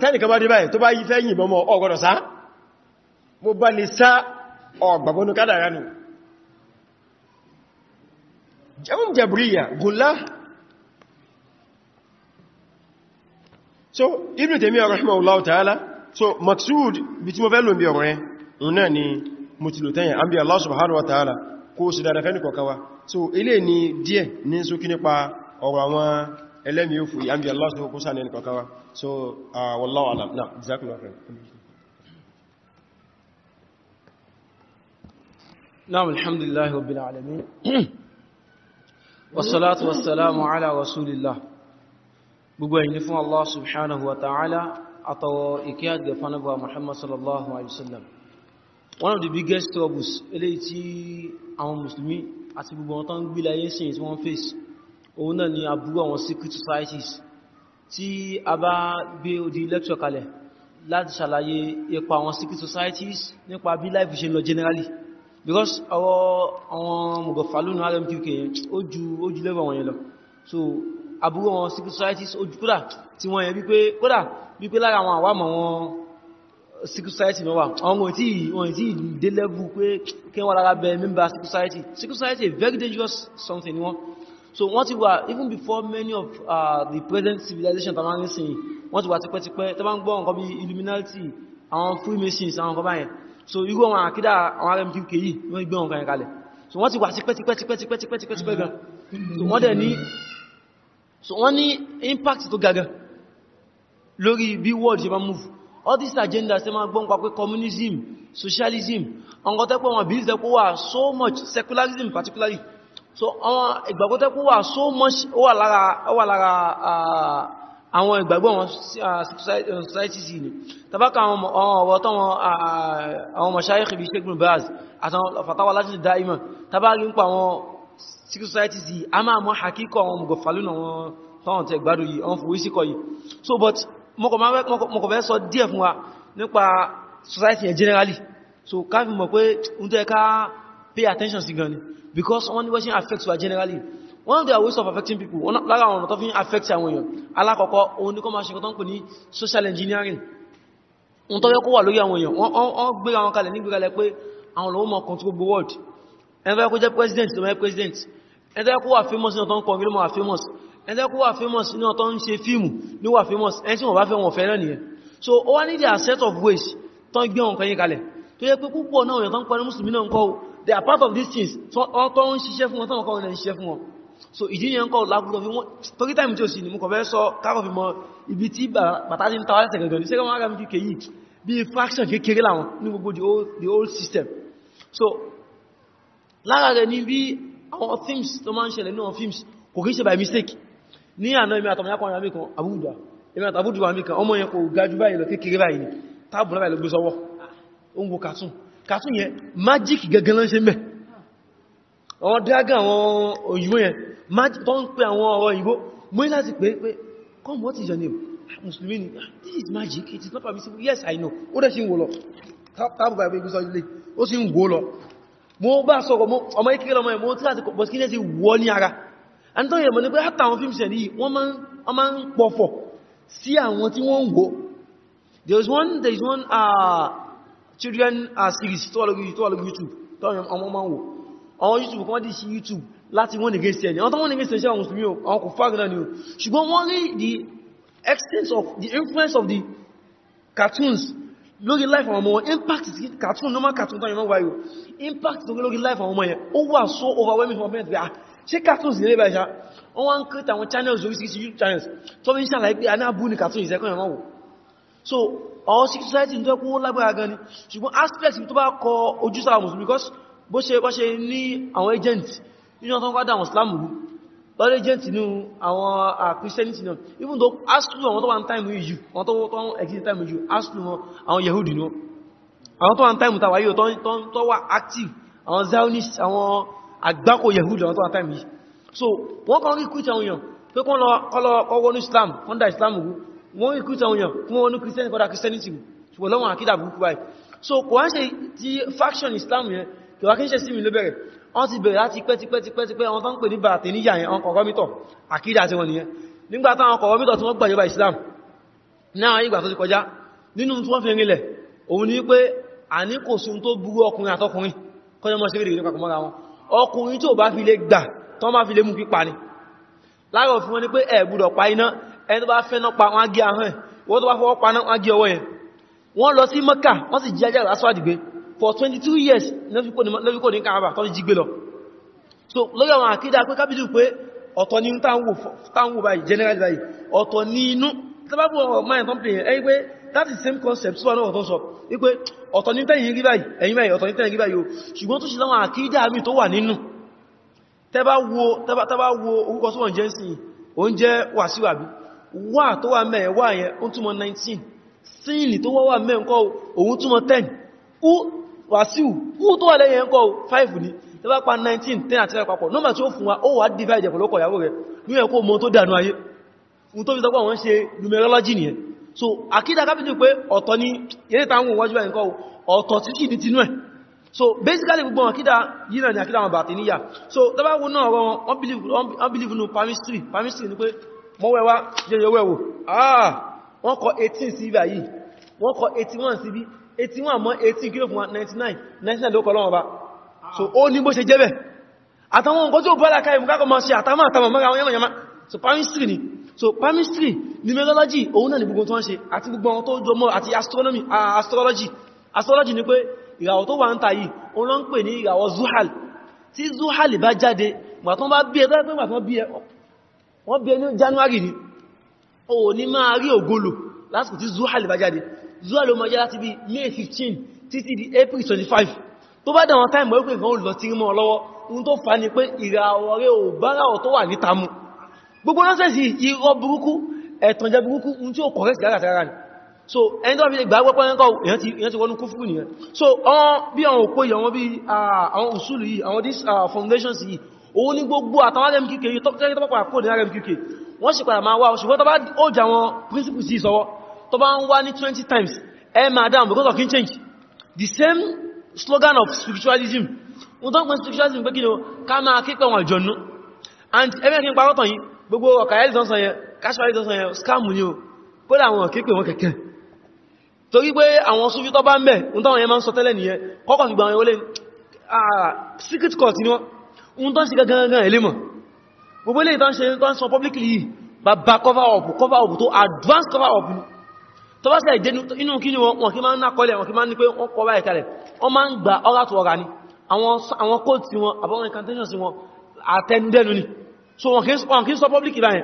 tẹ́nìkan bá dé báyìí tó bá yí fẹ́ yìnbọn mọ́ ọ gbọ́dọ̀ sá mo bá lè sá ọ̀gbàgbọ́nù kádàrá nù Jabriya gùnlá so Ibn Taymiyyah rahimahullahu ta'ala so maksud bí tí mo fẹ́ lò bí ọ̀rọ̀ yẹn òun náà ni mo ti lò tẹ́yìn an Allah subhanahu wa ta'ala kó sì dáadáa fẹ́ nìkọ̀ọ́ká wa so ilé ni díẹ̀ ní sókí nípa ọ̀rọ̀ àwọn ẹlẹ́mìí òfù an bí Allah subhanahu wa ta'ala nìkọ̀ọ́ká wa so uh, wallahu a'lam náà jazakumullahu khairan نعم الحمد لله رب العالمين والصلاة والسلام على رسول الله gbogbo ẹ̀yìn fún Allah subhanahu wa ta'ala àtọwọ̀ ìkẹ́ àgbẹ̀ Muhammad sallallahu alaihi wasallam one of the biggest troubles eléyìí tí àwọn musulmi àti gbogbo wọn tán ń gbílẹ̀ ayé sí tí wọ́n face òun náà ni aburú àwọn secret societies tí a bá gbé odi lecture kalẹ̀ láti ṣàlàyé ipa àwọn secret societies nípa bí life ṣe lọ generally because àwọn mọ̀gọ̀fà lónà rmqk ó ju lẹ́gbà wọn yẹn lọ so àbúrò wọn secret societies ojú kódà tí wọ́n yẹn wípé kódà wípé lára àwọn àwàmọ̀ wọn secret society náà wà àwọn ohun tí wọ́n tí dé level pé kí wọ́n lára bẹ member secret society secret society is very dangerous something wọ́n so wọ́n ti wà even before many of uh, the present civilization tàbí àwọn ìsìn wọ́n ti wà tipẹ́tipẹ́ tàbí gbọ́ nǹkan bí illuminati àwọn freemasons àwọn nǹkan báyẹn so irú àwọn àkídà àwọn rmqk yìí wọ́n gbé wọn kan kalẹ̀ so wọ́n ti wà tipẹ́tipẹ́tipẹ́tipẹ́tipẹ́ gan so wọ́n dẹ̀ ní so wọ́n ní impact tó gaga lórí bí world ṣe bá move all these agendas ṣe máa gbọ́n pa pé communism socialism ọ̀nkọ́ tẹ́pọ̀ wọn bí ìsẹ́pọ̀ wà so much secularism particularly so àwọn ìgbàgbọ́ tẹ́pọ̀ wà so much wà lára àwọn ìgbàgbọ́ wọn society sí ni tàbákà àwọn ọ̀rọ̀ tó wọn àwọn mọ̀ṣáyẹ̀ bí Sheikh Ibn Baz àtàwọn fatawa láti dáìmọ̀ tàbá rí ń àwọn secret societies yìí a máa mọ́ àkíkọ̀ àwọn mọ̀gọ̀fàlúnà wọn tọ́wọ̀n tẹ gbádùn yìí wọ́n fòwé síkọ̀ yìí so but mọ̀kọ̀fẹ́ sọ díẹ̀ fún wa nípa society yẹn generally so ká fi mọ̀ pé ń tẹ́ ká pay attention sí gan ni because wọ́n ní wọ́n ṣe affect generally one of their ways of affecting people lára àwọn ọ̀nà tó fi ń affect àwọn èèyàn alákọ̀ọ́kọ́ òun ní kọ́ máa ṣe kọ́ social engineering ń tọ́wẹ́ kó wà lórí àwọn èèyàn control the world ẹgbẹ́ kó jẹ́ president tó mẹ́ president ẹ̀tẹ́ kó wà famous ní ọ̀tọ́ ń kọ gílmọ̀ wà famous ẹ̀tẹ́ kó wà famous ní ọ̀tọ́ ń ṣe fíìmù ní wà famous ẹni tí wọ́n bá fẹ́ wọn fẹ́ náà nìyẹn so ó wá nídìí a set of ways tó ń gbé wọn kan yí kalẹ̀ tó yẹ pé púpọ̀ náà yẹn tó ń pẹ̀lú mùsùlùmí náà ń kọ́ they are part of these things tó ń ṣiṣẹ́ fún wọn tó ń kọ́ ń ṣiṣẹ́ fún wọn so ìdí yẹn kọ́ lágbúrò fi wọ́n torí time tí ó sì ní mú kọ̀ fẹ́ sọ káàkọ̀ fi mọ ibi tí bàtà ti ń tawà lẹ́sẹ̀ gẹ̀gẹ̀ ní sẹ́gbọ́n ara mi kéèké yìí bí fraction kékeré láwọn ní gbogbo the old system so lára rẹ̀ ní bí àwọn films tó máa ń ṣẹlẹ̀ náà films kò kí ṣe by mistake ní àná ìmẹ́ àtàwọn yàkọ̀ àmì kan àbúdà ìmẹ́ àtàbúdà àmì kan ọmọ yẹn kò gájú báyìí lọ kékeré báyìí ni tábùlá báyìí ló gbé sọwọ́ ó ń wo yẹn magic gẹ́gẹ́ lọ́n ṣe mẹ́ dragon àwọn òyìnbó yẹn tó ń pè àwọn ọ̀rọ̀ òyìnbó mọ́ láti pé come what is your name ah, Mùsùlùmí ni ah, this is magic it is not permissible yes I know ó dẹ̀ ṣe ń wò lọ tábùlá báyìí gbé mo bá sọ̀rọ̀ ọmọ ìkìrì there is one there is one uh, children uh, series tó wà lórí YouTube tó yẹ̀m ọmọ máa ń you to YouTube kan dì sí YouTube láti wọ́n nìgbé sẹ̀lì àwọn tó wọ́n nìgbé sẹ̀lì àwọn mùsùlùmí àwọn kò fà gánà ni o ṣùgbọ́n wọ́n rí the extent of the influence of the cartoons lórí life àwọn ọmọ impact ti cartoon normal cartoon tán yọmọ wáyò impact tó lórí life àwọn ọmọ yẹn ó wà so overwhelming for parents ah ṣe cartoons ní ẹlẹ́bàá ìṣá wọ́n wá ń create àwọn channels oríṣiríṣi YouTube channels tó bí ń ṣàlàyé pé anábú ni cartoon ìṣẹ́kọ́ yọmọ wò so our sikh society ń tẹ́kún lágbára gan ni ṣùgbọ́n aspect tó bá kọ ojúsà mùsùlùmí because bó ṣe ní àwọn agent nínú ọ̀tọ́ ń kádà àwọn Islam origent nínú àwọn christianity náà even though ask you, àwọn tó wà ní time with you. àwọn tó wọ́n exist time with yìí aslu wọn àwọn yahudi náà àwọn tó wà ní time with yíò tó wà active àwọn zionist àwọn àgbákò yahudi àwọn tó wà ní time yìí so wọ́n kàn recruit àwọn èèyàn pé kọ́ lọ ọwọ́ ní islam wọ́n dá islam wú wọ́n recruit àwọn èèàn fún christian kọ́dá christianity wù ṣùgbọ́n lọ́wọ́n àkídà burúkú báyìí so kò wá ń faction islam yẹn kò wá kí ń ṣe sí mi ló wọ́n ti bẹ̀rẹ̀ láti pẹ́ tipẹ́ tipẹ́ tipẹ́ wọn tán pè ní bàtẹ̀ níyà yẹn ọkọ̀ mítọ̀ àkídà tí wọ́n nìyẹn nígbàtá ọkọ̀ mítọ̀ tí wọ́n gbàjọba Islam náà ìgbà tó ti kọjá nínú tí wọ́n fi rinlẹ̀ òun ni pé a ní kò sun tó burú ọkùnrin àtọkùnrin kọjọ mọ́ sí rí nípa kọmọ́ra wọn ọkùnrin tí ò bá fi lè gbà tán bá fi lè mú pípa ni lára òfin wọn ni pé ẹ gbọ́dọ̀ pa iná ẹni tó bá fẹ́ náà pa wọn á gé ahọ́n ẹ̀ wọ́n tó bá fọwọ́ pa náà wọ́n á gé ọwọ́ yẹn wọ́n lọ sí Mẹ́kà wọ́n sì jí ajá ìrásọ́ àdìgbé for 22 years lọ́fíkò ní káàbà tó jí gbé lọ so lórí àwọn àkídà pé kábílù pé ọ̀tọ̀ ní táwọn wò báyìí general báyìí ọ̀tọ̀ ní inú tábàbù ọ̀rọ̀ mind company ẹ̀yí pé that is same concept tí wọ́n náà ọ̀tọ̀ sọ wípé ọ̀tọ̀ ní tẹ́yìn rí báyìí ẹ̀yìn báyìí ọ̀tọ̀ ní tẹ́yìn wàsíù kú tó wà lẹ́yìn ẹ̀kọ́ 5 ní tẹbá pa 19 10 àti ẹ̀pàpọ̀ nọ́mà tí ó fún wa ó wà divide ẹ̀pọ̀lọpọ̀ ìyàwó rẹ̀ ní ẹ̀kọ́ mọ́ tó dànú ayé fún tó fi sọpọ̀ wọ́n ṣe numerology nìyẹn so akídà kápítù pé ọ̀tọ̀ ní eré táwọn wọ́jú ẹ̀ nǹkan ọ̀tọ̀ títí ní tinú ẹ̀ so basically gbogbo akídà yìí náà ni akídà wọn bàtí níyà so tọ́bá wo náà wọn wọ́n believe nù palmistry palmistry ni pé mọ́wẹ́wá jẹ́ yọwẹ́wò ah wọ́n kọ 18 sí ibà yìí wọ́n kọ 81 sí bí 81 mọ́ 18 kí ló fún wa 99 99 ló kọ́ lọ́wọ́ bá so ó ní bó ṣe jẹ́bẹ̀ àtàwọn nǹkan tí ó bọ́lá káyẹ̀ mùkákọ̀ máa ṣe àtàmà àtàmà mọ́ra àwọn yẹ́mọ̀yẹ́má so palmistry ni so palmistry numerology òun náà ni gbogbo tó ń ṣe àti gbogbo àwọn tó jọmọ́ àti astronomy astrology astrology ni pé ìràwọ̀ tó wà ń ta yìí òun ló ń pè ní ìràwọ̀ zuhal tí zuhal bá jáde gbà tó ni o ní máa rí ògolo lásìkò tí zuwa ló mọ́ jẹ́ láti bí may 15 títí di april 25 tó bá dáwọn táìmù ẹgbẹ̀ ìgbọ̀n lọ tí mọ́ lọ́wọ́ ohun tó fa ni pé ìràwọ̀rẹ́ ò bára ọ̀ tó wà níta mú gbogbo lọ́sẹ̀sì irọ́ burúkú ẹ̀tànjẹ burúkú ohun tí ó kọ̀rẹ́ sí látàrà ni so ẹni tó fi lè gbàgbọ́ pẹ́ ẹnkọ́ èyàn ti wọnú kúfùrù nìyàn so ọ̀n bí àwọn òpó yìí àwọn bí àwọn òṣùlù yìí àwọn these foundations yìí òun ní gbogbo àtàwọn rmkk yìí tọ́pọ̀ àkóò ní rmkk wọ́n sì padà máa wá ṣùgbọ́n tó bá ó jà wọn principles yìí sọwọ́ tó bá ń wá ní 20 times ẹ madam because of change the same slogan of spiritualism wọ́n tó ń pín spiritualism pé kí ni ó ká máa kípẹ̀ wọn ìjọ̀nú and ẹgbẹ́ kí n parọ́tàn yìí gbogbo ọkàyẹ́lì tọ́sàn yẹn casually tọ́sàn yẹn scam ni ó kódà àwọn kípẹ̀ wọn kẹ̀kẹ́ torí pé àwọn súnfí secret court ni wọ́n ń tọ́ sí gangan ẹlẹ́mọ̀ gbogbo ilé ìtọ́ ń ṣe ń tọ́ cover up cover up tó advanced cover up tó bá sẹ́ inú kí ni wọ́n kí máa ń nákọlẹ̀ wọ́n kí máa ń ní pé wọ́n kọ báyìí kalẹ̀ wọ́n máa ń gba ọ́rá tó ọ̀rá ní àwọn kóòtù wọn àbọ́wọn incantation wọn àtẹnudẹ́nu ni so wọ́n kí sọ public line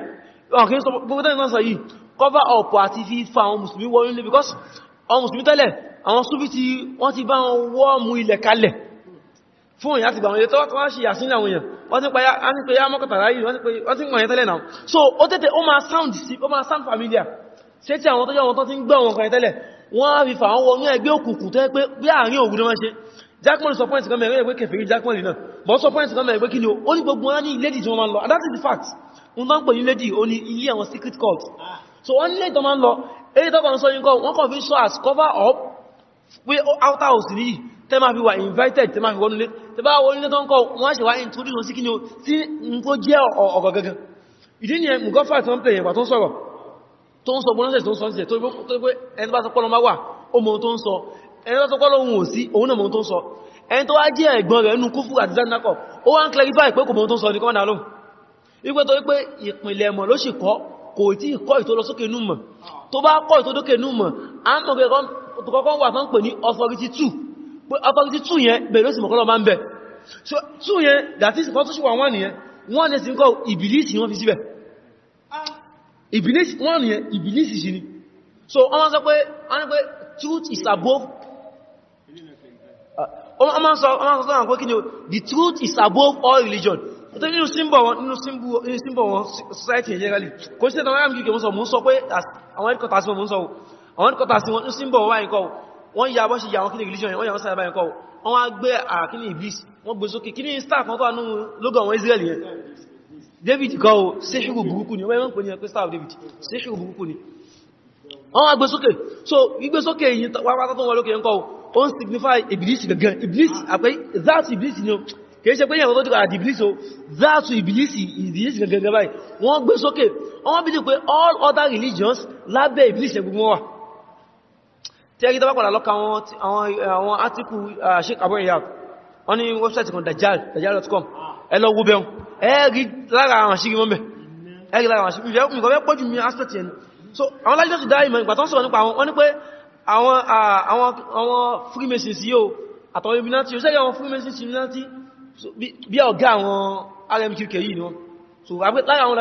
wọ́n kí sọ sọ cover up àti fi fa àwọn because àwọn mùsùlùmí tẹ́lẹ̀ àwọn súfí tí wọ́n ti bá wọn wọ́ mú ilẹ̀ kalẹ̀ fún ìyá ti gbà wọn yẹ tọ́wọ́ ṣe tí àwọn tó jẹ́ àwọn tó ti ń gbọ́ wọn kan tẹ́lẹ̀ wọ́n á fi fà wọ́n ní ẹgbẹ́ òkùnkùn tó pé bí àárín òwúrọ̀ wọ́n ṣe jackman sọ pọ́ìntì kan mẹ́rin ẹgbẹ́ kẹfẹ́rí jackman náà bọ́ sọ pọ́ìntì kan mẹ́rin pé kí ó ní gbogbo wọn ní lady tí wọ́n máa ń lọ and that is the fact wọ́n máa ń pè lady ó ní ilé àwọn secret cult so wọ́n ní lady tó máa ń lọ èyí tó kàn sọ yínkọ́ wọ́n kàn fi sọ as cover up pé outer house nìyí tẹ́ máa fi wà invited tẹ́ máa fi wọnúlé tẹ́ bá wọnúlé tó ń kọ wọ́n ṣe wá introduce wọn sí kí ni ó sí nǹkó jẹ́ ọ̀gọ̀gọ̀gọ̀ ìdí ni mùgọ́fà tó ń pè yẹn pàtó sọ̀rọ̀ tó ń sọ gbọ́nlẹ̀ tó ń sọ ṣe tó gbé ẹni bá sọpọ́lọ máa wà ó mọ̀ tó ń sọ ẹni bá sọpọ́lọ ohun ò sí òun náà mọ̀ tó ń sọ ẹni tó wá jẹ́ ẹ̀gbọ́n rẹ̀ nú kúfù àti zanakọ̀ ó wá ń clarify pé kò mọ̀ tó ń sọ ní kọ́nà lóhun wípé tó wípé ìpìnlẹ̀ mọ̀ ló sì kọ́ kò tí kọ́ ìtó lọ sókè nú mọ̀ tó bá kọ́ ìtó dókè a ń mọ̀kẹ́ kọ́kọ́ wà tán pè ní authority 2 pé authority 2 yẹn bẹ̀rẹ̀ sí mọ̀kọ́lọ́ máa ń bẹ̀ so 2 yẹn that is kọ́ ìbìlísì wọ́n ni ìbìlísì sí ni so wọ́n sọ pé wọ́n ni truth is above uh, wọ́n sọ sọ́nà pé kí ni the truth is above all religion tó nínú symbol wọn nínú symbol wọn society generally kò sí ẹ̀tàn láàrín kíkẹ́ mú sọ pé àwọn ẹ̀kọ́ta sí wọn àwọn ẹ̀kọ́ta sí wọn nínú symbol wọn wáyìnkọ́ wọ́n ya bọ́ sí ya wọn kí ni religion wọ́n ya wọ́n sáyẹ̀ báyìnkọ́ wọ́n wá gbé àkíní ah, iblis wọ́n gbé sókè kí ni star kan tó wà nínú logo àwọn Israeli yẹn david kọ́ o síhìrù burúkú ni wọ́n pè ní ẹ̀pẹ́ star of david síhìrù burúkú ni wọ́n wá gbésókè so gbésókè yìí wáwátá tó wọ́n lókè ń kọ́ o ń signify iblis gangan iblis àpẹ́ zaatu iblis ni o kìí ṣe pé yẹn tó dìkọ̀ àti iblis o zaatu iblis iblis gangan báyìí wọ́n gbésókè wọ́n bí pé all other religions lábẹ́ iblis ẹ̀ gbogbo wà tẹ́rí tọ́bákọ̀lá lọ́ka àwọn átíkù sheik abúrẹ́yà wọ́n ní wẹ́bsáìtì kan dajjal dajjal.com ẹ lọ wo bẹ́ẹ̀ ẹ̀rí lára àwọn àṣírí wọn ẹ̀rí lára àwọn àṣírí nǹkan bẹ́ pọ̀jù ní aspect yẹn so àwọn lájọ́ ti dáìmọ̀ ìgbà tán sọ̀rọ̀ nípa wọn ní pé àwọn freemasons yóò àtàwọn illuminati yóò sẹ́rẹ̀ àwọn freemasons illuminati bí ọ̀gá àwọn rmqk yìí ni wọ́n so lára àwọn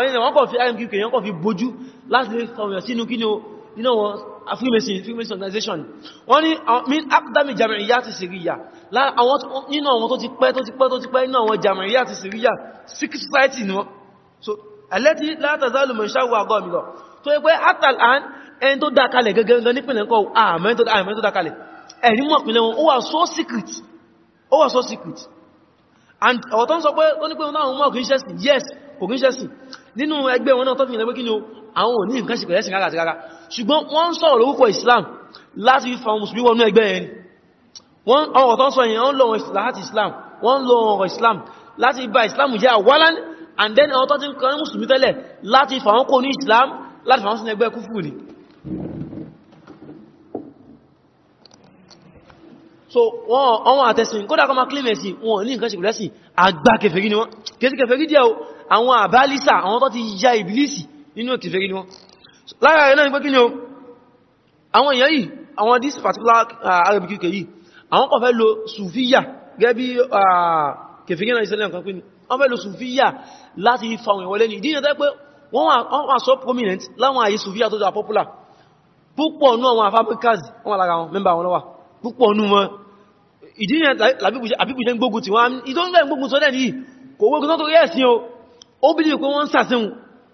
ọ̀rẹ́ freemason freemason organization wọ́n ní min akdami jamiriya ti siriya nínú àwọn tó ti pẹ́ tó ti pẹ́ tó ti pẹ́ nínú àwọn jamiriya ti siriya sikh society ni wọ́n so alẹ́tí látàzálù mẹ́ṣàwò àgọ́ mi lọ tó yẹ pé atalan ẹni tó dákalẹ̀ gẹ́gẹ́gẹ́ nípìnlẹ̀ kọ́ àmẹ́ tó dákalẹ̀ ẹ̀rí mọ̀ pìnlẹ̀ wọn ó wà so secret ó so secret and ọ̀tọ́ ń sọ pé ó ní pé wọn náà mọ̀ yes kò kìí ṣẹ́sì nínú ẹgbẹ́ wọn náà tọ́fìnlẹ̀ pé o àwọn òní nǹkan ṣìkọ̀ lẹ́sìn rárá rárá ṣùgbọ́n wọ́n ń sọ̀rọ̀ lórúkọ Islam láti fa mùsùlùmí wọnú ẹgbẹ́ ẹni wọ́n ọ̀rọ̀ tó ń sọ yẹn wọ́n lọ láti Islam wọ́n lọ ọ̀rọ̀ Islam láti bà Islam jẹ́ àwọ́lán and then ọ̀rọ̀ tó ti ń kọ́ àwọn àbálísà àwọn tó ti ya ìbílísì nínú òkè fèrí ni wọ́n lára rẹ̀ náà ni pé kí ni o àwọn èèyàn yìí àwọn this particular uh, Arabic UK yìí àwọn kan fẹ́ lo sùfíyà gẹ́gẹ́ bí uh, kèfèrí náà ìṣẹ́lẹ̀ nǹkan pé ni wọ́n fẹ́ lo sùfíyà láti fa òyìn wọlé ní ìdíyàn tẹ́ pé wọ́n wà so prominent láwọn àyè sùfíyà tó jà popular púpọ̀ nú àwọn fabricators wọ́n lára wọn mẹ́mbà wọn lọ́wà púpọ̀ nú wọn ìdíyàn àbíbùjẹ́ gbógun tí wọ́n ìdó ń gbógun sọ́dẹ̀ yìí kò wógun tó tó yẹ́ sí o ó bí i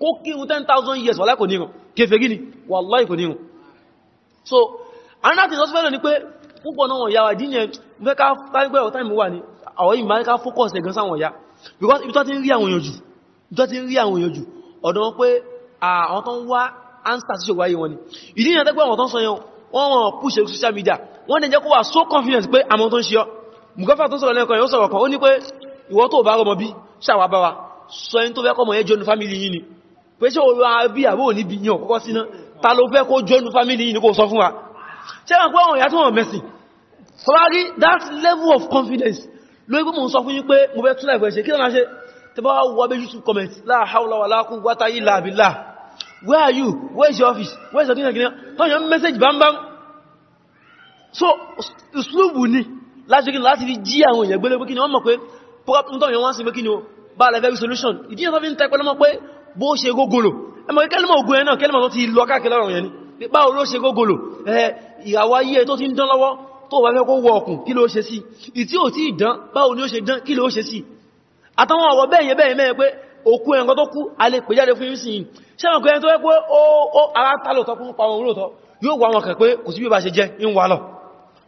kó kírun 10,000 years wàláì kò nírun kèfèrí ni wàláì kò so anáti sọ́sọ́fẹ́lẹ̀ ni pé púpọ̀ náà wọ̀n yáwà dínyẹ fẹ́ ká pẹ́ ọ̀tá ìmú wà ní àwọn yìí ká fókọ̀ọ̀sì ẹ̀gán sáwọn ya because ibi tó ti ń rí àwọn èèyàn jù ọ̀dọ̀ wọn pé àwọn tó ń ni ìdí ìyàn tẹ́gbẹ́ àwọn tó ń social media wọ́n dẹ̀ jẹ́ so confident pé àwọn tó ń ṣe ọ́ mùgọ́fà tó sọ̀rọ̀ lẹ́ẹ̀kan yóò sọ̀rọ̀ kan ó ní pé fẹ́ kọ́mọ ẹjọ́ ní family yìí ni pé ṣe olúwa bí àwọ́ níbi yàn kọ́kọ́ síná ta ló fẹ́ kó jọ́nu family yìí ní kó sọ fún wa ṣe wọ́n pẹ́ ọ̀yà tó wọ́n mẹ́sìn sọ́lárí that level of confidence ló igbó mọ̀ sọ fún yín pé mo fẹ́ túnlẹ̀ ìfẹ́ ṣe kí lọ́nà ṣe tẹ bá wọ́ bẹ́ youtube comment la hawla wala quwwata illa billah where are you where is your office where is your dinner dinner tó yàn message bambam so ìsúlùbù ni láti láti fi jí àwọn èèyàn gbélé pé kí ni wọ́n mọ̀ pé problem tó yàn wọ́n sí pé kí ni ó bá lẹ́fẹ́ solution ìdíyàn tó fi ń tẹ́pẹ́ lọ́mọ́ pé bó ṣe gógólò ẹmọ̀ kẹ́lẹ̀mọ̀ ogun ẹ̀nà kẹ́lẹ̀mọ̀ tó ti lọ káàkiri ọ̀rọ̀ yẹn ni báwo ló ṣe gógólò ẹ̀ ìyàwó ayé tó ti ń dán lọ́wọ́ tó wà fẹ́ kó wọ ọkùn kí ló ṣe sí ìtí ò tí ìdán báwo ni ó ṣe dán kí ló ṣe sí àtàwọn ọ̀rọ̀ bẹ́ẹ̀yẹ bẹ́ẹ̀ mẹ́ẹ̀ pé òkú ẹ̀nkan tó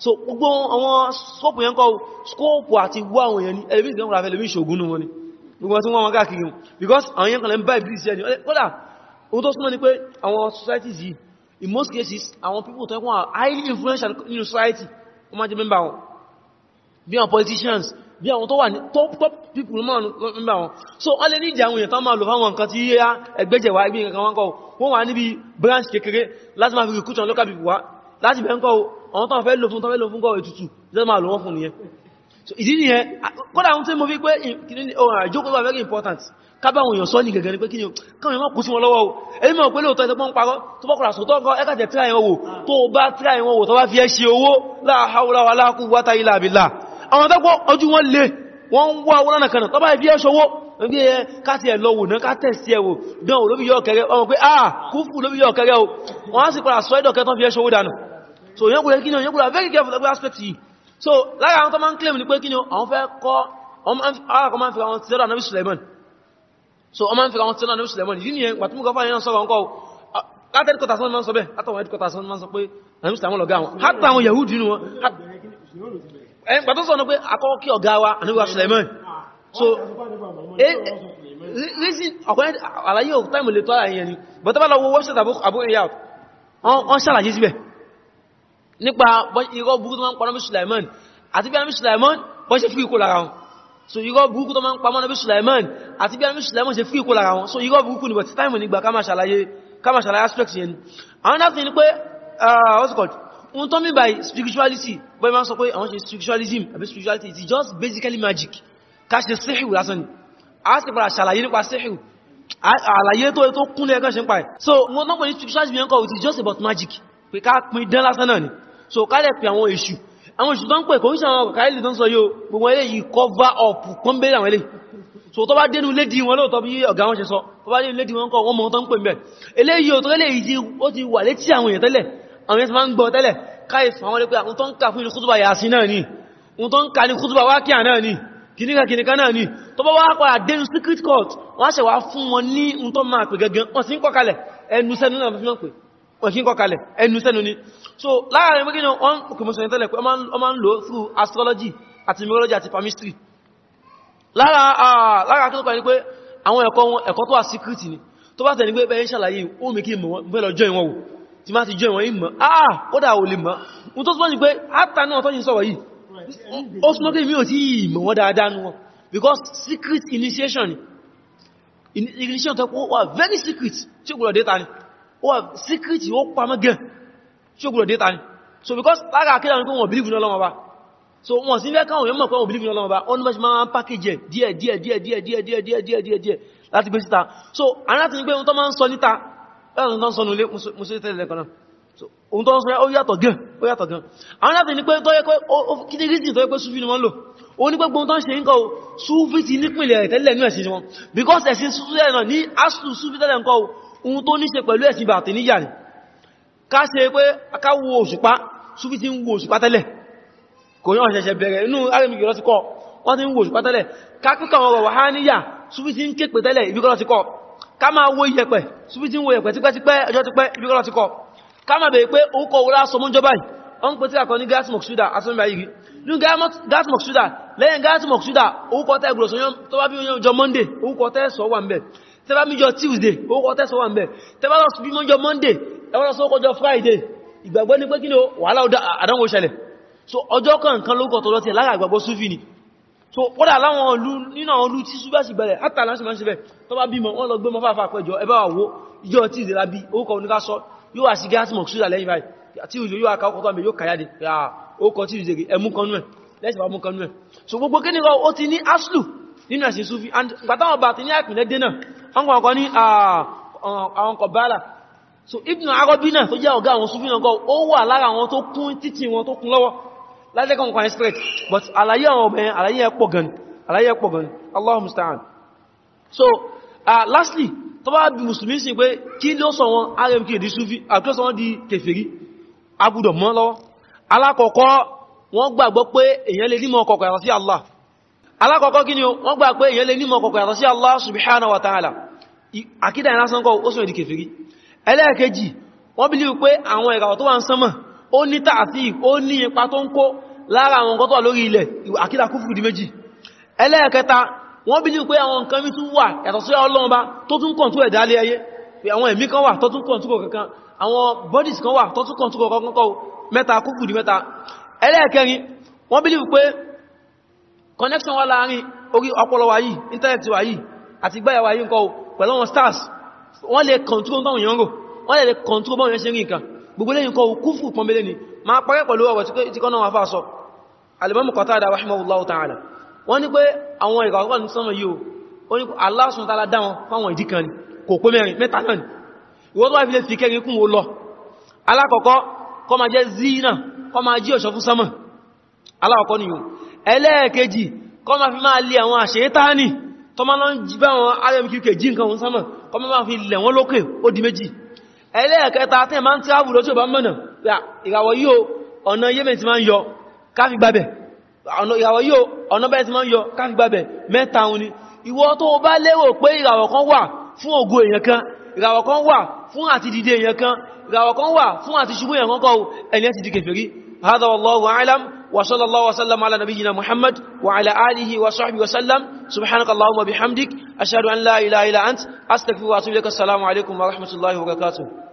so gbogbo àwọn skóòpù yẹn kọ́ skóòpù àti wá àwọn èèyàn ní ẹlẹ́mí ìgbẹ̀mọ̀ àfẹ́lẹ́mí ìṣògùn ní gbogbo tí wọ́n wọ́n káàkiri because àwọn yẹn kànlẹ̀ ń bá ìbílì sí ẹni kódà ohun súnmọ́ ní pé àwọn societies yìí in most cases àwọn people tó ẹkùn highly influential in society wọ́n máa jẹ́ mẹ́mbà wọn bí àwọn politicians bí àwọn tó wà ní top top people máa mẹ́mbà wọn so wọ́n lè ní ìjà àwọn èèyàn tán máa lò fáwọn nǹkan tí yíya ẹgbẹ́jẹ̀ wá ẹgbẹ́ nǹkan wọn kọ́ wọ́n branch kékeré láti máa fi recruit àwọn local people wá láti bẹ́ẹ̀ ń kọ́ àwọn tó fẹ́ lò fún so ìdí ni ẹ kọ́dà ohun tí mo fi pé kìí ohun àjókòó wà very important kábàwọn èèyàn sọ ní gẹ̀gẹ̀ ní pé kíni káwọn èèyàn kú sí wọn lọ́wọ́ o èyí mọ̀ pé lóòtọ́ ìtẹ́pọ̀ ń parọ́ tó bọ́kùnrà sọ́tọ́ ọkọ̀ ẹkàtẹ̀ tíra ìwọ̀n wò tó bá tíra ìwọ̀n tó bá fi ẹ́ owó la wala quwwata illa billah àwọn tẹ́pọ̀ ojú wọn lè wọ́n ń wá wọ́n lọ́nàkanà tó bá fi ẹ́ ṣowó bí ẹ káti ẹ̀ ah kúfù lóbi yọ kẹrẹ o wọ́n á sì padà sọ ìdọ̀kẹ́ tán fi ẹ́ ṣowó dànù so very careful so lára àwọn tó máa ń claim ní pé kí ni àwọn fẹ́ kọ́ alákọ̀ máa ń fira wọn ti sẹ́dọ̀ anábì Suleiman so ọmọ ń fira wọn ti sẹ́dọ̀ anábì Suleiman yìí ni wà tí mú gọfà yẹn sọ́rọ̀ ńkọ́ látẹ́rí kọta sọ́nà máa ń sọ bẹ́ẹ̀ látọ̀wọ̀ ẹ̀dì kọta sọ́nà máa ń sọ pé anábì Suleiman lọ̀gá wọn hátà àwọn Yahudi nínú wọn pàtó sọ́nà pé akọ́kọ́ kí ọ̀gá wa anábì Suleiman so e, reason ọ̀kọ́ àlàyé òkútà ìmọ̀lẹ̀ tó ara yẹn ni bọ̀tọ́ bá lọ wo website àbúrò ìyá wọn ṣàlàyé síbẹ̀ nípa irọ́ burúkú tó máa ń pa nọ́bí Sulaiman àti bí anọ́bí Sulaiman bọ́ ṣe fíkò lára wọn so irọ́ burúkú tó máa ń pa nọ́bí Sulaiman àti bí anọ́bí Sulaiman ṣe fíkò lára wọn so irọ́ burúkú ni but time nígbà ká máa ṣàlàyé ká máa ṣàlàyé aspect yẹn another thing ni pé uh, what's called ohun tó mean by spirituality bọ́ ìmá sọ pé àwọn ṣe spiritualism àbí spirituality it is just basically magic ká ṣe síhìw lásán ni a sì padà ṣàlàyé nípa síhìw àlàyé tó kúnlẹ̀ ẹgbẹ́ ṣe ń pa ẹ̀ so wọn náà pẹ̀lú spiritualism yẹn kọ́ it is just about magic pé ká pín dán lásán náà ni so ká lè pè àwọn èṣù àwọn èṣù tó ń pè kò ń ṣe àwọn ọ̀kàílì tó ń sọ yóò gbogbo eléyìí cover up kún bẹ́rẹ̀ àwọn eléyìí so tó bá dénú lédi wọn lóòtọ́ bí ọ̀gá wọn ṣe sọ tó bá dénú lédi wọn kọ́ wọn mọ́ tó ń pè mẹ́ eléyìí tó eléyìí tí ó ti wà létí àwọn èèyàn tẹ́lẹ̀ àwọn èèyàn máa ń gbọ́ tẹ́lẹ̀ káyè sọ àwọn lépe àwọn tó ń kà fún ìlúkútùbà yàásí náà ni wọn tó ń kà ní kútùbà wákíà náà ni kìníkà kìníkà náà ni tó bá wá padà dénú secret court wọ́n ṣe wá fún wọn ní ohun tó máa pè gẹ́gẹ́ wọ́n sì ń kọ́kalẹ̀ ẹnu sẹ́nu náà fi mọ́ pé wọ́n ẹnu sẹ́nu ni so láàrin mẹ́gbẹ́ wọ́n kòmọ̀sọ̀ ìtẹ́lẹ̀ pé wọ́n máa ń lò through astrology àti numerology àti palmistry lára kí tó kọ́ ní pé àwọn ẹ̀kọ́ wọn ẹ̀kọ́ tó wà secret ni tó bá tẹ̀lé pé bẹ́ẹ̀ ń ṣàlàyé ó mẹ́ kí mọ̀ lọ jọ ìwọ̀n wò tí máa ti jọ ìwọ̀n ìmọ̀ ah ó dà ò lè mọ̀ ohun tó sọ́jú pé áta náà tọ́jú sọ̀rọ̀ yìí ó súnmọ́ pé mi ò tí mọ̀ wọ́n dáadáa nù wọn because secret initiation initiation tó wà very wọ́n síkìtì ó pamọ́ gẹn tí ó gbọ́dọ̀ dé ta ni so because lára àkídà ní pé wọ́n believe ní Ọlọ́run Ọba so wọ́n sí fẹ́ káwọn èèyàn mọ̀ pé wọ́n believe ní Ọlọ́run Ọba wọ́n ní bá ṣe máa ń package díẹ̀ díẹ̀ díẹ̀ díẹ̀ díẹ̀ díẹ̀ díẹ̀ díẹ̀ díẹ̀ díẹ̀ láti gbé síta so àrá ti ní pé ohun tó máa ń sọ níta láti tó ń sọ nílé musulé tẹ́lẹ̀ kan náà so ohun tó ń sọ ó yàtọ̀ gan ó yàtọ̀ gan àrá ti ní pé tó yẹ pé kí ní reason tó yẹ pé súfì ni wọ́n lò ó ní pé gbogbo tó ń ṣe nǹkan súfì ti nípìnlẹ̀ tẹ́lẹ̀ nú ẹ̀sìn wọn because ẹ̀sìn súfì tẹ́lẹ̀ náà ní asùn súfì ohun tó ní ṣe pẹ̀lú ẹ̀sìn bàtì níyà ni ká ṣe pé ká wo òṣùpá súfí ti ń wo òṣùpá tẹ́lẹ̀ kò yán ṣẹ̀ṣẹ̀ bẹ̀rẹ̀ inú arìmìkì lọ sí kọ́ wọ́n ti ń wo òṣùpá tẹ́lẹ̀ ká kíkà ọ̀rọ̀ wà níyà súfí ti ń képe tẹ́lẹ̀ ibi kọ́lọ́ ti kọ́ ká máa gas moxuda asọ́nà ayiri ní gas moxuda lẹ́yìn gas moxuda orúkọ tẹ́ gbọ́sọ̀ tó bá bí yọ monday orúkọ tẹ́ sọ wà ń bẹ̀ tẹbá míjọ tuesday orúkọ tẹ́sọ wà mẹ́ tẹbá lọ bí mọ́jọ monday ẹwọ́n lọ sọ́kọjọ friday ìgbàgbọ́ ní pé kí ni wàhálà àdánwò ṣẹlẹ̀ so ọjọ́ kankan lókọ̀ tó lọ́tí lára àgbàgbọ́ súfì ni so kódà láwọn olú nínú àwọn olú tí súfì sì bẹ̀rẹ̀ hátà láti máa ń ṣe bẹ̀ tó bá bímọ wọ́n lọ gbé mọ́fàfà pẹjọ ẹbá wà wó ìjọ tí ìdíra bí orúkọ oníká sọ yóò wà sí gáàsì mọ̀ súdà lẹ́yìn báyìí tí ìjọ yóò aka ọkọ̀ tó àmì yóò kàyàdé orúkọ tí ìdíje ẹmú kanú ẹ̀ lẹ́sìn bá mú kanú ẹ̀ so gbogbo kí ni ó ti ní aṣlù nínú ẹ̀sìn súfí gbàtàwọn bá ti ní àpìlẹ̀ dínà ọkọ̀ ọkọ̀ ní àwọn kọ̀bálà so Ibn Arabi náà tó jẹ́ ọ̀gá àwọn súfí náà ó wà lára àwọn tó kún títì wọn tó kún lọ́wọ́ lájẹ́kọ̀ọ́ kan expect but àlàyé àwọn obìnrin àlàyé ẹ̀pọ̀ gan àlàyé ẹ̀pọ̀ gan Allahu musta'an so uh, lastly tó bá bí mùsùlùmí sí pé kí ló sọ wọn rmk di súfí àkílọ́sọ wọn di kèfèrí agbúdọ̀ mọ́ lọ́wọ́ alákọ̀ọ́kọ́ wọ́n gbàgbọ́ pé èèyàn lè nímọ̀ ọkọ̀ọ̀kọ̀ yàtọ̀ sí Allah alákọ̀ọ́kọ́ kí ni wọ́n gbà pé èyàn lè nímọ̀ kọ̀kọ̀ yàtọ̀ sí Allah subhanahu wa ta'ala àkídà ìlásán kọ́ ó sọ èdè kèfèrí ẹlẹ́ẹ̀kejì wọ́n bí líwú pé àwọn ìràwọ̀ tó wà ń sánmà ó ní tààtí ó ní ipa tó ń kó lára àwọn nǹkan tó wà lórí ilẹ̀ àkídà kúfùrù di méjì ẹlẹ́ẹ̀kẹta wọ́n bí líwú pé àwọn nǹkan mi tún wà yàtọ̀ sí Ọlọ́run bá tó tún kọ̀ntú ẹ̀dá alẹ́ ayé pé àwọn ẹ̀mí kan wà connection wa láàrin orí ọpọlọ wa yìí internet wa yìí àti gbáyà wa yìí nǹkan pẹ̀lú wọn stars wọ́n lè control báwọn èèyàn rò wọ́n lè control báwọn èèyàn ṣe rí nǹkan gbogbo lẹ́yìn kọ́ kúfù pọ̀nbélé ni ma parẹ́ pẹ̀lú ọ̀rọ̀ tí kọ́nà wà fà sọ alimamu Qatada rahimahullahu ta'ala wọ́n ní pé àwọn ìràwọ̀ ní sánmà yìí o ní Allah subhanahu wa ta'ala dáwọn fáwọn ìdí kan kò pé mẹ́rin mẹ́ta náà ni ìwọ́n tó wà fi lè fi kẹrin kún o lọ alákọ̀ọ́kọ́ kọ́ ma jẹ́ ẹlẹ́ẹ̀kejì kọ́ ma fi máa lé àwọn àṣẹ́tánì tó ma lọ ń jí bá wọn rmqk jí nǹkan wọn sánmà kọ́ ma fi lẹ̀ wọn lókè ó di méjì ẹlẹ́ẹ̀kẹta tẹ́ ma ń tí áàbù lójú ọba mọ́nà ìràwọ̀ yíò ọ̀nà yemen ti ma ń yọ káfí gbabẹ̀ ìràwọ̀ yíò ọ̀nà bẹ́ẹ̀ ti ma ń yọ káfí gbabẹ̀ mẹ́ta òun ni ìwọ tó bá lérò pé ìràwọ̀ kan wà fún ògo èèyàn kan ìràwọ̀ kan wà fún àti dìde èèyàn kan ìràwọ̀ kan wà fún àti ṣubú èèyàn kan kọ́ ẹni ẹ́ ti di kèfèrí hadha wallahu a'lam وصلى الله وسلم على نبينا محمد وعلى آله وصحبه وسلم سبحانك اللهم وبحمدك أشهد أن لا إله إلا أنت أستغفرك وأتوب إليك السلام عليكم ورحمة الله وبركاته